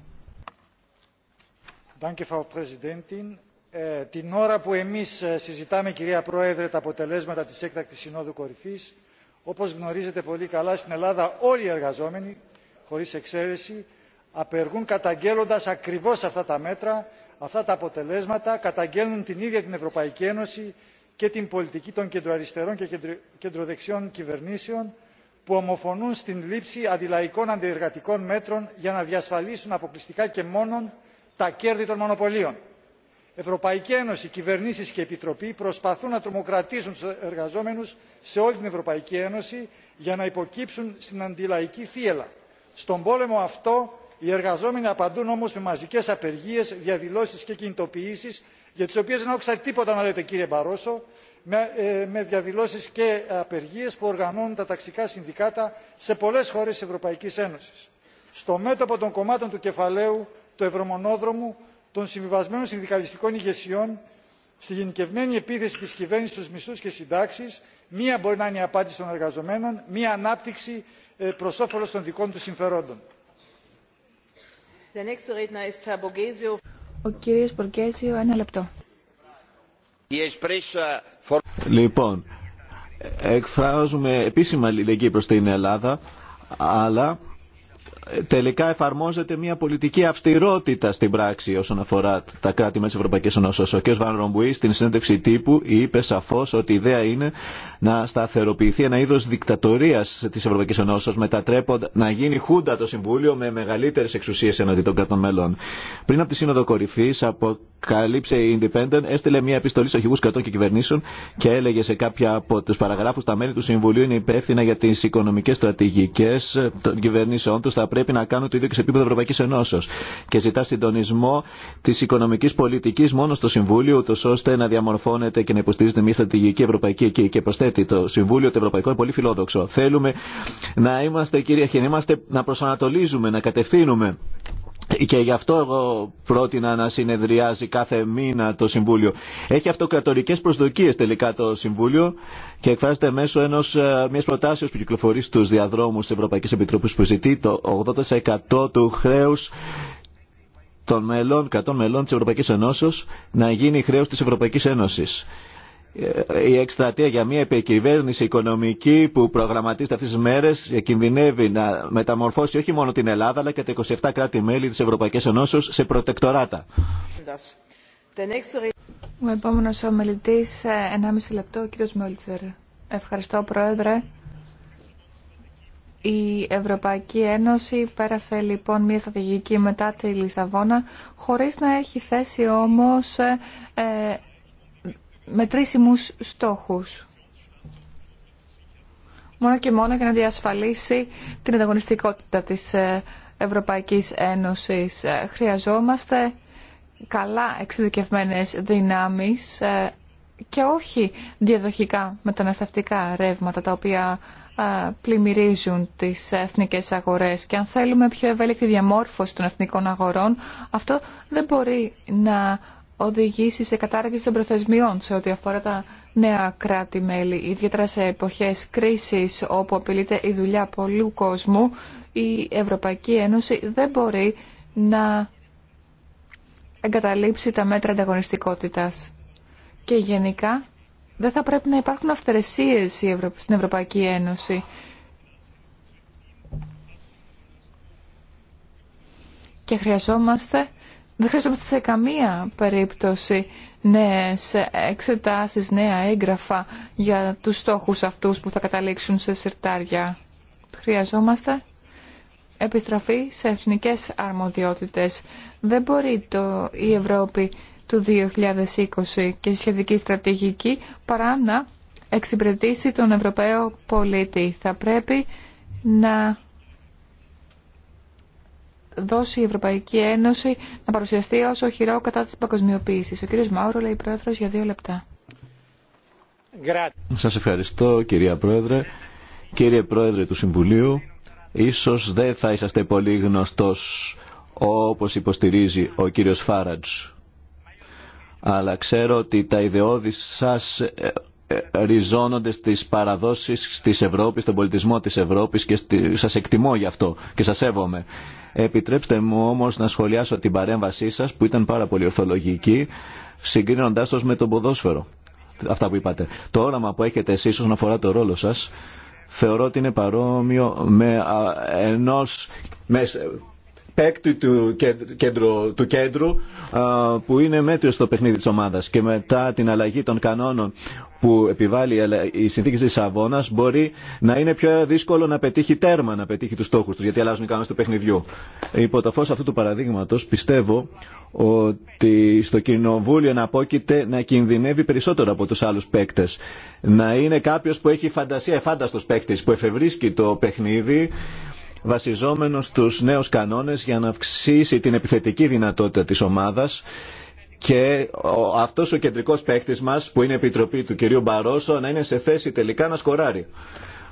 Ε, την ώρα που εμείς ε, συζητάμε κυρία Πρόεδρε τα αποτελέσματα της έκτακτης συνόδου κορυφής όπως γνωρίζετε πολύ καλά στην Ελλάδα όλοι οι εργαζόμενοι χωρίς εξαίρεση απεργούν καταγγέλλοντας ακριβώς αυτά τα μέτρα αυτά τα αποτελέσματα καταγγέλνουν την ίδια την Ευρωπαϊκή Ένωση και την πολιτική των κεντροαριστερών και κεντροδεξιών κυβερνήσεων που ομοφωνούν στην λήψη αντιλαϊκών αντιεργατικών μέτρων για να διασφαλίσουν αποκλειστικά και μόνον τα κέρδη των μονοπωλίων. Ευρωπαϊκή Ένωση, κυβερνήσει και επιτροπή προσπαθούν να τρομοκρατήσουν του εργαζόμενου σε όλη την Ευρωπαϊκή Ένωση για να υποκύψουν στην αντιλαϊκή θύελα. Στον πόλεμο αυτό οι εργαζόμενοι απαντούν όμω με μαζικέ απεργίε, διαδηλώσει και κινητοποιήσει για τι οποίε δεν άκουσα τίποτα να λέτε κύριε Μπαρόσο, με, ε, διαδηλώσει και απεργίε που οργανώνουν τα ταξικά συνδικάτα σε πολλέ χώρε τη Ευρωπαϊκή Ένωση. Στο μέτωπο των κομμάτων του κεφαλαίου του ευρωμονόδρομου των συμβιβασμένων συνδικαλιστικών ηγεσιών στη γενικευμένη επίθεση της κυβέρνησης στους μισθούς και συντάξεις μία μπορεί να είναι η απάντηση των εργαζομένων μία ανάπτυξη ε, προς όφελος των δικών τους συμφερόντων. Ο κύριος Μπορκέζιο, ένα λεπτό. Λοιπόν, ε, εκφράζουμε επίσημα αλληλεγγύη προς την Ελλάδα, αλλά τελικά εφαρμόζεται μια πολιτική αυστηρότητα στην πράξη όσον αφορά τα κράτη μέλη τη Ευρωπαϊκή Ένωση. Ο κ. Βαν Ρομπουή στην συνέντευξη τύπου είπε σαφώ ότι η ιδέα είναι να σταθεροποιηθεί ένα είδο δικτατορία τη Ευρωπαϊκή Ένωση, μετατρέποντα να γίνει χούντα το Συμβούλιο με μεγαλύτερε εξουσίε εναντί των κρατών μέλων. Πριν από τη Σύνοδο Κορυφή, αποκάλυψε η Independent, έστειλε μια επιστολή στου αρχηγού κρατών και κυβερνήσεων και έλεγε σε κάποια από του παραγράφου τα μέλη του Συμβουλίου είναι υπεύθυνα για τι οικονομικέ στρατηγικέ των κυβερνήσεών του, πρέπει να κάνουν το ίδιο και σε επίπεδο Ευρωπαϊκή Ενώσεω. Και ζητά συντονισμό τη οικονομική πολιτική μόνο στο Συμβούλιο, ούτω ώστε να διαμορφώνεται και να υποστηρίζεται μια στρατηγική ευρωπαϊκή εκεί. Και προσθέτει το Συμβούλιο το Ευρωπαϊκό είναι πολύ φιλόδοξο. Θέλουμε να είμαστε, κυρία Χιν, να προσανατολίζουμε, να κατευθύνουμε και γι' αυτό εγώ πρότεινα να συνεδριάζει κάθε μήνα το Συμβούλιο. Έχει αυτοκρατορικέ προσδοκίε, τελικά το Συμβούλιο και εκφράζεται μέσω μια ε, μιας προτάσεως που κυκλοφορεί στους διαδρόμου τη Ευρωπαϊκή Επιτροπή που ζητεί το 80% του χρέου των μελών, 100 μελών της Ευρωπαϊκής Ενώσης να γίνει χρέο τη Ευρωπαϊκή Ένωση η εκστρατεία για μια επικυβέρνηση οικονομική που προγραμματίζεται αυτές τις μέρες κινδυνεύει να μεταμορφώσει όχι μόνο την Ελλάδα αλλά και τα 27 κράτη-μέλη της Ευρωπαϊκής Ενώσεως σε προτεκτοράτα. 1,5 ε, λεπτό, Ευχαριστώ, Πρόεδρε. Η Ευρωπαϊκή Ένωση πέρασε λοιπόν μια στρατηγική μετά τη Λισαβόνα, χωρίς να έχει θέσει όμως ε, ε, μετρήσιμους στόχους. Μόνο και μόνο για να διασφαλίσει την ανταγωνιστικότητα της ε, Ευρωπαϊκής Ένωσης. Ε, χρειαζόμαστε καλά εξειδικευμένες δυνάμεις ε, και όχι διαδοχικά μεταναστευτικά ρεύματα τα οποία πλημμυρίζουν τις εθνικές αγορές και αν θέλουμε πιο ευέλικτη διαμόρφωση των εθνικών αγορών αυτό δεν μπορεί να οδηγήσει σε κατάργηση των προθεσμιών σε ό,τι αφορά τα νέα κράτη-μέλη, ιδιαίτερα σε εποχές κρίσης όπου απειλείται η δουλειά πολλού κόσμου, η Ευρωπαϊκή Ένωση δεν μπορεί να εγκαταλείψει τα μέτρα ανταγωνιστικότητας. Και γενικά δεν θα πρέπει να υπάρχουν αυθαιρεσίες στην Ευρωπαϊκή Ένωση. Και χρειαζόμαστε δεν χρειαζόμαστε σε καμία περίπτωση νέες εξετάσεις, νέα έγγραφα για τους στόχους αυτούς που θα καταλήξουν σε συρτάρια. Χρειαζόμαστε επιστροφή σε εθνικές αρμοδιότητες. Δεν μπορεί το, η Ευρώπη του 2020 και η σχετική στρατηγική παρά να εξυπηρετήσει τον Ευρωπαίο πολίτη. Θα πρέπει να δώσει η Ευρωπαϊκή Ένωση να παρουσιαστεί όσο χειρό κατά της παγκοσμιοποίησης. Ο κύριος Μάουρο λέει πρόεδρος για δύο λεπτά. Σας ευχαριστώ κυρία Πρόεδρε. Κύριε Πρόεδρε του Συμβουλίου, ίσως δεν θα είσαστε πολύ γνωστός όπως υποστηρίζει ο κύριος Φάρατζ. Αλλά ξέρω ότι τα ιδεώδη σας ε, ριζώνονται στις παραδόσεις της Ευρώπης, στον πολιτισμό της Ευρώπης και στη... σας εκτιμώ γι' αυτό και σας σέβομαι. Επιτρέψτε μου όμως να σχολιάσω την παρέμβασή σας που ήταν πάρα πολύ ορθολογική συγκρίνοντάς το με τον ποδόσφαιρο. Αυτά που είπατε. Το όραμα που έχετε εσείς όσον αφορά το ρόλο σας θεωρώ ότι είναι παρόμοιο με ενός παίκτη του κέντρου, του κέντρου που είναι μέτριο στο παιχνίδι της ομάδας και μετά την αλλαγή των κανόνων που επιβάλλει η συνθήκη της Σαββόνας μπορεί να είναι πιο δύσκολο να πετύχει τέρμα, να πετύχει τους στόχους τους γιατί αλλάζουν οι κανόνες του παιχνιδιού. Υπό το φως αυτού του παραδείγματος πιστεύω ότι στο κοινοβούλιο να απόκειται να κινδυνεύει περισσότερο από τους άλλους παίκτες. Να είναι κάποιος που έχει φαντασία εφάνταστος παίκτης που εφευρίσκει το παιχνίδι βασιζόμενο στους νέους κανόνες για να αυξήσει την επιθετική δυνατότητα της ομάδας και ο, αυτός ο κεντρικός παίκτης μας που είναι επιτροπή του κυρίου Μπαρόσο να είναι σε θέση τελικά να σκοράρει.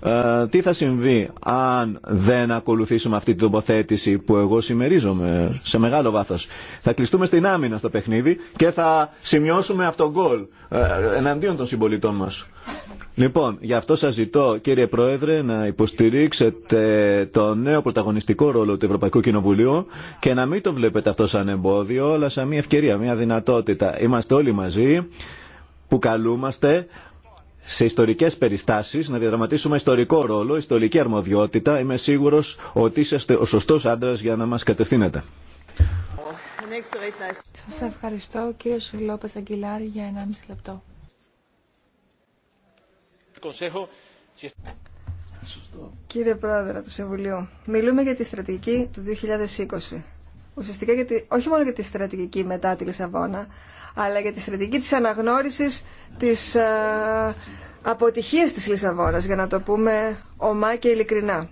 Ε, τι θα συμβεί αν δεν ακολουθήσουμε αυτή την τοποθέτηση που εγώ συμμερίζομαι σε μεγάλο βάθος. Θα κλειστούμε στην άμυνα στο παιχνίδι και θα σημειώσουμε αυτόν γκολ ε, εναντίον των συμπολιτών μας. Λοιπόν, γι' αυτό σας ζητώ κύριε Πρόεδρε να υποστηρίξετε το νέο πρωταγωνιστικό ρόλο του Ευρωπαϊκού Κοινοβουλίου και να μην το βλέπετε αυτό σαν εμπόδιο, αλλά σαν μια ευκαιρία, μια δυνατότητα. Είμαστε όλοι μαζί που καλούμαστε σε ιστορικές περιστάσεις να διαδραματίσουμε ιστορικό ρόλο, ιστορική αρμοδιότητα. Είμαι σίγουρος ότι είσαστε ο σωστός άντρας για να μας κατευθύνετε. Σας ευχαριστώ κύριο Λόπες Αγγιλάρη για 1,5 λεπτό. Κύριε Πρόεδρε του Συμβουλίου, μιλούμε για τη στρατηγική του 2020 ουσιαστικά για όχι μόνο για τη στρατηγική μετά τη Λισαβόνα, αλλά για τη στρατηγική της αναγνώρισης της α, ε, αποτυχίας της Λισαβόνας, για να το πούμε ομά και ειλικρινά.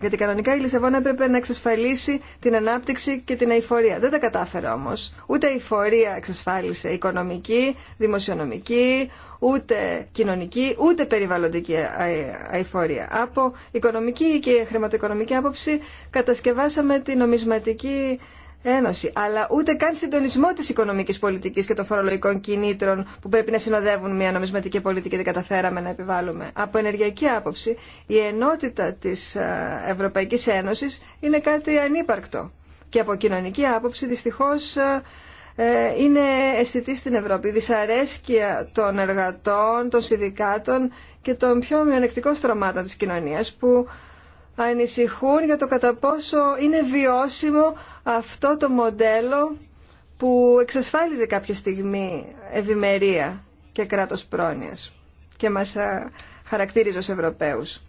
Γιατί κανονικά η Λισαβόνα έπρεπε να εξασφαλίσει την ανάπτυξη και την αηφορία. Δεν τα κατάφερε όμω. Ούτε αηφορία εξασφάλισε οικονομική, δημοσιονομική, ούτε κοινωνική, ούτε περιβαλλοντική αηφορία. Από οικονομική και χρηματοοικονομική άποψη κατασκευάσαμε την νομισματική Ένωση, αλλά ούτε καν συντονισμό τη οικονομική πολιτική και των φορολογικών κινήτρων που πρέπει να συνοδεύουν μια νομισματική πολιτική δεν καταφέραμε να επιβάλλουμε. Από ενεργειακή άποψη, η ενότητα τη ε, Ευρωπαϊκή Ένωση είναι κάτι ανύπαρκτο. Και από κοινωνική άποψη, δυστυχώ, ε, ε, είναι αισθητή στην Ευρώπη. Η δυσαρέσκεια των εργατών, των συνδικάτων και των πιο μειονεκτικών στρωμάτων τη κοινωνία που ανησυχούν για το κατά πόσο είναι βιώσιμο αυτό το μοντέλο που εξασφάλιζε κάποια στιγμή ευημερία και κράτος πρόνοιας και μας χαρακτήριζε ως Ευρωπαίους.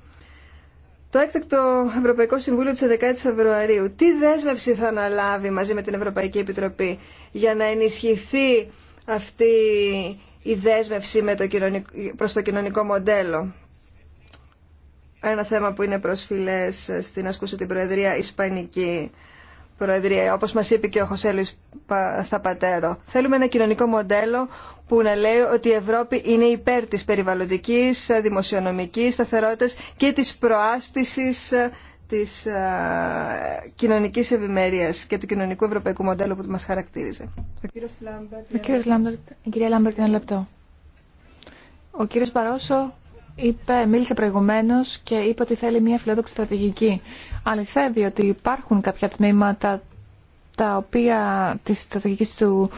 Το έκτακτο Ευρωπαϊκό Συμβούλιο της 11ης Φεβρουαρίου τι δέσμευση θα αναλάβει μαζί με την Ευρωπαϊκή Επιτροπή για να ενισχυθεί αυτή η δέσμευση με το προς το κοινωνικό μοντέλο ένα θέμα που είναι προσφυλές στην ασκούσα την Προεδρία Ισπανική Προεδρία, όπως μας είπε και ο Χωσέ Θαπατέρο. Θέλουμε ένα κοινωνικό μοντέλο που να λέει ότι η Ευρώπη είναι υπέρ της περιβαλλοντικής, δημοσιονομικής σταθερότητας και της προάσπισης ε, της ε, κοινωνικής ευημερίας και του κοινωνικού ευρωπαϊκού μοντέλου που μας χαρακτήριζε. Ο κύριος Λάμπερτ, ένα λεπτό. Ο κύριος Παρόσο είπε, μίλησε προηγουμένω και είπε ότι θέλει μια φιλόδοξη στρατηγική. Αληθεύει ότι υπάρχουν κάποια τμήματα τα οποία της στρατηγικής του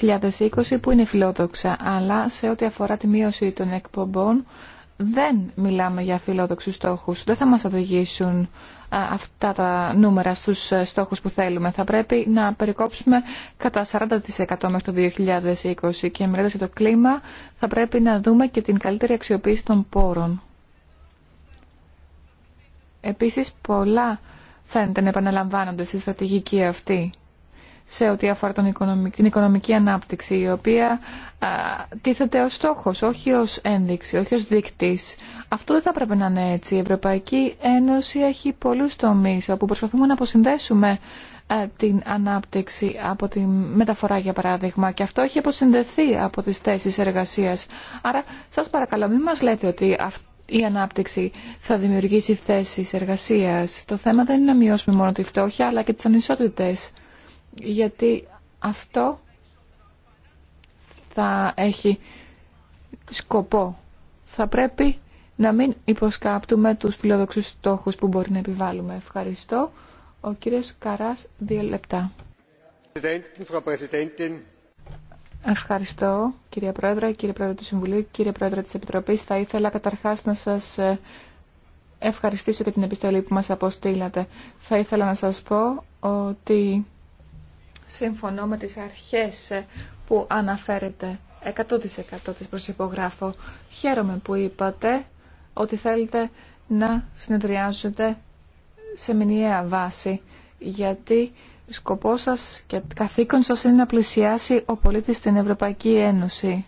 2020 που είναι φιλόδοξα, αλλά σε ό,τι αφορά τη μείωση των εκπομπών δεν μιλάμε για φιλοδοξού στόχους. Δεν θα μας οδηγήσουν αυτά τα νούμερα στους ε, στόχους που θέλουμε. Θα πρέπει να περικόψουμε κατά 40% μέχρι το 2020 και μιλώντα για το κλίμα θα πρέπει να δούμε και την καλύτερη αξιοποίηση των πόρων. Επίσης πολλά φαίνεται να επαναλαμβάνονται στη στρατηγική αυτή σε ό,τι αφορά οικονομική, την οικονομική ανάπτυξη, η οποία α, τίθεται ως στόχος, όχι ως ένδειξη, όχι ως δείκτης. Αυτό δεν θα έπρεπε να είναι έτσι. Η Ευρωπαϊκή Ένωση έχει πολλούς τομείς όπου προσπαθούμε να αποσυνδέσουμε την ανάπτυξη από τη μεταφορά για παράδειγμα και αυτό έχει αποσυνδεθεί από τις θέσεις εργασίας. Άρα σας παρακαλώ μην μας λέτε ότι η ανάπτυξη θα δημιουργήσει θέσεις εργασίας. Το θέμα δεν είναι να μειώσουμε μόνο τη φτώχεια αλλά και τις ανισότητες γιατί αυτό θα έχει σκοπό. Θα πρέπει να μην υποσκάπτουμε τους φιλοδοξούς στόχους που μπορεί να επιβάλλουμε. Ευχαριστώ. Ο κύριος Καράς, δύο λεπτά. Ευχαριστώ, κύριε Πρόεδρε, κύριε Πρόεδρε του Συμβουλίου, κύριε Πρόεδρε της Επιτροπής. Θα ήθελα καταρχάς να σας ε, ευχαριστήσω για την επιστολή που μας αποστήλατε. Θα ήθελα να σας πω ότι Συμφωνώ με τις αρχές που αναφέρετε 100% της προσυπογράφω. Χαίρομαι που είπατε ότι θέλετε να συνεδριάζετε σε μηνιαία βάση, γιατί σκοπό σας και καθήκον σας είναι να πλησιάσει ο πολίτης στην Ευρωπαϊκή Ένωση.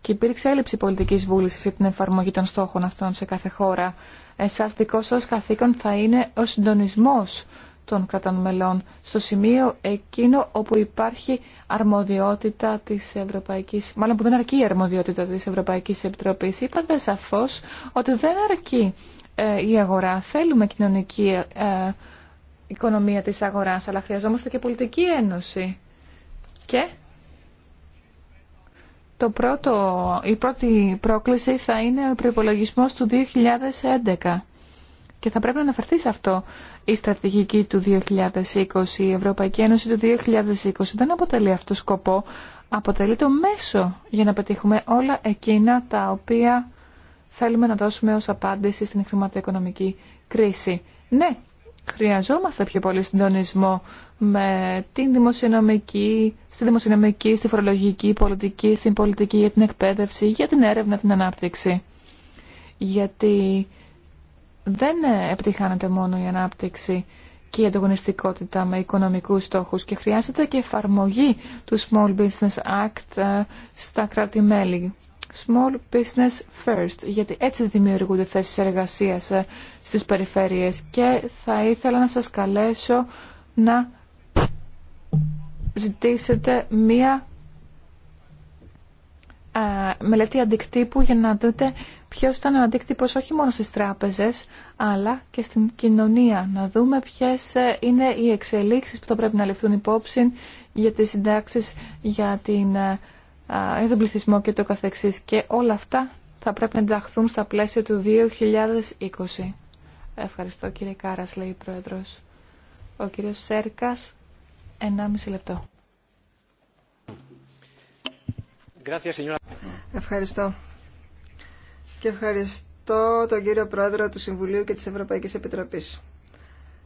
Και υπήρξε έλλειψη πολιτικής βούλησης για την εφαρμογή των στόχων αυτών σε κάθε χώρα. Εσάς δικό σας καθήκον θα είναι ο συντονισμός των κρατών μελών στο σημείο εκείνο όπου υπάρχει αρμοδιότητα της Ευρωπαϊκής, μάλλον που δεν αρκεί η αρμοδιότητα της Ευρωπαϊκής Επιτροπής. Είπατε σαφώς ότι δεν αρκεί ε, η αγορά. Θέλουμε κοινωνική ε, ε, οικονομία της αγοράς, αλλά χρειαζόμαστε και πολιτική ένωση. Και το πρώτο, η πρώτη πρόκληση θα είναι ο προϋπολογισμός του 2011. Και θα πρέπει να αναφερθεί σε αυτό η στρατηγική του 2020, η Ευρωπαϊκή Ένωση του 2020 δεν αποτελεί αυτό σκοπό, αποτελεί το μέσο για να πετύχουμε όλα εκείνα τα οποία θέλουμε να δώσουμε ως απάντηση στην χρηματοοικονομική κρίση. Ναι, χρειαζόμαστε πιο πολύ συντονισμό με την δημοσιονομική, στη δημοσιονομική, στη φορολογική πολιτική, στην πολιτική για την εκπαίδευση, για την έρευνα, την ανάπτυξη. Γιατί δεν ε, επιτυχάνεται μόνο η ανάπτυξη και η ανταγωνιστικότητα με οικονομικούς στόχους και χρειάζεται και εφαρμογή του Small Business Act ε, στα κράτη-μέλη. Small Business First, γιατί έτσι δημιουργούνται θέσεις εργασίας ε, στις περιφέρειες και θα ήθελα να σας καλέσω να ζητήσετε μία μελέτη αντικτύπου για να δείτε Ποιο ήταν ο αντίκτυπο όχι μόνο στι τράπεζε, αλλά και στην κοινωνία. Να δούμε ποιε ε, είναι οι εξελίξει που θα πρέπει να ληφθούν υπόψη για τι συντάξει ε, για, τον πληθυσμό και το καθεξής. Και όλα αυτά θα πρέπει να ενταχθούν στα πλαίσια του 2020. Ευχαριστώ κύριε Κάρας, λέει η Πρόεδρος. Ο κύριος Σέρκας, 1,5 λεπτό. Ευχαριστώ και ευχαριστώ τον κύριο Πρόεδρο του Συμβουλίου και της Ευρωπαϊκής Επιτροπής.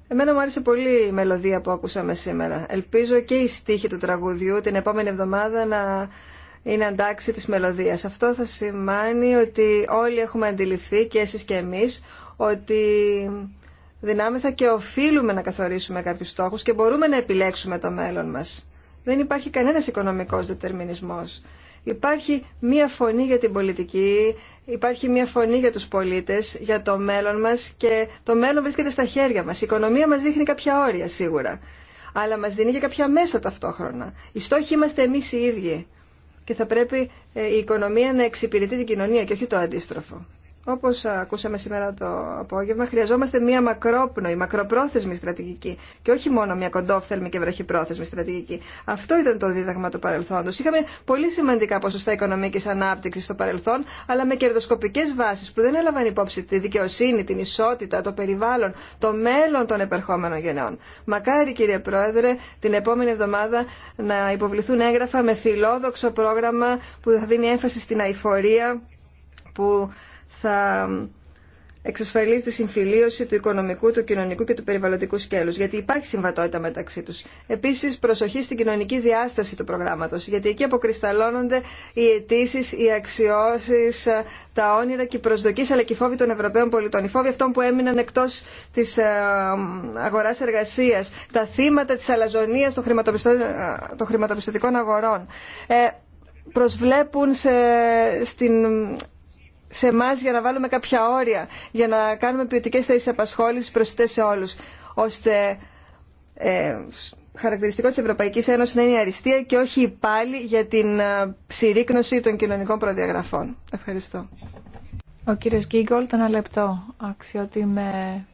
Εμένα μου άρεσε πολύ η μελωδία που ακούσαμε σήμερα. Ελπίζω και η στίχη του τραγουδιού την επόμενη εβδομάδα να είναι αντάξει της μελωδίας. Αυτό θα σημαίνει ότι όλοι έχουμε αντιληφθεί και εσείς και εμείς ότι δυνάμεθα και οφείλουμε να καθορίσουμε κάποιους στόχους και μπορούμε να επιλέξουμε το μέλλον μας. Δεν υπάρχει κανένας οικονομικός δετερμινισμός. Υπάρχει μία φωνή για την πολιτική, υπάρχει μία φωνή για τους πολίτες, για το μέλλον μας και το μέλλον βρίσκεται στα χέρια μας. Η οικονομία μας δείχνει κάποια όρια σίγουρα, αλλά μας δίνει και κάποια μέσα ταυτόχρονα. Οι στόχοι είμαστε εμείς οι ίδιοι και θα πρέπει ε, η οικονομία να εξυπηρετεί την κοινωνία και όχι το αντίστροφο. Όπως ακούσαμε σήμερα το απόγευμα, χρειαζόμαστε μια μακρόπνοη, μακροπρόθεσμη στρατηγική και όχι μόνο μια κοντόφθελμη και βραχυπρόθεσμη στρατηγική. Αυτό ήταν το δίδαγμα του παρελθόντος. Είχαμε πολύ σημαντικά ποσοστά οικονομικής ανάπτυξης στο παρελθόν, αλλά με κερδοσκοπικές βάσεις που δεν έλαβαν υπόψη τη δικαιοσύνη, την ισότητα, το περιβάλλον, το μέλλον των επερχόμενων γενεών. Μακάρι κύριε Πρόεδρε την επόμενη εβδομάδα να υποβληθούν έγγραφα με φιλόδοξο πρόγραμμα που θα δίνει έμφαση στην αηφορία που θα εξασφαλίσει τη συμφιλίωση του οικονομικού, του κοινωνικού και του περιβαλλοντικού σκέλους, γιατί υπάρχει συμβατότητα μεταξύ τους. Επίσης, προσοχή στην κοινωνική διάσταση του προγράμματος, γιατί εκεί αποκρισταλώνονται οι αιτήσει, οι αξιώσεις, ε, τα όνειρα και οι προσδοκίες, αλλά και οι φόβοι των Ευρωπαίων πολιτών. Οι φόβοι αυτών που έμειναν εκτός της ε, ε, αγοράς εργασίας, τα θύματα της αλαζονίας των χρηματοπιστωτικών αγορών προσβλέπουν σε, στην σε εμά για να βάλουμε κάποια όρια, για να κάνουμε ποιοτικέ θέσει απασχόληση προσιτέ σε όλου, ώστε ε, χαρακτηριστικό τη Ευρωπαϊκή Ένωση να είναι η αριστεία και όχι η πάλι για την ε, συρρήκνωση των κοινωνικών προδιαγραφών. Ευχαριστώ. Ο κύριος Γκίγκολ, ένα λεπτό. Αξιότιμε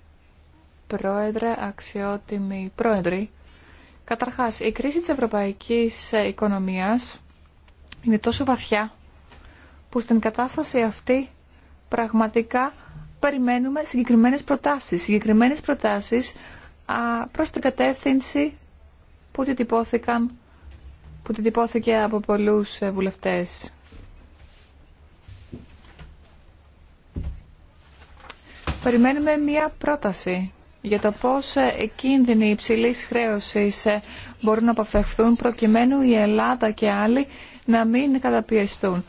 πρόεδρε, αξιότιμη πρόεδροι. Καταρχάς, η κρίση της ευρωπαϊκής ε, οικονομίας είναι τόσο βαθιά που στην κατάσταση αυτή πραγματικά περιμένουμε συγκεκριμένες προτάσεις. Συγκεκριμένες προτάσεις α, προς την κατεύθυνση που διατυπώθηκαν, που από πολλούς ε, βουλευτές. Περιμένουμε μία πρόταση για το πώς ε, οι κίνδυνοι υψηλής χρέωσης ε, μπορούν να αποφευχθούν προκειμένου η Ελλάδα και άλλοι να μην καταπιεστούν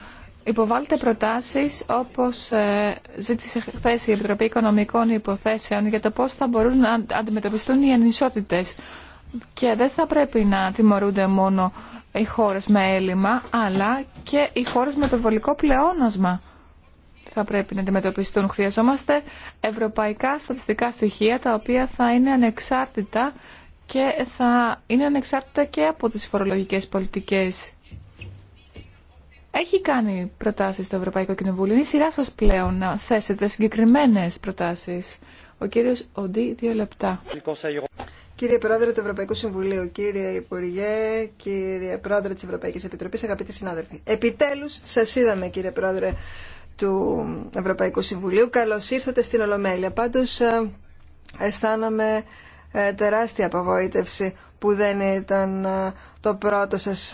υποβάλλετε προτάσεις όπως ε, ζήτησε χθε η Επιτροπή Οικονομικών Υποθέσεων για το πώς θα μπορούν να αντιμετωπιστούν οι ανισότητες και δεν θα πρέπει να τιμωρούνται μόνο οι χώρες με έλλειμμα αλλά και οι χώρες με επιβολικό πλεόνασμα θα πρέπει να αντιμετωπιστούν. Χρειαζόμαστε ευρωπαϊκά στατιστικά στοιχεία τα οποία θα είναι ανεξάρτητα και θα είναι ανεξάρτητα και από τις φορολογικές πολιτικές έχει κάνει προτάσεις στο Ευρωπαϊκό Κοινοβούλιο. Είναι η σειρά σας πλέον να θέσετε συγκεκριμένες προτάσεις. Ο κύριος Οντί, δύο λεπτά. Κύριε Πρόεδρε του Ευρωπαϊκού Συμβουλίου, κύριε Υπουργέ, κύριε Πρόεδρε της Ευρωπαϊκής Επιτροπής, αγαπητοί συνάδελφοι. Επιτέλους σας είδαμε κύριε Πρόεδρε του Ευρωπαϊκού Συμβουλίου. Καλώς ήρθατε στην Ολομέλεια. Πάντως ε, αισθάνομαι ε, τεράστια απογοήτευση που δεν ήταν ε, το πρώτο σας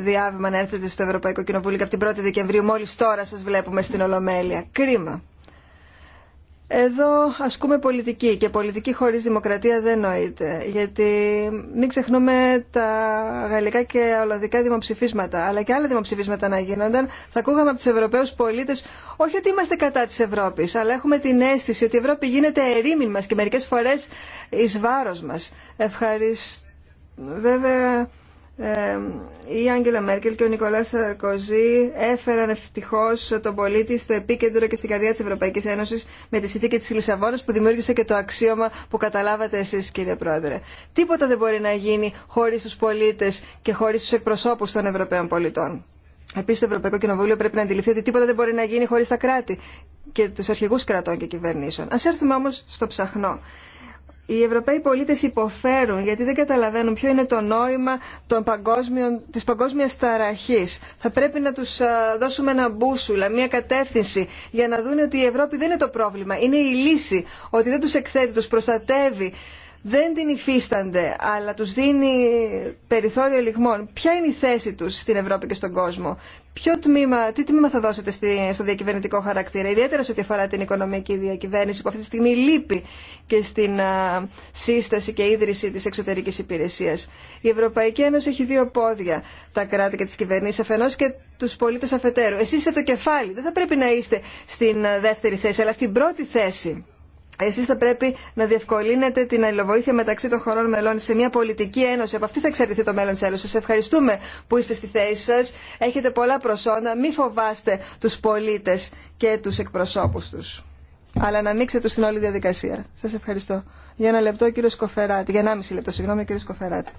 διάβημα να έρθετε στο Ευρωπαϊκό Κοινοβούλιο και από την 1η Δεκεμβρίου μόλις τώρα σας βλέπουμε στην Ολομέλεια. Κρίμα. Εδώ ασκούμε πολιτική και πολιτική χωρίς δημοκρατία δεν νοείται. Γιατί μην ξεχνούμε τα γαλλικά και ολλανδικά δημοψηφίσματα, αλλά και άλλα δημοψηφίσματα να γίνονταν, θα ακούγαμε από τους Ευρωπαίους πολίτες όχι ότι είμαστε κατά της Ευρώπης, αλλά έχουμε την αίσθηση ότι η Ευρώπη γίνεται ερήμην μας και μερικές φορές εις βάρος μας. Ευχαριστώ. Βέβαια, η Άγγελα Μέρκελ και ο Νικολάς Σαρκοζή έφεραν ευτυχώ τον πολίτη στο επίκεντρο και στην καρδιά τη Ευρωπαϊκή Ένωση με τη συνθήκη τη Λισαβόνα, που δημιούργησε και το αξίωμα που καταλάβατε εσεί, κύριε Πρόεδρε. Τίποτα δεν μπορεί να γίνει χωρί του πολίτε και χωρί του εκπροσώπου των Ευρωπαίων πολιτών. Επίση, το Ευρωπαϊκό Κοινοβούλιο πρέπει να αντιληφθεί ότι τίποτα δεν μπορεί να γίνει χωρί τα κράτη και του αρχηγού κρατών και κυβερνήσεων. Α έρθουμε όμω στο ψαχνό. Οι Ευρωπαίοι πολίτε υποφέρουν γιατί δεν καταλαβαίνουν ποιο είναι το νόημα τη παγκόσμια ταραχή. Θα πρέπει να τους δώσουμε ένα μπούσουλα, μια κατεύθυνση για να δουν ότι η Ευρώπη δεν είναι το πρόβλημα, είναι η λύση, ότι δεν τους εκθέτει, τους προστατεύει, δεν την υφίστανται, αλλά τους δίνει περιθώριο λιγμών. Ποια είναι η θέση τους στην Ευρώπη και στον κόσμο. Ποιο τμήμα, τι τμήμα θα δώσετε στο διακυβερνητικό χαρακτήρα, ιδιαίτερα σε ό,τι αφορά την οικονομική διακυβέρνηση που αυτή τη στιγμή λείπει και στην σύσταση και ίδρυση της εξωτερικής υπηρεσίας. Η Ευρωπαϊκή Ένωση έχει δύο πόδια, τα κράτη και τις κυβερνήσεις αφενός και τους πολίτες αφετέρου. Εσείς είστε το κεφάλι, δεν θα πρέπει να είστε στην δεύτερη θέση, αλλά στην πρώτη θέση. Εσείς θα πρέπει να διευκολύνετε την αλληλοβοήθεια μεταξύ των χωρών μελών σε μια πολιτική ένωση. Από αυτή θα εξαρτηθεί το μέλλον της Ένωσης. Σας ευχαριστούμε που είστε στη θέση σας. Έχετε πολλά προσόντα. Μη φοβάστε τους πολίτες και τους εκπροσώπους τους. Αλλά να ανοίξετε τους στην όλη διαδικασία. Σας ευχαριστώ. Για ένα λεπτό κύριο Σκοφεράτη. Για ένα μισή λεπτό, συγγνώμη κύριο Σκοφεράτη.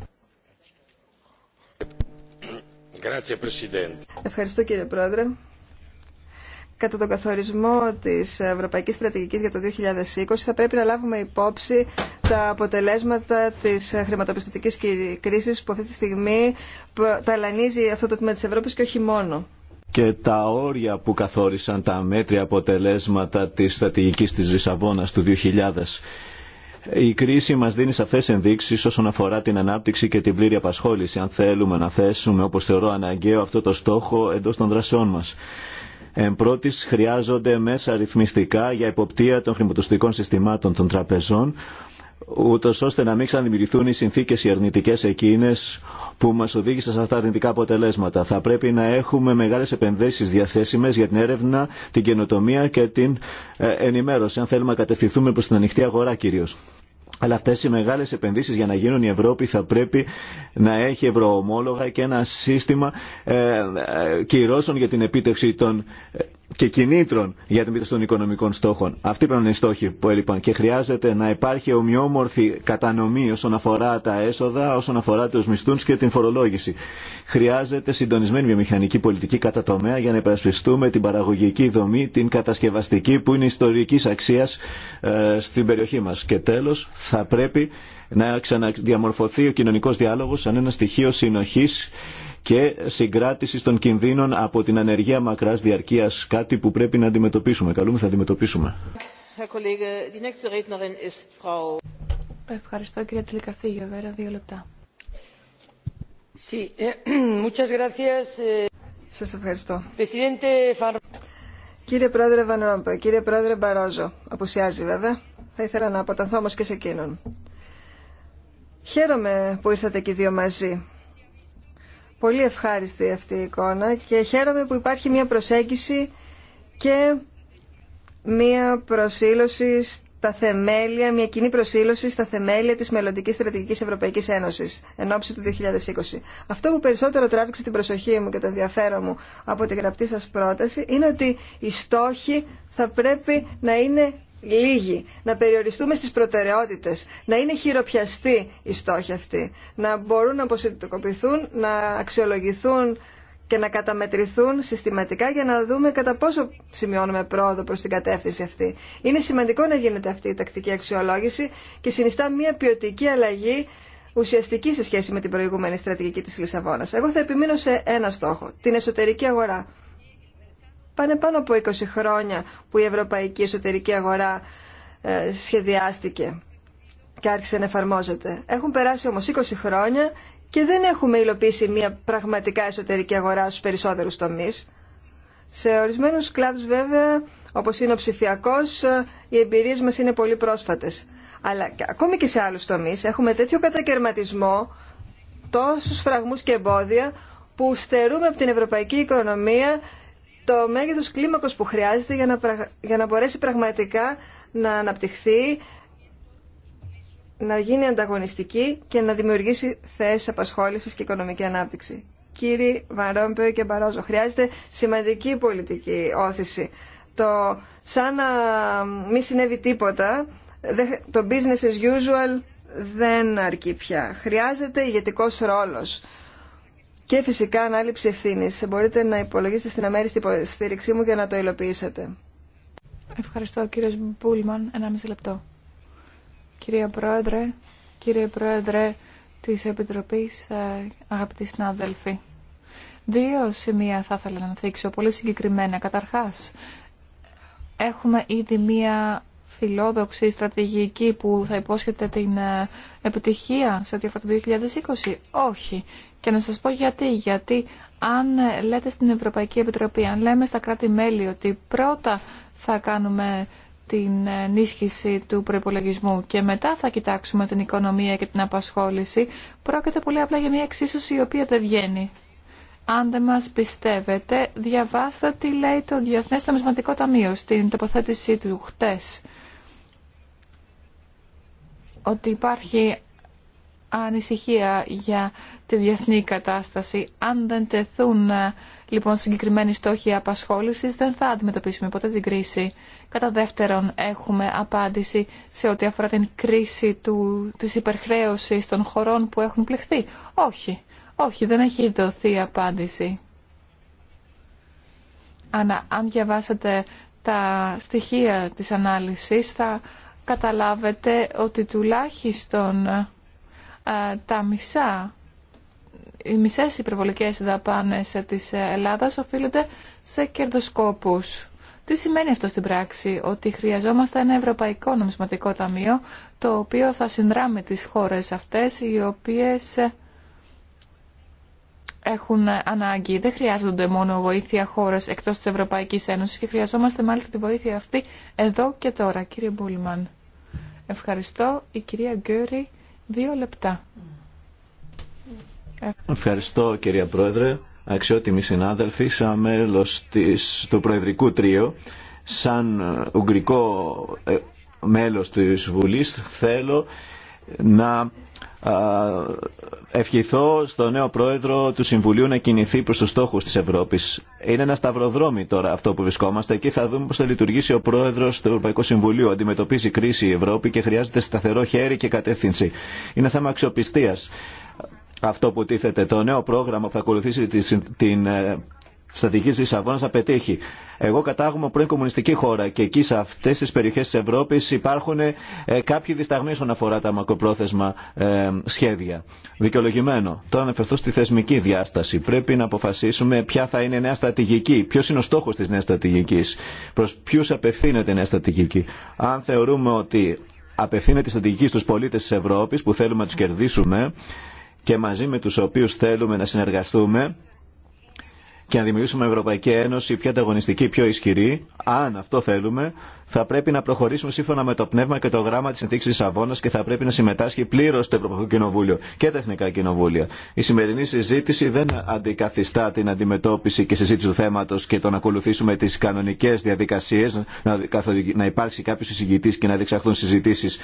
Ευχαριστώ κύριε Πρόεδρε κατά τον καθορισμό της Ευρωπαϊκής Στρατηγικής για το 2020 θα πρέπει να λάβουμε υπόψη τα αποτελέσματα της χρηματοπιστωτικής κρίσης που αυτή τη στιγμή ταλανίζει αυτό το τμήμα της Ευρώπης και όχι μόνο. Και τα όρια που καθόρισαν τα μέτρια αποτελέσματα της στρατηγικής της Λισαβόνας του 2000 η κρίση μας δίνει σαφές ενδείξεις όσον αφορά την ανάπτυξη και την πλήρη απασχόληση αν θέλουμε να θέσουμε όπως θεωρώ αναγκαίο αυτό το στόχο εντός των δρασεών μας. Εν πρώτης, χρειάζονται μέσα ρυθμιστικά για υποπτία των χρηματοστικών συστημάτων των τραπεζών, ούτω ώστε να μην ξαναδημιουργηθούν οι συνθήκες οι αρνητικέ εκείνες που μας οδήγησαν σε αυτά τα αρνητικά αποτελέσματα. Θα πρέπει να έχουμε μεγάλες επενδύσεις διαθέσιμες για την έρευνα, την καινοτομία και την ε, ενημέρωση, αν θέλουμε να κατευθυνθούμε προ την ανοιχτή αγορά κυρίω. Αλλά αυτές οι μεγάλες επενδύσεις για να γίνουν η Ευρώπη θα πρέπει να έχει ευρωομόλογα και ένα σύστημα ε, ε, κυρώσεων για την επίτευξη των ε, και κινήτρων για την επίτευξη των οικονομικών στόχων. αυτή πρέπει να είναι οι στόχοι που έλειπαν και χρειάζεται να υπάρχει ομοιόμορφη κατανομή όσον αφορά τα έσοδα, όσον αφορά του μισθού και την φορολόγηση. Χρειάζεται συντονισμένη βιομηχανική πολιτική κατά τομέα για να υπερασπιστούμε την παραγωγική δομή, την κατασκευαστική που είναι ιστορική αξία ε, στην περιοχή μα. Και τέλο, θα πρέπει να ξαναδιαμορφωθεί ο κοινωνικό διάλογο σαν ένα στοιχείο συνοχή και συγκράτηση των κινδύνων από την ανεργία μακρά διαρκείας, κάτι που πρέπει να αντιμετωπίσουμε. Καλούμε θα αντιμετωπίσουμε. Ευχαριστώ κύριε Τηλικαστή δύο λεπτά. Eh, eh, Σα ευχαριστώ. Κύριε Πρόεδρε Ρόμπε, κύριε Πρόεδρε Μπαρόζο, απουσιάζει βέβαια. Θα ήθελα να αποταθώ όμω και σε εκείνον. Χαίρομαι που ήρθατε και οι δύο μαζί πολύ ευχάριστη αυτή η εικόνα και χαίρομαι που υπάρχει μια προσέγγιση και μια προσήλωση στα θεμέλια, μια κοινή προσήλωση στα θεμέλια της μελλοντικής στρατηγικής Ευρωπαϊκής Ένωσης εν ώψη του 2020. Αυτό που περισσότερο τράβηξε την προσοχή μου και το ενδιαφέρον μου από τη γραπτή σας πρόταση είναι ότι οι στόχοι θα πρέπει να είναι λίγοι, να περιοριστούμε στις προτεραιότητες, να είναι χειροπιαστή η στόχη αυτή, να μπορούν να αποσυντοκοπηθούν, να αξιολογηθούν και να καταμετρηθούν συστηματικά για να δούμε κατά πόσο σημειώνουμε πρόοδο προς την κατεύθυνση αυτή. Είναι σημαντικό να γίνεται αυτή η τακτική αξιολόγηση και συνιστά μια ποιοτική αλλαγή ουσιαστική σε σχέση με την προηγούμενη στρατηγική της Λισαβόνας. Εγώ θα επιμείνω σε ένα στόχο, την εσωτερική αγορά Πάνε πάνω από 20 χρόνια που η ευρωπαϊκή εσωτερική αγορά ε, σχεδιάστηκε και άρχισε να εφαρμόζεται. Έχουν περάσει όμως 20 χρόνια και δεν έχουμε υλοποιήσει μια πραγματικά εσωτερική αγορά στους περισσότερους τομείς. Σε ορισμένους κλάδους βέβαια, όπως είναι ο ψηφιακός, ε, οι εμπειρίες μας είναι πολύ πρόσφατες. Αλλά ακόμη και σε άλλους τομείς έχουμε τέτοιο κατακαιρματισμό, τόσους φραγμούς και εμπόδια, που στερούμε από την ευρωπαϊκή οικονομία το μέγεθος κλίμακος που χρειάζεται για να, για να μπορέσει πραγματικά να αναπτυχθεί, να γίνει ανταγωνιστική και να δημιουργήσει θέσεις απασχόλησης και οικονομική ανάπτυξη. κύριε Βαρόμπεο και Μπαρόζο, χρειάζεται σημαντική πολιτική όθηση. Το σαν να μην συνέβη τίποτα, το business as usual δεν αρκεί πια. Χρειάζεται ηγετικός ρόλος και φυσικά ανάληψη ευθύνη. Μπορείτε να υπολογίσετε στην αμέριστη υποστήριξή μου για να το υλοποιήσετε. Ευχαριστώ κύριε Μπούλμαν. Ένα μισή λεπτό. Κύριε Πρόεδρε, κύριε Πρόεδρε της Επιτροπής, ε, αγαπητοί συνάδελφοι. Δύο σημεία θα ήθελα να θίξω, πολύ συγκεκριμένα. Καταρχάς, έχουμε ήδη μία φιλόδοξη στρατηγική που θα υπόσχεται την ε, επιτυχία σε ό,τι αφορά το 2020. Όχι. Και να σας πω γιατί. Γιατί αν λέτε στην Ευρωπαϊκή Επιτροπή, αν λέμε στα κράτη-μέλη ότι πρώτα θα κάνουμε την ενίσχυση του προϋπολογισμού και μετά θα κοιτάξουμε την οικονομία και την απασχόληση, πρόκειται πολύ απλά για μια εξίσωση η οποία δεν βγαίνει. Αν δεν μας πιστεύετε, διαβάστε τι λέει το Διεθνές Νομισματικό Ταμείο στην τοποθέτησή του χτες. Ότι υπάρχει ανησυχία για τη διεθνή κατάσταση. Αν δεν τεθούν ε, λοιπόν συγκεκριμένοι στόχοι απασχόληση, δεν θα αντιμετωπίσουμε ποτέ την κρίση. Κατά δεύτερον, έχουμε απάντηση σε ό,τι αφορά την κρίση του, της υπερχρέωσης των χωρών που έχουν πληχθεί. Όχι, όχι, δεν έχει δοθεί απάντηση. Άνα, αν διαβάσετε τα στοιχεία της ανάλυσης, θα καταλάβετε ότι τουλάχιστον ε, τα μισά οι μισές υπερβολικές δαπάνες της Ελλάδας οφείλονται σε κερδοσκόπους. Τι σημαίνει αυτό στην πράξη, ότι χρειαζόμαστε ένα ευρωπαϊκό νομισματικό ταμείο, το οποίο θα συνδράμει τις χώρες αυτές, οι οποίες έχουν ανάγκη. Δεν χρειάζονται μόνο βοήθεια χώρες εκτός της Ευρωπαϊκής Ένωσης και χρειαζόμαστε μάλιστα τη βοήθεια αυτή εδώ και τώρα, κύριε Μπούλμαν. Ευχαριστώ. Η κυρία Γκέρι, δύο λεπτά. Ευχαριστώ κυρία Πρόεδρε, αξιότιμοι συνάδελφοι, σαν μέλος της, του Προεδρικού Τρίου, σαν ε, ουγγρικό ε, μέλος της Βουλής θέλω να ευχηθώ στο νέο πρόεδρο του Συμβουλίου να κινηθεί προς τους στόχους της Ευρώπης. Είναι ένα σταυροδρόμι τώρα αυτό που βρισκόμαστε. Εκεί θα δούμε πώς θα λειτουργήσει ο πρόεδρος του Ευρωπαϊκού Συμβουλίου. Αντιμετωπίζει κρίση η Ευρώπη και χρειάζεται σταθερό χέρι και κατεύθυνση. Είναι θέμα αξιοπιστίας αυτό που τίθεται. Το νέο πρόγραμμα που θα ακολουθήσει την ε, στρατηγική τη Λισαβόνα θα πετύχει. Εγώ κατάγομαι πρώην κομμουνιστική χώρα και εκεί σε αυτέ τι περιοχέ τη Ευρώπη υπάρχουν ε, κάποιοι δισταγμοί όσον αφορά τα μακροπρόθεσμα ε, σχέδια. Δικαιολογημένο. Τώρα να αναφερθώ στη θεσμική διάσταση. Πρέπει να αποφασίσουμε ποια θα είναι η νέα στρατηγική, ποιο είναι ο στόχο τη νέα στρατηγική, προ ποιου απευθύνεται η νέα στρατηγική. Αν θεωρούμε ότι απευθύνεται η στρατηγική στου πολίτε τη Ευρώπη που θέλουμε να του κερδίσουμε, και μαζί με τους οποίους θέλουμε να συνεργαστούμε και να δημιουργήσουμε Ευρωπαϊκή Ένωση πιο ανταγωνιστική, πιο ισχυρή, αν αυτό θέλουμε, θα πρέπει να προχωρήσουμε σύμφωνα με το πνεύμα και το γράμμα τη συνθήκη τη και θα πρέπει να συμμετάσχει πλήρω το Ευρωπαϊκό Κοινοβούλιο και τα Εθνικά Κοινοβούλια. Η σημερινή συζήτηση δεν αντικαθιστά την αντιμετώπιση και συζήτηση του θέματο και το να ακολουθήσουμε τι κανονικέ διαδικασίε, να υπάρξει κάποιο συζητητή και να διεξαχθούν συζητήσει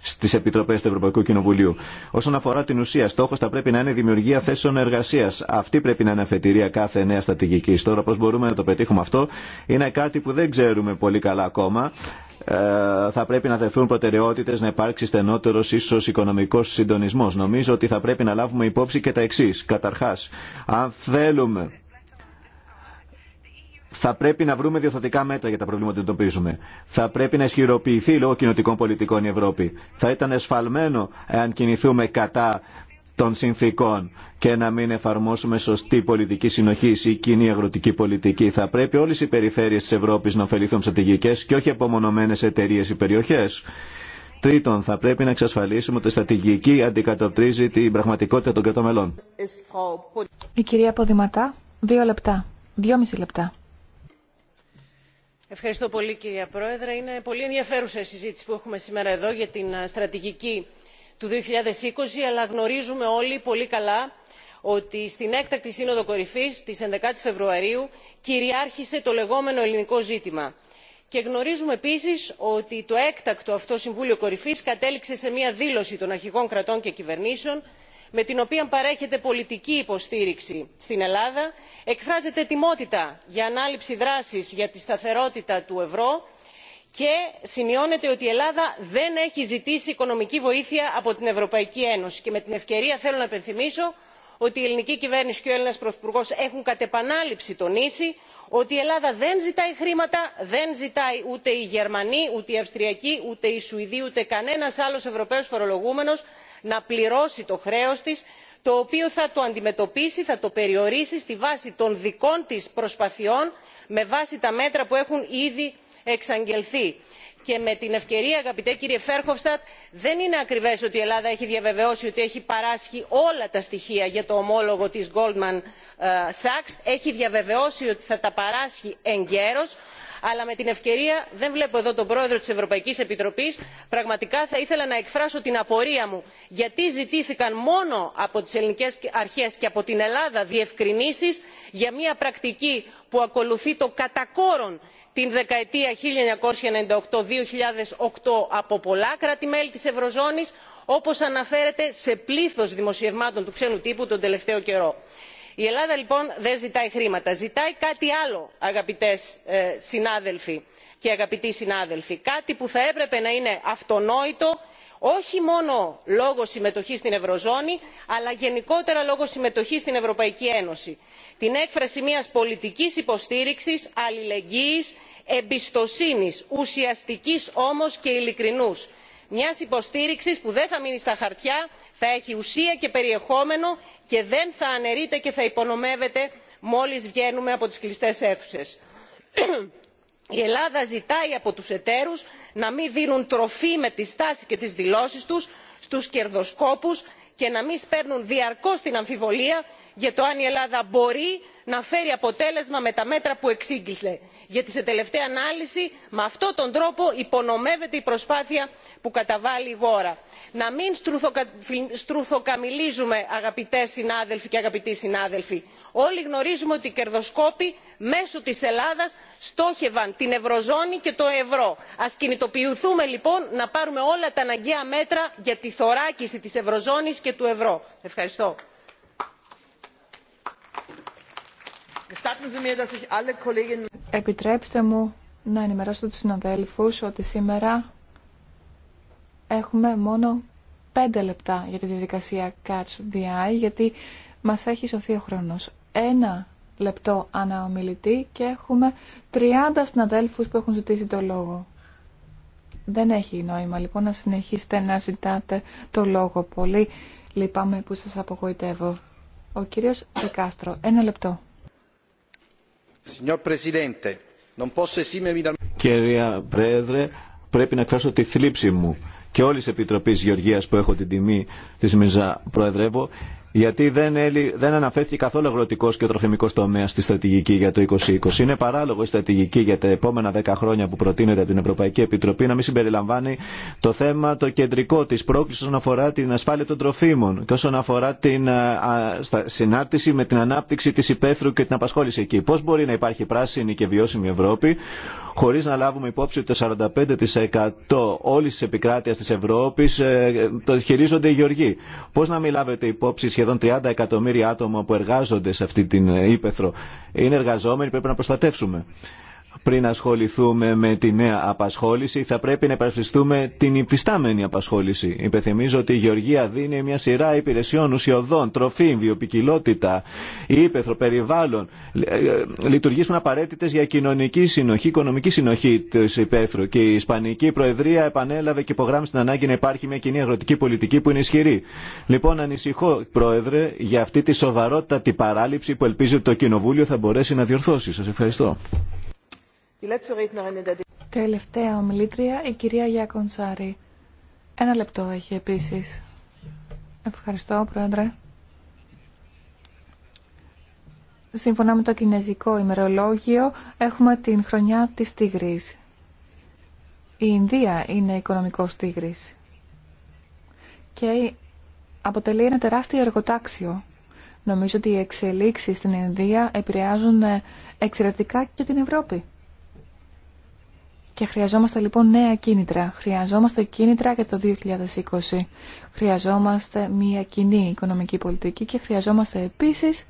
στι επιτροπέ του Ευρωπαϊκού Κοινοβουλίου. Όσον αφορά την ουσία, στόχο θα πρέπει να είναι η δημιουργία θέσεων εργασία. Αυτή πρέπει να είναι αφετηρία κάθε νέα στρατηγική. Τώρα, πώ μπορούμε να το πετύχουμε αυτό, είναι κάτι που δεν ξέρουμε πολύ καλά ακόμα. Ε, θα πρέπει να θεθούν προτεραιότητε, να υπάρξει στενότερο ίσω οικονομικό συντονισμό. Νομίζω ότι θα πρέπει να λάβουμε υπόψη και τα εξή. Καταρχά, αν θέλουμε θα πρέπει να βρούμε διορθωτικά μέτρα για τα προβλήματα που αντιμετωπίζουμε. Θα πρέπει να ισχυροποιηθεί λόγω κοινοτικών πολιτικών η Ευρώπη. Θα ήταν εσφαλμένο εάν κινηθούμε κατά των συνθήκων και να μην εφαρμόσουμε σωστή πολιτική συνοχή ή κοινή αγροτική πολιτική. Θα πρέπει όλε οι περιφέρειε τη Ευρώπη να ωφεληθούν στρατηγικέ και όχι απομονωμένε εταιρείε ή περιοχέ. Τρίτον, θα πρέπει να εξασφαλίσουμε ότι η στρατηγική αντικατοπτρίζει την πραγματικότητα των κρατών μελών. Η κυρία Ποδηματά, δύο πραγματικοτητα των κρατων Δυόμιση λεπτά. Ευχαριστώ πολύ κυρία Πρόεδρε. Είναι πολύ ενδιαφέρουσα η συζήτηση που έχουμε σήμερα εδώ για την στρατηγική του 2020, αλλά γνωρίζουμε όλοι πολύ καλά ότι στην έκτακτη σύνοδο κορυφής της 11 η Φεβρουαρίου κυριάρχησε το λεγόμενο ελληνικό ζήτημα. Και γνωρίζουμε επίσης ότι το έκτακτο αυτό Συμβούλιο Κορυφής κατέληξε σε μια δήλωση των αρχηγών κρατών και κυβερνήσεων με την οποία παρέχεται πολιτική υποστήριξη στην ελλάδα εκφράζεται ετοιμότητα για ανάληψη δράσης για τη σταθερότητα του ευρώ και σημειώνεται ότι η ελλάδα δεν έχει ζητήσει οικονομική βοήθεια από την ευρωπαϊκή ένωση. και με την ευκαιρία θέλω να υπενθυμίσω ότι η ελληνική κυβέρνηση και ο έλληνας πρωθυπουργός έχουν κατ' επανάληψη τονίσει ότι η ελλάδα δεν ζητάει χρήματα δεν ζητάει ούτε οι γερμανοί ούτε οι αυστριακοί ούτε οι σουηδοί ούτε κανένας άλλος ευρωπαίος φορολογούμενος να πληρώσει το χρέος της το οποίο θα το αντιμετωπίσει θα το περιορίσει στη βάση των δικών της προσπαθειών με βάση τα μέτρα που έχουν ήδη εξαγγελθεί και με την ευκαιρία αγαπητέ κύριε verhofstadt δεν είναι ακριβές ότι η ελλάδα έχει διαβεβαιώσει ότι έχει παράσχει όλα τα στοιχεία για το ομόλογο τη goldman ε, sachs έχει διαβεβαιώσει ότι θα τα παράσχει εγκαίρως αλλά με την ευκαιρία δεν βλέπω εδώ τον πρόεδρο της ευρωπαϊκής επιτροπής πραγματικά θα ήθελα να εκφράσω την απορία μου γιατί ζητήθηκαν μόνο από τις ελληνικές αρχές και από την ελλάδα διευκρινήσεις για μια πρακτική που ακολουθεί το κατά την δεκαετία 1998-2008 από πολλά κράτη μέλη της ευρωζώνης όπως αναφέρεται σε πλήθος δημοσιευμάτων του ξένου τύπου τον τελευταίο καιρό η ελλάδα λοιπόν δεν ζητάει χρήματα ζητάει κάτι άλλο αγαπητές ε, συνάδελφοι και αγαπητοί συνάδελφοι κάτι που θα έπρεπε να είναι αυτονόητο όχι μόνο λόγω συμμετοχής στην ευρωζώνη αλλά γενικότερα λόγω συμμετοχής στην ευρωπαϊκή ένωση την έκφραση μιας πολιτικής υποστήριξης αλληλεγγύης εμπιστοσύνης ουσιαστικής όμως και ειλικρινούς μια υποστήριξη που δεν θα μείνει στα χαρτιά θα έχει ουσία και περιεχόμενο και δεν θα αναιρείται και θα υπονομεύεται μόλις βγαίνουμε από τις κλειστέ αίθουσε. η ελλάδα ζητάει από τους εταίρου να μην δίνουν τροφή με τη στάση και τι δηλώσεις τους στους κερδοσκόπους και να μην σπέρνουν διαρκώ την αμφιβολία για το αν η ελλάδα μπορεί να φέρει αποτέλεσμα με τα μέτρα που εξήγησε. γιατί σε τελευταία ανάλυση με αυτόν τον τρόπο υπονομεύεται η προσπάθεια που καταβάλει η βόρα. να μην στρουθοκαμιλίζουμε αγαπητέ συνάδελφοι και αγαπητοί συνάδελφοι. όλοι γνωρίζουμε ότι οι κερδοσκόποι μέσω της ελλάδας στόχευαν την ευρωζώνη και το ευρώ. ας κινητοποιηθούμε λοιπόν να πάρουμε όλα τα αναγκαία μέτρα για τη θωράκιση της ευρωζώνης και του ευρώ. ευχαριστώ. Επιτρέψτε μου να ενημερώσω τους συναδέλφους ότι σήμερα έχουμε μόνο πέντε λεπτά για τη διαδικασία Catch the Eye γιατί μας έχει σωθεί ο χρόνος. Ένα λεπτό αναομιλητή και έχουμε 30 συναδέλφους που έχουν ζητήσει το λόγο. Δεν έχει νόημα λοιπόν να συνεχίσετε να ζητάτε το λόγο πολύ. Λυπάμαι που σας απογοητεύω. Ο κύριος Δικάστρο, ένα λεπτό. Κυρία Πρόεδρε, πρέπει να εκφράσω τη θλίψη μου και όλη τη Επιτροπή Γεωργία που έχω την τιμή τη Μιζά προεδρεύω γιατί δεν, έλει, δεν αναφέρθηκε καθόλου αγροτικό και τροφιμικό τομέα στη στρατηγική για το 2020. Είναι παράλογο η στρατηγική για τα επόμενα 10 χρόνια που προτείνεται από την Ευρωπαϊκή Επιτροπή να μην συμπεριλαμβάνει το θέμα το κεντρικό τη πρόκληση όσον αφορά την ασφάλεια των τροφίμων και όσον αφορά την ε, συνάρτηση με την ανάπτυξη τη υπαίθρου και την απασχόληση εκεί. Πώ μπορεί να υπάρχει πράσινη και βιώσιμη Ευρώπη χωρί να λάβουμε υπόψη ότι το 45% όλη τη επικράτεια τη Ευρώπη ε, ε, το χειρίζονται οι γεωργοί. Πώ να μην λάβετε υπόψη σχεδόν 30 εκατομμύρια άτομα που εργάζονται σε αυτή την ε, ύπεθρο. Είναι εργαζόμενοι, πρέπει να προστατεύσουμε πριν ασχοληθούμε με τη νέα απασχόληση, θα πρέπει να υπερασπιστούμε την υφιστάμενη απασχόληση. Υπενθυμίζω ότι η Γεωργία δίνει μια σειρά υπηρεσιών, ουσιοδών, τροφή, βιοπικιλότητα, ύπεθρο, περιβάλλον, ε, λειτουργίε που είναι απαραίτητε για κοινωνική συνοχή, οικονομική συνοχή τη υπαίθρου. Και η Ισπανική Προεδρία επανέλαβε και υπογράμμισε την ανάγκη να υπάρχει μια κοινή αγροτική πολιτική που είναι ισχυρή. Λοιπόν, ανησυχώ, Πρόεδρε, για αυτή τη σοβαρότατη παράληψη που ελπίζω ότι το Κοινοβούλιο θα μπορέσει να διορθώσει. Σα ευχαριστώ. Τελευταία ομιλήτρια, η κυρία Γιακονσάρη. Ένα λεπτό έχει επίσης. Ευχαριστώ, Πρόεδρε. Σύμφωνα με το κινέζικο ημερολόγιο, έχουμε την χρονιά της τίγρης. Η Ινδία είναι οικονομικός τίγρης και αποτελεί ένα τεράστιο εργοτάξιο. Νομίζω ότι οι εξελίξεις στην Ινδία επηρεάζουν εξαιρετικά και την Ευρώπη. Και χρειαζόμαστε λοιπόν νέα κίνητρα. Χρειαζόμαστε κίνητρα για το 2020. Χρειαζόμαστε μια κοινή οικονομική πολιτική και χρειαζόμαστε επίσης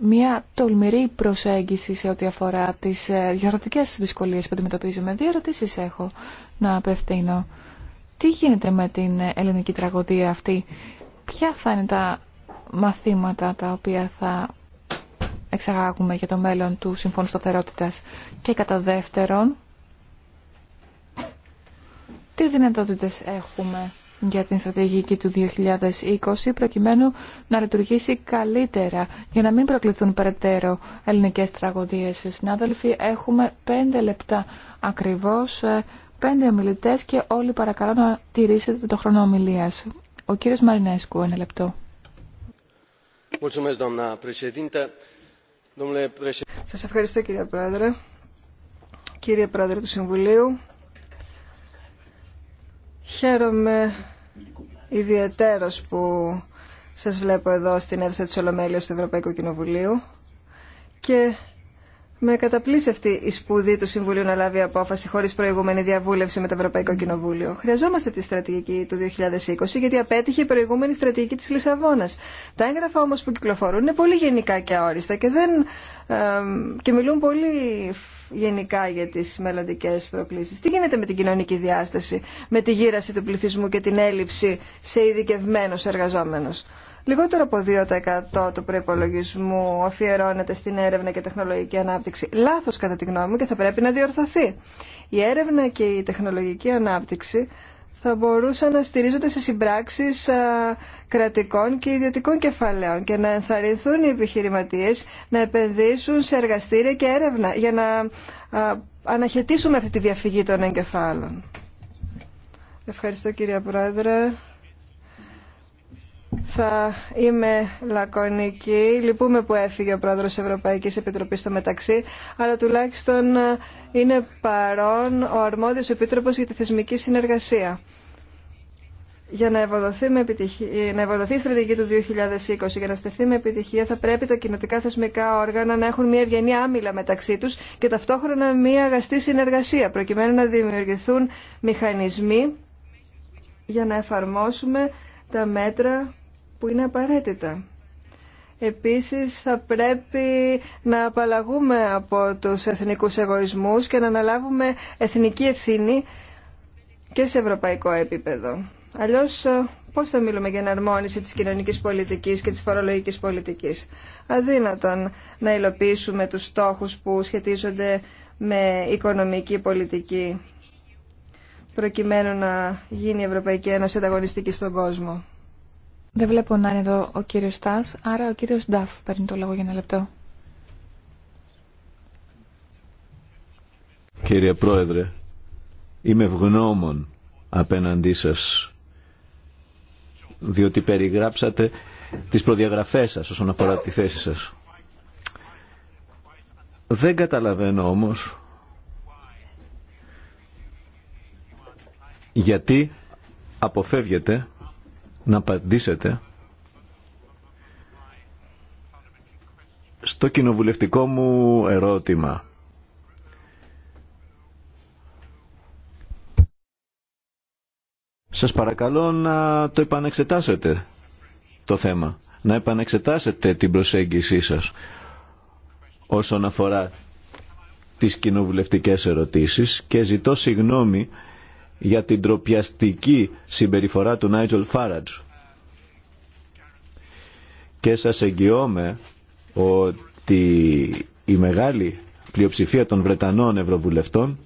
μια τολμηρή προσέγγιση σε ό,τι αφορά τις ε, διαφορετικέ δυσκολίες που αντιμετωπίζουμε. Δύο ερωτήσεις έχω να απευθύνω. Τι γίνεται με την ε, ελληνική τραγωδία αυτή, ποια θα είναι τα μαθήματα τα οποία θα εξαγάγουμε για το μέλλον του Συμφώνου Σταθερότητας και κατά δεύτερον τι δυνατότητες έχουμε για την στρατηγική του 2020 προκειμένου να λειτουργήσει καλύτερα για να μην προκληθούν περαιτέρω ελληνικές τραγωδίες. Συνάδελφοι, έχουμε πέντε λεπτά ακριβώς, ε, πέντε ομιλητές και όλοι παρακαλώ να τηρήσετε το χρόνο ομιλίας. Ο κύριος Μαρινέσκου, ένα λεπτό. Σας ευχαριστώ κύριε Πρόεδρε. Κύριε Πρόεδρε του Συμβουλίου, χαίρομαι ιδιαιτέρως που σας βλέπω εδώ στην αίθουσα της Ολομέλειας του Ευρωπαϊκού Κοινοβουλίου και με καταπλήσευτη η σπουδή του Συμβουλίου να λάβει απόφαση χωρί προηγούμενη διαβούλευση με το Ευρωπαϊκό Κοινοβούλιο. Χρειαζόμαστε τη στρατηγική του 2020 γιατί απέτυχε η προηγούμενη στρατηγική τη Λισαβόνα. Τα έγγραφα όμω που κυκλοφορούν είναι πολύ γενικά και αόριστα και, δεν, ε, και μιλούν πολύ γενικά για τι μελλοντικέ προκλήσει. Τι γίνεται με την κοινωνική διάσταση, με τη γύραση του πληθυσμού και την έλλειψη σε ειδικευμένου εργαζόμενου. Λιγότερο από 2% του προπολογισμού αφιερώνεται στην έρευνα και τεχνολογική ανάπτυξη. Λάθος κατά τη γνώμη μου και θα πρέπει να διορθωθεί. Η έρευνα και η τεχνολογική ανάπτυξη θα μπορούσαν να στηρίζονται σε συμπράξεις κρατικών και ιδιωτικών κεφαλαίων και να ενθαρρυνθούν οι επιχειρηματίες να επενδύσουν σε εργαστήρια και έρευνα για να αναχαιτήσουμε αυτή τη διαφυγή των εγκεφάλων. Ευχαριστώ κύριε Πρόεδρε. Θα είμαι λακωνική. Λυπούμε που έφυγε ο πρόεδρο Ευρωπαϊκή Επιτροπή Επιτροπής στο μεταξύ, αλλά τουλάχιστον ε, είναι παρόν ο αρμόδιο επίτροπο για τη θεσμική συνεργασία. Για να ευοδοθεί, με ε, να ευοδοθεί η στρατηγική του 2020, για να στεφθεί με επιτυχία, θα πρέπει τα κοινοτικά θεσμικά όργανα να έχουν μια ευγενή άμυλα μεταξύ του και ταυτόχρονα μια αγαστή συνεργασία, προκειμένου να δημιουργηθούν μηχανισμοί για να εφαρμόσουμε τα μέτρα που είναι απαραίτητα. Επίσης θα πρέπει να απαλλαγούμε από τους εθνικούς εγωισμούς και να αναλάβουμε εθνική ευθύνη και σε ευρωπαϊκό επίπεδο. Αλλιώς πώς θα μιλούμε για εναρμόνιση της κοινωνικής πολιτικής και της φορολογικής πολιτικής. Αδύνατον να υλοποιήσουμε τους στόχους που σχετίζονται με οικονομική πολιτική προκειμένου να γίνει η Ευρωπαϊκή Ένωση ανταγωνιστική στον κόσμο. Δεν βλέπω να είναι εδώ ο κύριος Στάς, άρα ο κύριος Νταφ παίρνει το λόγο για ένα λεπτό. Κύριε Πρόεδρε, είμαι ευγνώμων απέναντί σας, διότι περιγράψατε τις προδιαγραφές σας όσον αφορά τη θέση σας. Δεν καταλαβαίνω όμως γιατί αποφεύγεται να απαντήσετε στο κοινοβουλευτικό μου ερώτημα. Σας παρακαλώ να το επανεξετάσετε το θέμα, να επανεξετάσετε την προσέγγισή σας όσον αφορά τις κοινοβουλευτικές ερωτήσεις και ζητώ συγγνώμη για την τροπιαστική συμπεριφορά του Νάιτζολ Φάρατζ. Και σας εγγυώμαι ότι η μεγάλη πλειοψηφία των Βρετανών Ευρωβουλευτών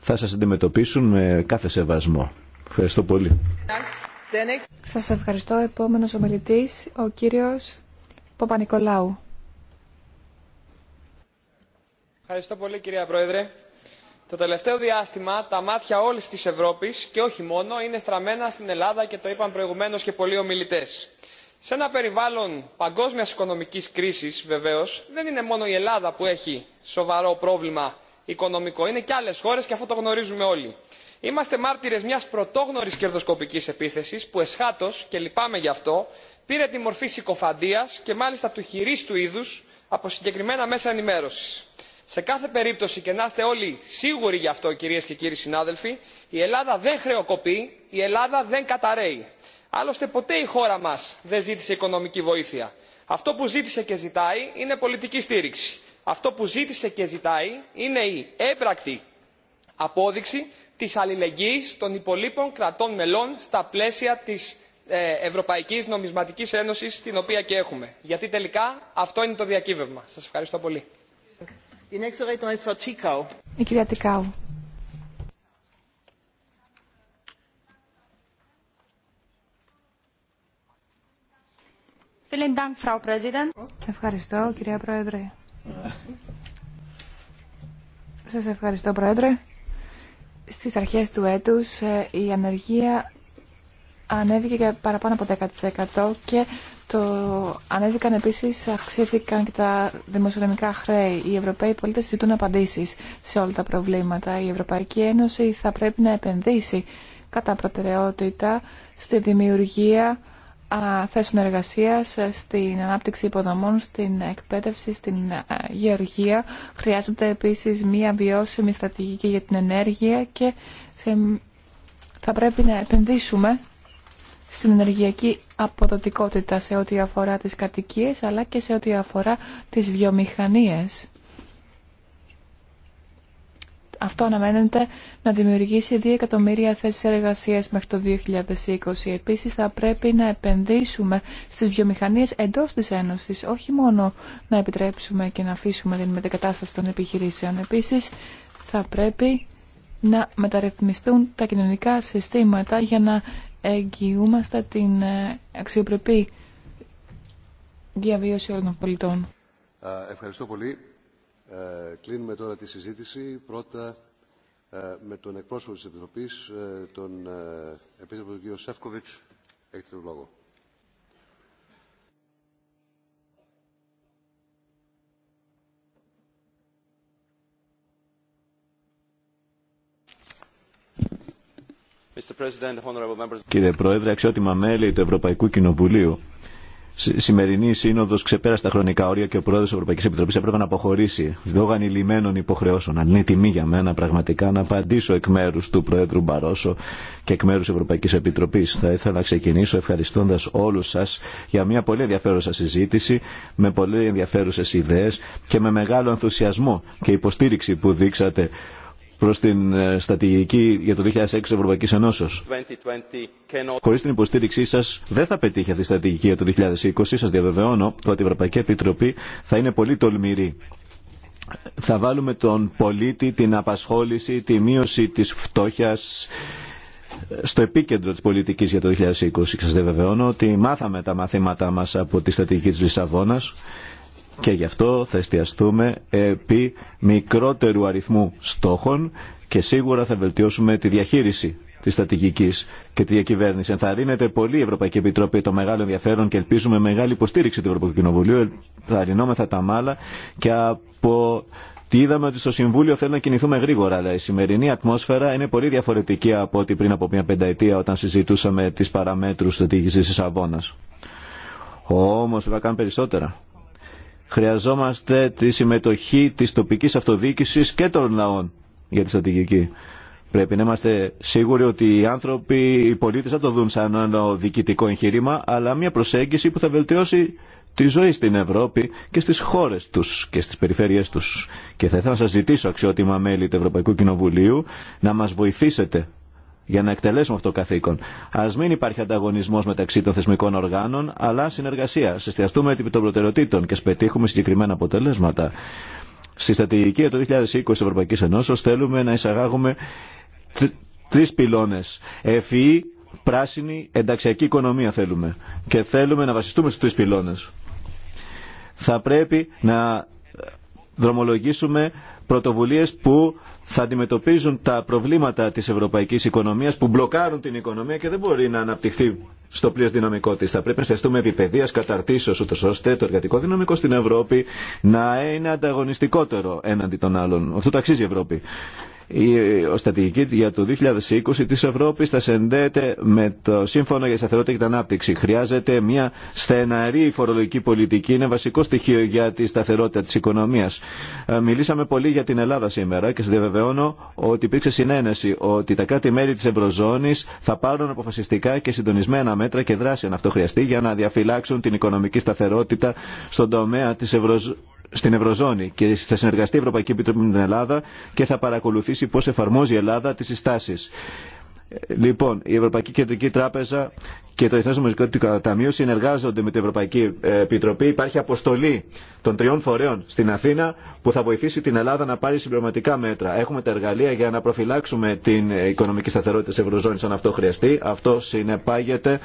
θα σας αντιμετωπίσουν με κάθε σεβασμό. Ευχαριστώ πολύ. Σας ευχαριστώ. Επόμενος ομιλητής, ο κύριος Παπα-Νικολάου. Ευχαριστώ πολύ κυρία Πρόεδρε το τελευταίο διάστημα τα μάτια όλη τη Ευρώπη και όχι μόνο είναι στραμμένα στην ελλάδα και το είπαν προηγουμένω και πολλοί ομιλητέ. σε ένα περιβάλλον παγκόσμια οικονομική κρίση, βεβαίω, δεν είναι μόνο η ελλάδα που έχει σοβαρό πρόβλημα οικονομικό είναι και άλλε χώρε και αυτό το γνωρίζουμε όλοι. είμαστε μάρτυρε μια πρωτόγνωρης κερδοσκοπική επίθεση που εσχάτω και λυπάμαι γι' αυτό πήρε τη μορφή συκοφαντία και μάλιστα του χειρίστου είδου από συγκεκριμένα μέσα ενημέρωση σε κάθε περίπτωση και να είστε όλοι σίγουροι γι' αυτό κυρίες και κύριοι συνάδελφοι η ελλάδα δεν χρεοκοπεί η ελλάδα δεν καταραίει. άλλωστε ποτέ η χώρα μας δεν ζήτησε οικονομική βοήθεια. αυτό που ζήτησε και ζητάει είναι πολιτική στήριξη. αυτό που ζήτησε και ζητάει είναι η έμπρακτη απόδειξη της αλληλεγγύης των υπολείπων κρατών μελών στα πλαίσια της ε, ευρωπαϊκής νομισματικής ένωσης την οποία και έχουμε γιατί τελικά αυτό είναι το διακύβευμα. σας ευχαριστώ πολύ. Η κυρία Τικάου. Ευχαριστώ, κυρία Πρόεδρε. Σας ευχαριστώ, Πρόεδρε. Στις αρχές του έτους ε, η ανεργία ανέβηκε για παραπάνω από 10% και το ανέβηκαν επίσης, αυξήθηκαν και τα δημοσιονομικά χρέη. Οι Ευρωπαίοι πολίτε ζητούν απαντήσει σε όλα τα προβλήματα. Η Ευρωπαϊκή Ένωση θα πρέπει να επενδύσει κατά προτεραιότητα στη δημιουργία θέσεων εργασία στην ανάπτυξη υποδομών, στην εκπαίδευση, στην γεωργία. Χρειάζεται επίσης μία βιώσιμη στρατηγική για την ενέργεια και θα πρέπει να επενδύσουμε στην ενεργειακή αποδοτικότητα σε ό,τι αφορά τις κατοικίες αλλά και σε ό,τι αφορά τις βιομηχανίες. Αυτό αναμένεται να δημιουργήσει 2 εκατομμύρια θέσεις εργασίας μέχρι το 2020. Επίσης θα πρέπει να επενδύσουμε στις βιομηχανίες εντός της Ένωσης, όχι μόνο να επιτρέψουμε και να αφήσουμε την μετεκατάσταση των επιχειρήσεων. Επίσης θα πρέπει να μεταρρυθμιστούν τα κοινωνικά συστήματα για να εγγυούμαστε την ε, αξιοπρεπή διαβίωση όλων των πολιτών. Ε, ευχαριστώ πολύ. Ε, κλείνουμε τώρα τη συζήτηση. Πρώτα με τον εκπρόσωπο της Επιτροπής, τον ε, του κ. Σεύκοβιτς. Έχετε τον λόγο. Κύριε Πρόεδρε, αξιότιμα μέλη του Ευρωπαϊκού Κοινοβουλίου, σημερινή σύνοδο ξεπέρασε τα χρονικά όρια και ο πρόεδρο τη Ευρωπαϊκή Επιτροπή έπρεπε να αποχωρήσει λόγω ανηλυμένων υποχρεώσεων. Αν είναι τιμή για μένα πραγματικά να απαντήσω εκ μέρου του Προέδρου Μπαρόσο και εκ μέρου τη Ευρωπαϊκή Επιτροπή. Θα ήθελα να ξεκινήσω ευχαριστώντα όλου σα για μια πολύ ενδιαφέρουσα συζήτηση, με πολύ ενδιαφέρουσε ιδέε και με μεγάλο ενθουσιασμό και υποστήριξη που δείξατε προς την ε, στρατηγική για το 2006 Ευρωπαϊκή Ευρωπαϊκής Ενώσεως. Χωρίς την υποστήριξή σας δεν θα πετύχει αυτή η στρατηγική για το 2020. Σας διαβεβαιώνω ότι η Ευρωπαϊκή Επιτροπή θα είναι πολύ τολμηρή θα βάλουμε τον πολίτη, την απασχόληση, τη μείωση της φτώχειας ε, στο επίκεντρο της πολιτικής για το 2020. Σας διαβεβαιώνω ότι μάθαμε τα μαθήματά μας από τη στρατηγική της Λισαβόνας και γι' αυτό θα εστιαστούμε επί μικρότερου αριθμού στόχων και σίγουρα θα βελτιώσουμε τη διαχείριση τη στρατηγική και τη διακυβέρνηση. Ενθαρρύνεται πολύ η Ευρωπαϊκή Επιτροπή το μεγάλο ενδιαφέρον και ελπίζουμε μεγάλη υποστήριξη του Ευρωπαϊκού Κοινοβουλίου. Ενθαρρυνόμεθα τα μάλα και από τι είδαμε ότι στο Συμβούλιο θέλουν να κινηθούμε γρήγορα, αλλά η σημερινή ατμόσφαιρα είναι πολύ διαφορετική από ό,τι πριν από μια πενταετία όταν συζητούσαμε τι παραμέτρου στρατηγική τη Όμω, θα κάνουν περισσότερα. Χρειαζόμαστε τη συμμετοχή της τοπικής αυτοδιοίκησης και των λαών για τη στρατηγική. Πρέπει να είμαστε σίγουροι ότι οι άνθρωποι, οι πολίτες θα το δουν σαν ένα διοικητικό εγχείρημα, αλλά μια προσέγγιση που θα βελτιώσει τη ζωή στην Ευρώπη και στις χώρες τους και στις περιφέρειές τους. Και θα ήθελα να σας ζητήσω αξιότιμα μέλη του Ευρωπαϊκού Κοινοβουλίου να μας βοηθήσετε για να εκτελέσουμε αυτό το καθήκον. Α μην υπάρχει ανταγωνισμό μεταξύ των θεσμικών οργάνων, αλλά συνεργασία. Συστιαστούμε επί των προτεραιοτήτων και πετύχουμε συγκεκριμένα αποτελέσματα. Στη στρατηγική για το 2020 Ευρωπαϊκή Ενώσεω θέλουμε να εισαγάγουμε τρει πυλώνε. ΕΦΗ, πράσινη, ενταξιακή οικονομία θέλουμε. Και θέλουμε να βασιστούμε στου τρει πυλώνε. Θα πρέπει να δρομολογήσουμε πρωτοβουλίες που θα αντιμετωπίζουν τα προβλήματα της ευρωπαϊκής οικονομίας που μπλοκάρουν την οικονομία και δεν μπορεί να αναπτυχθεί στο πλήρε δυναμικό τη. Θα πρέπει να στεστούμε επιπαιδείας καταρτήσεω, ώστε το εργατικό δυναμικό στην Ευρώπη να είναι ανταγωνιστικότερο έναντι των άλλων. Αυτό το αξίζει η Ευρώπη. Η στρατηγική για το 2020 της Ευρώπης θα συνδέεται με το Σύμφωνο για Σταθερότητα και την Ανάπτυξη. Χρειάζεται μια στεναρή φορολογική πολιτική. Είναι βασικό στοιχείο για τη σταθερότητα της οικονομίας. Ε, μιλήσαμε πολύ για την Ελλάδα σήμερα και σας διαβεβαιώνω ότι υπήρξε συνένεση ότι τα κράτη-μέλη της Ευρωζώνης θα πάρουν αποφασιστικά και συντονισμένα μέτρα και δράση αν αυτό χρειαστεί για να διαφυλάξουν την οικονομική σταθερότητα στον τομέα της Ευρωζώνης στην Ευρωζώνη και θα συνεργαστεί η Ευρωπαϊκή Επιτροπή με την Ελλάδα και θα παρακολουθήσει πώς εφαρμόζει η Ελλάδα τις συστάσεις. Λοιπόν, η Ευρωπαϊκή Κεντρική Τράπεζα και το Εθνές Νομισματικό Ταμείο συνεργάζονται με την Ευρωπαϊκή ε, Επιτροπή. Υπάρχει αποστολή των τριών φορέων στην Αθήνα που θα βοηθήσει την Ελλάδα να πάρει συμπληρωματικά μέτρα. Έχουμε τα εργαλεία για να προφυλάξουμε την οικονομική σταθερότητα τη Ευρωζώνη αν αυτό χρειαστεί. Αυτό συνεπάγεται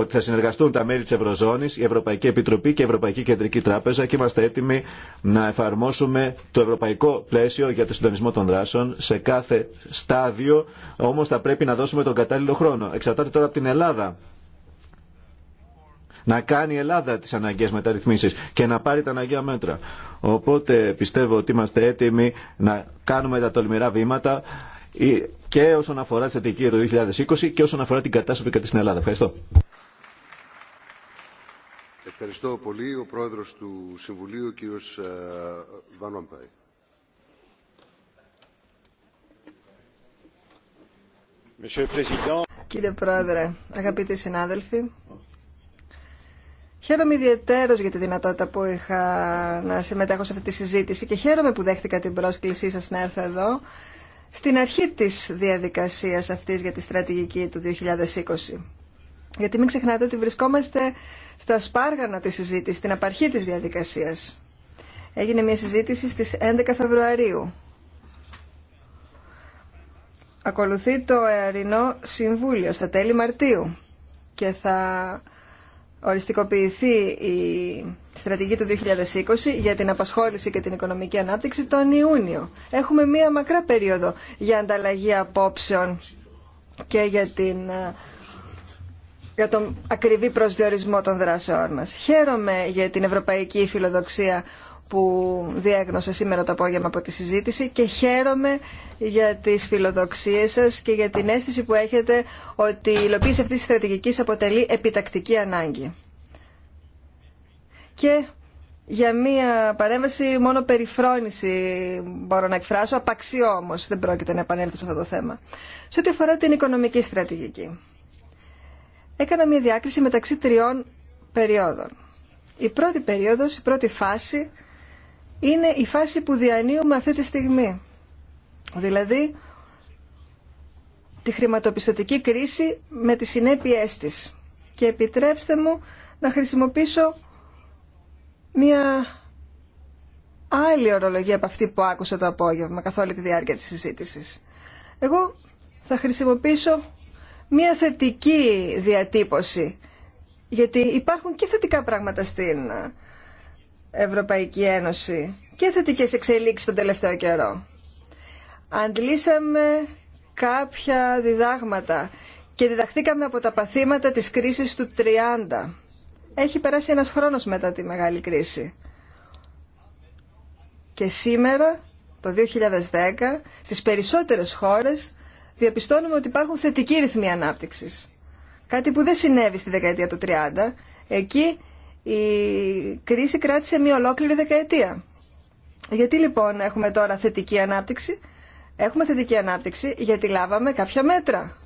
ότι θα συνεργαστούν τα μέλη τη Ευρωζώνη, η Ευρωπαϊκή Επιτροπή και η Ευρωπαϊκή Κεντρική Τράπεζα και είμαστε έτοιμοι να εφαρμόσουμε το ευρωπαϊκό πλαίσιο για το συντονισμό των δράσεων σε κάθε στάδιο. Όμω θα πρέπει να δώσουμε τον κατάλληλο χρόνο. Εξαρτάται τώρα από την Ελλάδα να κάνει η Ελλάδα τις αναγκαίες μεταρρυθμίσεις και να πάρει τα αναγκαία μέτρα. Οπότε πιστεύω ότι είμαστε έτοιμοι να κάνουμε τα τολμηρά βήματα ε, και όσον αφορά τη θετική το 2020 και όσον αφορά την κατάσταση που στην Ελλάδα. Ευχαριστώ. Ευχαριστώ πολύ. Ο πρόεδρος του Συμβουλίου, κύριος ε, Βανόμπαϊ. Κύριε Πρόεδρε, αγαπητοί συνάδελφοι, χαίρομαι ιδιαίτερως για τη δυνατότητα που είχα να συμμετέχω σε αυτή τη συζήτηση και χαίρομαι που δέχτηκα την πρόσκλησή σας να έρθω εδώ στην αρχή της διαδικασίας αυτής για τη στρατηγική του 2020. Γιατί μην ξεχνάτε ότι βρισκόμαστε στα σπάργανα της συζήτησης, στην απαρχή της διαδικασίας. Έγινε μια συζήτηση στις 11 Φεβρουαρίου. Ακολουθεί το Εαρινό Συμβούλιο στα τέλη Μαρτίου και θα οριστικοποιηθεί η στρατηγική του 2020 για την απασχόληση και την οικονομική ανάπτυξη τον Ιούνιο. Έχουμε μία μακρά περίοδο για ανταλλαγή απόψεων και για την ε, για τον ακριβή προσδιορισμό των δράσεών μας. Χαίρομαι για την ευρωπαϊκή φιλοδοξία που διέγνωσε σήμερα το απόγευμα από τη συζήτηση και χαίρομαι για τις φιλοδοξίες σας και για την αίσθηση που έχετε ότι η υλοποίηση αυτής της στρατηγικής αποτελεί επιτακτική ανάγκη. Και για μία παρέμβαση μόνο περιφρόνηση μπορώ να εκφράσω, απαξιό όμως δεν πρόκειται να επανέλθω σε αυτό το θέμα. Σε ό,τι αφορά την οικονομική στρατηγική έκανα μια διάκριση μεταξύ τριών περιόδων. Η πρώτη περίοδος, η πρώτη φάση, είναι η φάση που διανύουμε αυτή τη στιγμή. Δηλαδή, τη χρηματοπιστωτική κρίση με τις συνέπειές της. Και επιτρέψτε μου να χρησιμοποιήσω μια άλλη ορολογία από αυτή που άκουσα το απόγευμα καθ' όλη τη διάρκεια της συζήτησης. Εγώ θα χρησιμοποιήσω μια θετική διατύπωση. Γιατί υπάρχουν και θετικά πράγματα στην Ευρωπαϊκή Ένωση και θετικές εξελίξεις τον τελευταίο καιρό. Αντλήσαμε κάποια διδάγματα και διδαχθήκαμε από τα παθήματα της κρίσης του 30. Έχει περάσει ένας χρόνος μετά τη μεγάλη κρίση. Και σήμερα, το 2010, στις περισσότερες χώρες διαπιστώνουμε ότι υπάρχουν θετικοί ρυθμοί ανάπτυξης. Κάτι που δεν συνέβη στη δεκαετία του 30. Εκεί η κρίση κράτησε μια ολόκληρη δεκαετία. Γιατί λοιπόν έχουμε τώρα θετική ανάπτυξη. Έχουμε θετική ανάπτυξη γιατί λάβαμε κάποια μέτρα.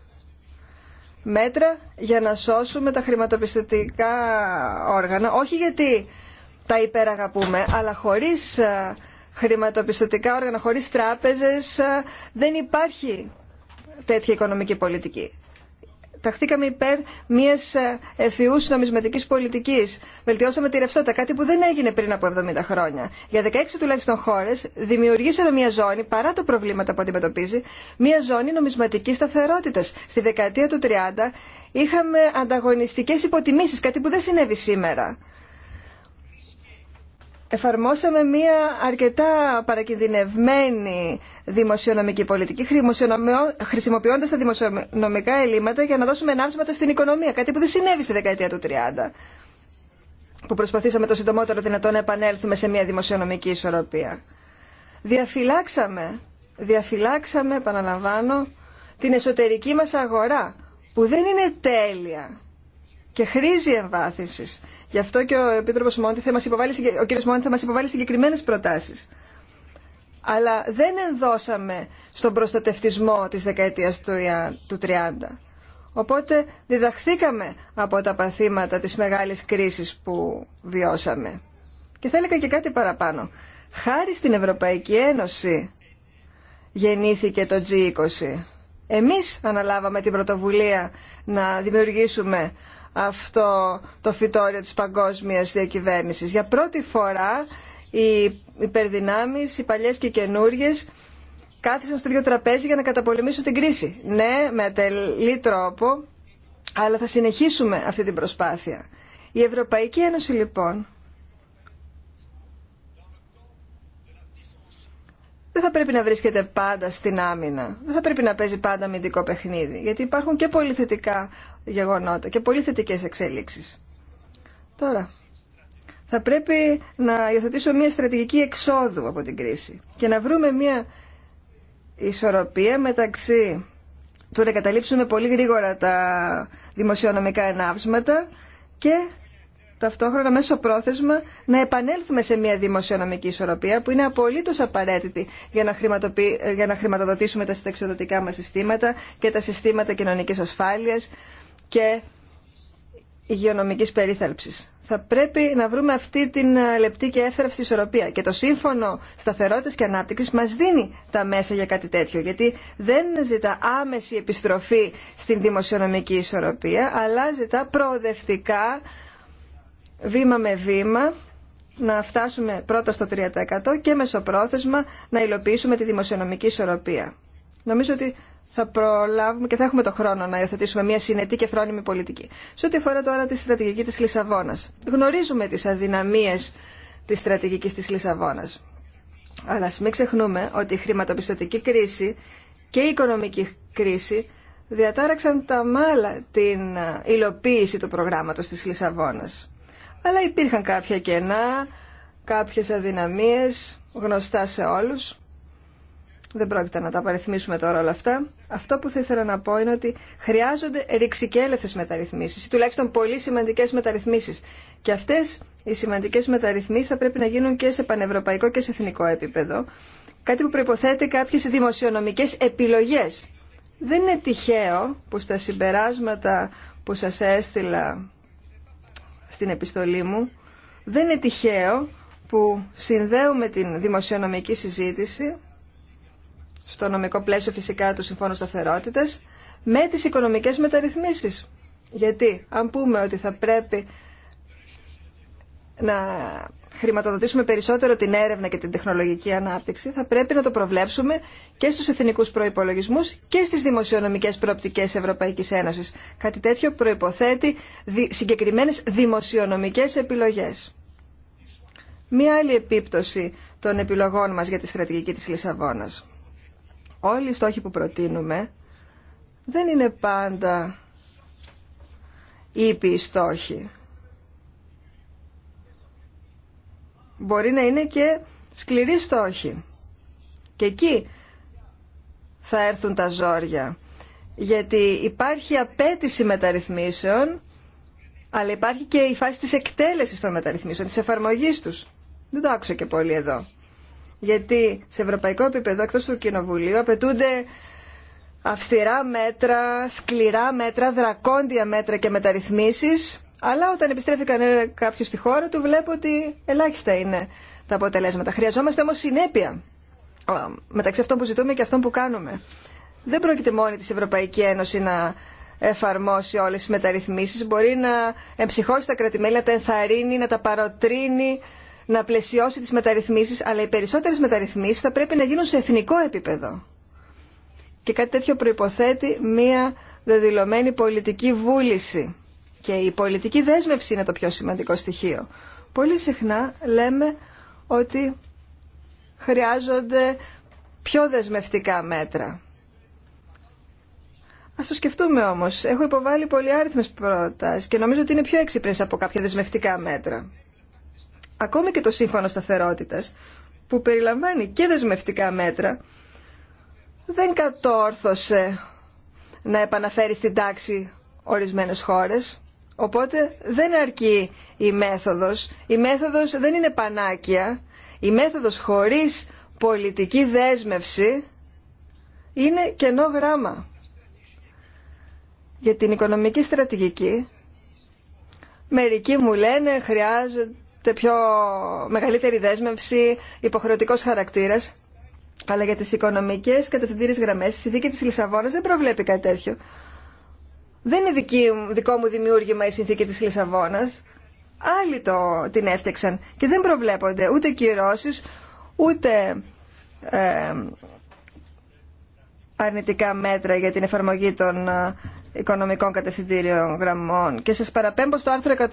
Μέτρα για να σώσουμε τα χρηματοπιστωτικά όργανα. Όχι γιατί τα υπεραγαπούμε, αλλά χωρίς ε, χρηματοπιστωτικά όργανα, χωρίς τράπεζες ε, δεν υπάρχει τέτοια οικονομική πολιτική. Ταχθήκαμε υπέρ μια ευφυού νομισματική πολιτική. Βελτιώσαμε τη ρευστότητα, κάτι που δεν έγινε πριν από 70 χρόνια. Για 16 τουλάχιστον χώρε δημιουργήσαμε μια ζώνη, παρά τα προβλήματα που αντιμετωπίζει, μια ζώνη νομισματική σταθερότητα. Στη δεκαετία του 30 είχαμε ανταγωνιστικέ υποτιμήσει, κάτι που δεν συνέβη σήμερα εφαρμόσαμε μία αρκετά παρακινδυνευμένη δημοσιονομική πολιτική, χρησιμοποιώντα τα δημοσιονομικά ελλείμματα για να δώσουμε ενάψματα στην οικονομία. Κάτι που δεν συνέβη στη δεκαετία του 30, που προσπαθήσαμε το συντομότερο δυνατό να επανέλθουμε σε μία δημοσιονομική ισορροπία. Διαφυλάξαμε, διαφυλάξαμε, επαναλαμβάνω, την εσωτερική μας αγορά, που δεν είναι τέλεια και χρήζει εμβάθυνση. Γι' αυτό και ο Επίτροπο Μόντι θα υποβάλει, ο κ. Μόντι θα υποβάλει συγκεκριμένε προτάσεις. Αλλά δεν ενδώσαμε στον προστατευτισμό της δεκαετία του 30. Οπότε διδαχθήκαμε από τα παθήματα της μεγάλη κρίση που βιώσαμε. Και θα έλεγα και κάτι παραπάνω. Χάρη στην Ευρωπαϊκή Ένωση γεννήθηκε το G20. Εμείς αναλάβαμε την πρωτοβουλία να δημιουργήσουμε αυτό το φυτόριο της παγκόσμιας διακυβέρνησης. Για πρώτη φορά οι υπερδυνάμεις, οι παλιές και οι καινούργιες, κάθισαν στο ίδιο τραπέζι για να καταπολεμήσουν την κρίση. Ναι, με ατελή τρόπο, αλλά θα συνεχίσουμε αυτή την προσπάθεια. Η Ευρωπαϊκή Ένωση λοιπόν δεν θα πρέπει να βρίσκεται πάντα στην άμυνα. Δεν θα πρέπει να παίζει πάντα αμυντικό παιχνίδι. Γιατί υπάρχουν και πολύ γεγονότα και πολύ θετικές εξέλιξεις. Τώρα, θα πρέπει να υιοθετήσουμε μια στρατηγική εξόδου από την κρίση και να βρούμε μια ισορροπία μεταξύ του να καταλήψουμε πολύ γρήγορα τα δημοσιονομικά ενάυσματα και ταυτόχρονα μέσω πρόθεσμα να επανέλθουμε σε μια δημοσιονομική ισορροπία που είναι απολύτως απαραίτητη για να, για να χρηματοδοτήσουμε τα συνταξιοδοτικά μας συστήματα και τα συστήματα κοινωνικής ασφάλειας και υγειονομικής περίθαλψης. Θα πρέπει να βρούμε αυτή την ε, λεπτή και εύθραυστη ισορροπία. Και το Σύμφωνο Σταθερότητας και Ανάπτυξης μας δίνει τα μέσα για κάτι τέτοιο, γιατί δεν ζητά άμεση επιστροφή στην δημοσιονομική ισορροπία, αλλά ζητά προοδευτικά, βήμα με βήμα, να φτάσουμε πρώτα στο 3% και μεσοπρόθεσμα να υλοποιήσουμε τη δημοσιονομική ισορροπία. Νομίζω ότι θα προλάβουμε και θα έχουμε το χρόνο να υιοθετήσουμε μια συνετή και φρόνιμη πολιτική. Σε ό,τι αφορά τώρα τη στρατηγική της Λισαβόνας. Γνωρίζουμε τις αδυναμίες της στρατηγικής της Λισαβόνας. Αλλά α μην ξεχνούμε ότι η χρηματοπιστωτική κρίση και η οικονομική κρίση διατάραξαν τα μάλα την ε, υλοποίηση του προγράμματος της Λισαβόνας. Αλλά υπήρχαν κάποια κενά, κάποιες αδυναμίες γνωστά σε όλους δεν πρόκειται να τα απαριθμίσουμε τώρα όλα αυτά. Αυτό που θα ήθελα να πω είναι ότι χρειάζονται ρηξικέλευθε μεταρρυθμίσεις, ή τουλάχιστον πολύ σημαντικέ μεταρρυθμίσεις. Και αυτέ οι σημαντικέ μεταρρυθμίσεις θα πρέπει να γίνουν και σε πανευρωπαϊκό και σε εθνικό επίπεδο. Κάτι που προποθέτει κάποιε δημοσιονομικέ επιλογέ. Δεν είναι τυχαίο που στα συμπεράσματα που σα έστειλα στην επιστολή μου, δεν είναι τυχαίο που συνδέουμε την δημοσιονομική συζήτηση στο νομικό πλαίσιο φυσικά του Συμφώνου σταθερότητα με τι οικονομικέ μεταρρυθμίσει. Γιατί αν πούμε ότι θα πρέπει να χρηματοδοτήσουμε περισσότερο την έρευνα και την τεχνολογική ανάπτυξη, θα πρέπει να το προβλέψουμε και στους εθνικούς προϋπολογισμούς και στις δημοσιονομικές προοπτικές Ευρωπαϊκής Ένωσης. Κάτι τέτοιο προϋποθέτει συγκεκριμένες δημοσιονομικές επιλογές. Μία άλλη επίπτωση των επιλογών μας για τη στρατηγική της Λισαβόνας όλοι οι στόχοι που προτείνουμε δεν είναι πάντα ήπιοι στόχοι. Μπορεί να είναι και σκληροί στόχοι. Και εκεί θα έρθουν τα ζόρια. Γιατί υπάρχει απέτηση μεταρρυθμίσεων, αλλά υπάρχει και η φάση της εκτέλεσης των μεταρρυθμίσεων, της εφαρμογής τους. Δεν το άκουσα και πολύ εδώ. Γιατί σε ευρωπαϊκό επίπεδο, εκτός του Κοινοβουλίου, απαιτούνται αυστηρά μέτρα, σκληρά μέτρα, δρακόντια μέτρα και μεταρρυθμίσεις, αλλά όταν επιστρέφει κάποιο στη χώρα του βλέπω ότι ελάχιστα είναι τα αποτελέσματα. Χρειαζόμαστε όμως συνέπεια μεταξύ αυτών που ζητούμε και αυτών που κάνουμε. Δεν πρόκειται μόνη της Ευρωπαϊκή Ένωση να εφαρμόσει όλες τις μεταρρυθμίσεις. Μπορεί να εμψυχώσει τα κρατημέλη, να τα ενθαρρύνει, να τα παροτρύνει, να πλαισιώσει τις μεταρρυθμίσεις, αλλά οι περισσότερες μεταρρυθμίσεις θα πρέπει να γίνουν σε εθνικό επίπεδο. Και κάτι τέτοιο προϋποθέτει μία δεδηλωμένη πολιτική βούληση. Και η πολιτική δέσμευση είναι το πιο σημαντικό στοιχείο. Πολύ συχνά λέμε ότι χρειάζονται πιο δεσμευτικά μέτρα. Ας το σκεφτούμε όμως. Έχω υποβάλει πολλοί άριθμες πρότασεις και νομίζω ότι είναι πιο έξυπνες από κάποια δεσμευτικά μέτρα ακόμη και το σύμφωνο σταθερότητας, που περιλαμβάνει και δεσμευτικά μέτρα, δεν κατόρθωσε να επαναφέρει στην τάξη ορισμένες χώρες. Οπότε δεν αρκεί η μέθοδος. Η μέθοδος δεν είναι πανάκια. Η μέθοδος χωρίς πολιτική δέσμευση είναι κενό γράμμα. Για την οικονομική στρατηγική, μερικοί μου λένε χρειάζεται πιο μεγαλύτερη δέσμευση, υποχρεωτικό χαρακτήρα, Αλλά για τις οικονομικές κατευθυντήρε γραμμέ, η συνθήκη τη Λισαβόνα δεν προβλέπει κάτι τέτοιο. Δεν είναι δική, δικό μου δημιούργημα η συνθήκη τη Λισαβόνα. Άλλοι το, την έφτιαξαν και δεν προβλέπονται ούτε κυρώσεις, ούτε ε, αρνητικά μέτρα για την εφαρμογή των ε, οικονομικών κατευθυντήριων γραμμών και σας παραπέμπω στο άρθρο 121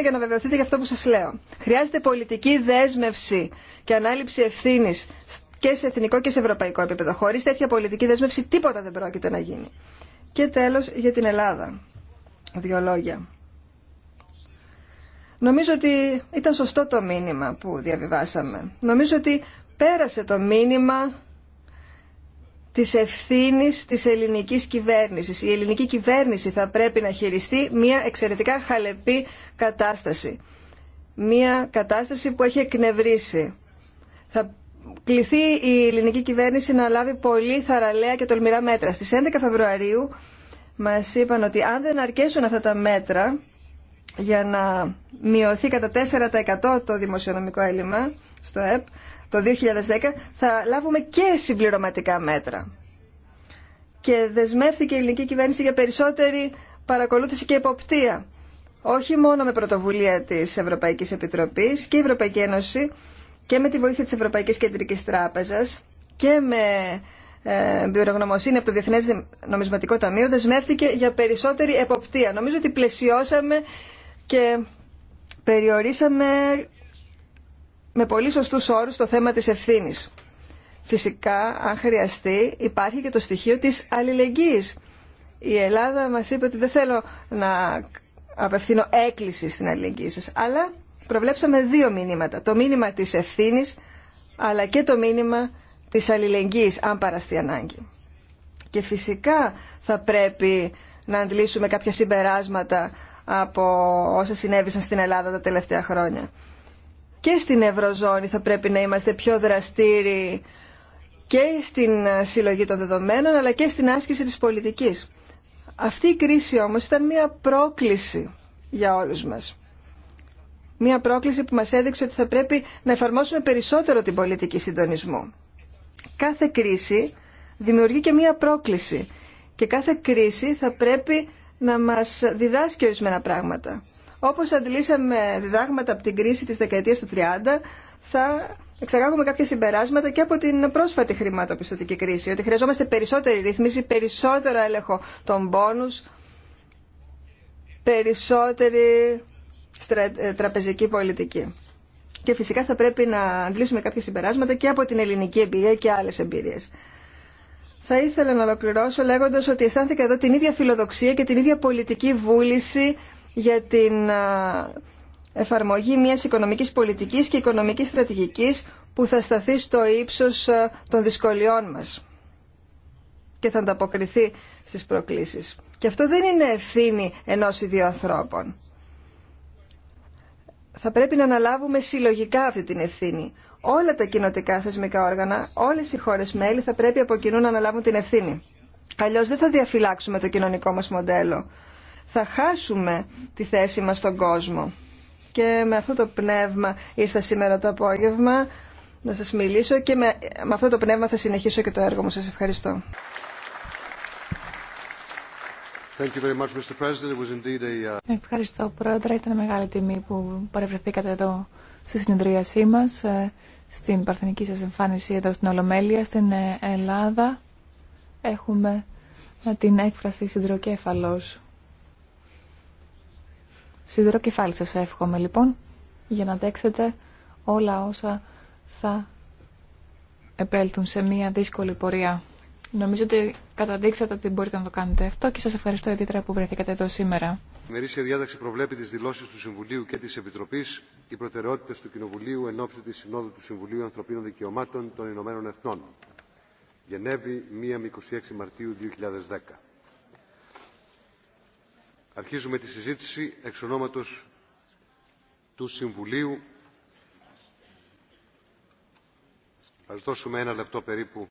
για να βεβαιωθείτε για αυτό που σας λέω. Χρειάζεται πολιτική δέσμευση και ανάληψη ευθύνης και σε εθνικό και σε ευρωπαϊκό επίπεδο. Χωρίς τέτοια πολιτική δέσμευση τίποτα δεν πρόκειται να γίνει. Και τέλος για την Ελλάδα. Δύο λόγια. Νομίζω ότι ήταν σωστό το μήνυμα που διαβιβάσαμε. Νομίζω ότι πέρασε το μήνυμα της ευθύνης της ελληνικής κυβέρνησης. Η ελληνική κυβέρνηση θα πρέπει να χειριστεί μια εξαιρετικά χαλεπή κατάσταση. Μια κατάσταση που έχει εκνευρίσει. Θα κληθεί η ελληνική κυβέρνηση να λάβει πολύ θαραλέα και τολμηρά μέτρα. Στις 11 Φεβρουαρίου μας είπαν ότι αν δεν αρκέσουν αυτά τα μέτρα για να μειωθεί κατά 4% το δημοσιονομικό έλλειμμα στο ΕΠ, το 2010 θα λάβουμε και συμπληρωματικά μέτρα. Και δεσμεύτηκε η ελληνική κυβέρνηση για περισσότερη παρακολούθηση και εποπτεία. Όχι μόνο με πρωτοβουλία της Ευρωπαϊκής Επιτροπής και η Ευρωπαϊκή Ένωση και με τη βοήθεια της Ευρωπαϊκής Κεντρικής Τράπεζας και με ε, πυρογνωμοσύνη από το Διεθνές Νομισματικό Ταμείο δεσμεύτηκε για περισσότερη εποπτεία. Νομίζω ότι πλαισιώσαμε και περιορίσαμε με πολύ σωστού όρου το θέμα της ευθύνη. Φυσικά, αν χρειαστεί, υπάρχει και το στοιχείο της αλληλεγγύη. Η Ελλάδα μας είπε ότι δεν θέλω να απευθύνω έκκληση στην αλληλεγγύη σα. αλλά προβλέψαμε δύο μήνυματα. Το μήνυμα της ευθύνης, αλλά και το μήνυμα της αλληλεγγύη, αν παραστεί ανάγκη. Και φυσικά θα πρέπει να αντλήσουμε κάποια συμπεράσματα από όσα συνέβησαν στην Ελλάδα τα τελευταία χρόνια και στην Ευρωζώνη θα πρέπει να είμαστε πιο δραστήριοι και στην συλλογή των δεδομένων αλλά και στην άσκηση της πολιτικής. Αυτή η κρίση όμως ήταν μια πρόκληση για όλους μας. Μια πρόκληση που μας έδειξε ότι θα πρέπει να εφαρμόσουμε περισσότερο την πολιτική συντονισμού. Κάθε κρίση δημιουργεί και μια πρόκληση και κάθε κρίση θα πρέπει να μας διδάσκει ορισμένα πράγματα. Όπως αντιλήσαμε διδάγματα από την κρίση της δεκαετίας του 30, θα εξαγάγουμε κάποια συμπεράσματα και από την πρόσφατη χρηματοπιστωτική κρίση, ότι χρειαζόμαστε περισσότερη ρύθμιση, περισσότερο έλεγχο των πόνους, περισσότερη ε, τραπεζική πολιτική. Και φυσικά θα πρέπει να αντλήσουμε κάποια συμπεράσματα και από την ελληνική εμπειρία και άλλες εμπειρίες. Θα ήθελα να ολοκληρώσω λέγοντας ότι αισθάνθηκα εδώ την ίδια φιλοδοξία και την ίδια πολιτική βούληση για την εφαρμογή μιας οικονομικής πολιτικής και οικονομικής στρατηγικής που θα σταθεί στο ύψος των δυσκολιών μας και θα ανταποκριθεί στις προκλήσεις. Και αυτό δεν είναι ευθύνη ενός ή δύο ανθρώπων. Θα πρέπει να αναλάβουμε συλλογικά αυτή την ευθύνη. Όλα τα κοινοτικά θεσμικά όργανα, όλες οι χώρες μέλη θα πρέπει από κοινού να αναλάβουν την ευθύνη. Αλλιώς δεν θα διαφυλάξουμε το κοινωνικό μας μοντέλο θα χάσουμε τη θέση μας στον κόσμο. Και με αυτό το πνεύμα ήρθα σήμερα το απόγευμα να σας μιλήσω και με, με αυτό το πνεύμα θα συνεχίσω και το έργο μου. Σας ευχαριστώ. Thank you very much, Mr. Uh, ευχαριστώ, Πρόεδρε. Ήταν μεγάλη τιμή που παρευρεθήκατε εδώ στη συνεδρίασή μας, ε, στην παρθενική σας εμφάνιση εδώ στην Ολομέλεια, στην ε, Ελλάδα. Έχουμε ε, την έκφραση συντροκέφαλος σιδερό κεφάλι σας εύχομαι λοιπόν για να αντέξετε όλα όσα θα επέλθουν σε μια δύσκολη πορεία. Νομίζω ότι καταδείξατε ότι μπορείτε να το κάνετε αυτό και σας ευχαριστώ ιδιαίτερα που βρεθήκατε εδώ σήμερα. Η μερίσια διάταξη προβλέπει τις δηλώσεις του Συμβουλίου και της Επιτροπής οι προτεραιότητες του Κοινοβουλίου εν ώψη της Συνόδου του Συμβουλίου Ανθρωπίνων Δικαιωμάτων των Ηνωμένων Εθνών. Γενέβη, 1 με 26 Μαρτίου 2010. Αρχίζουμε τη συζήτηση εξ του Συμβουλίου. Θα δώσουμε ένα λεπτό περίπου.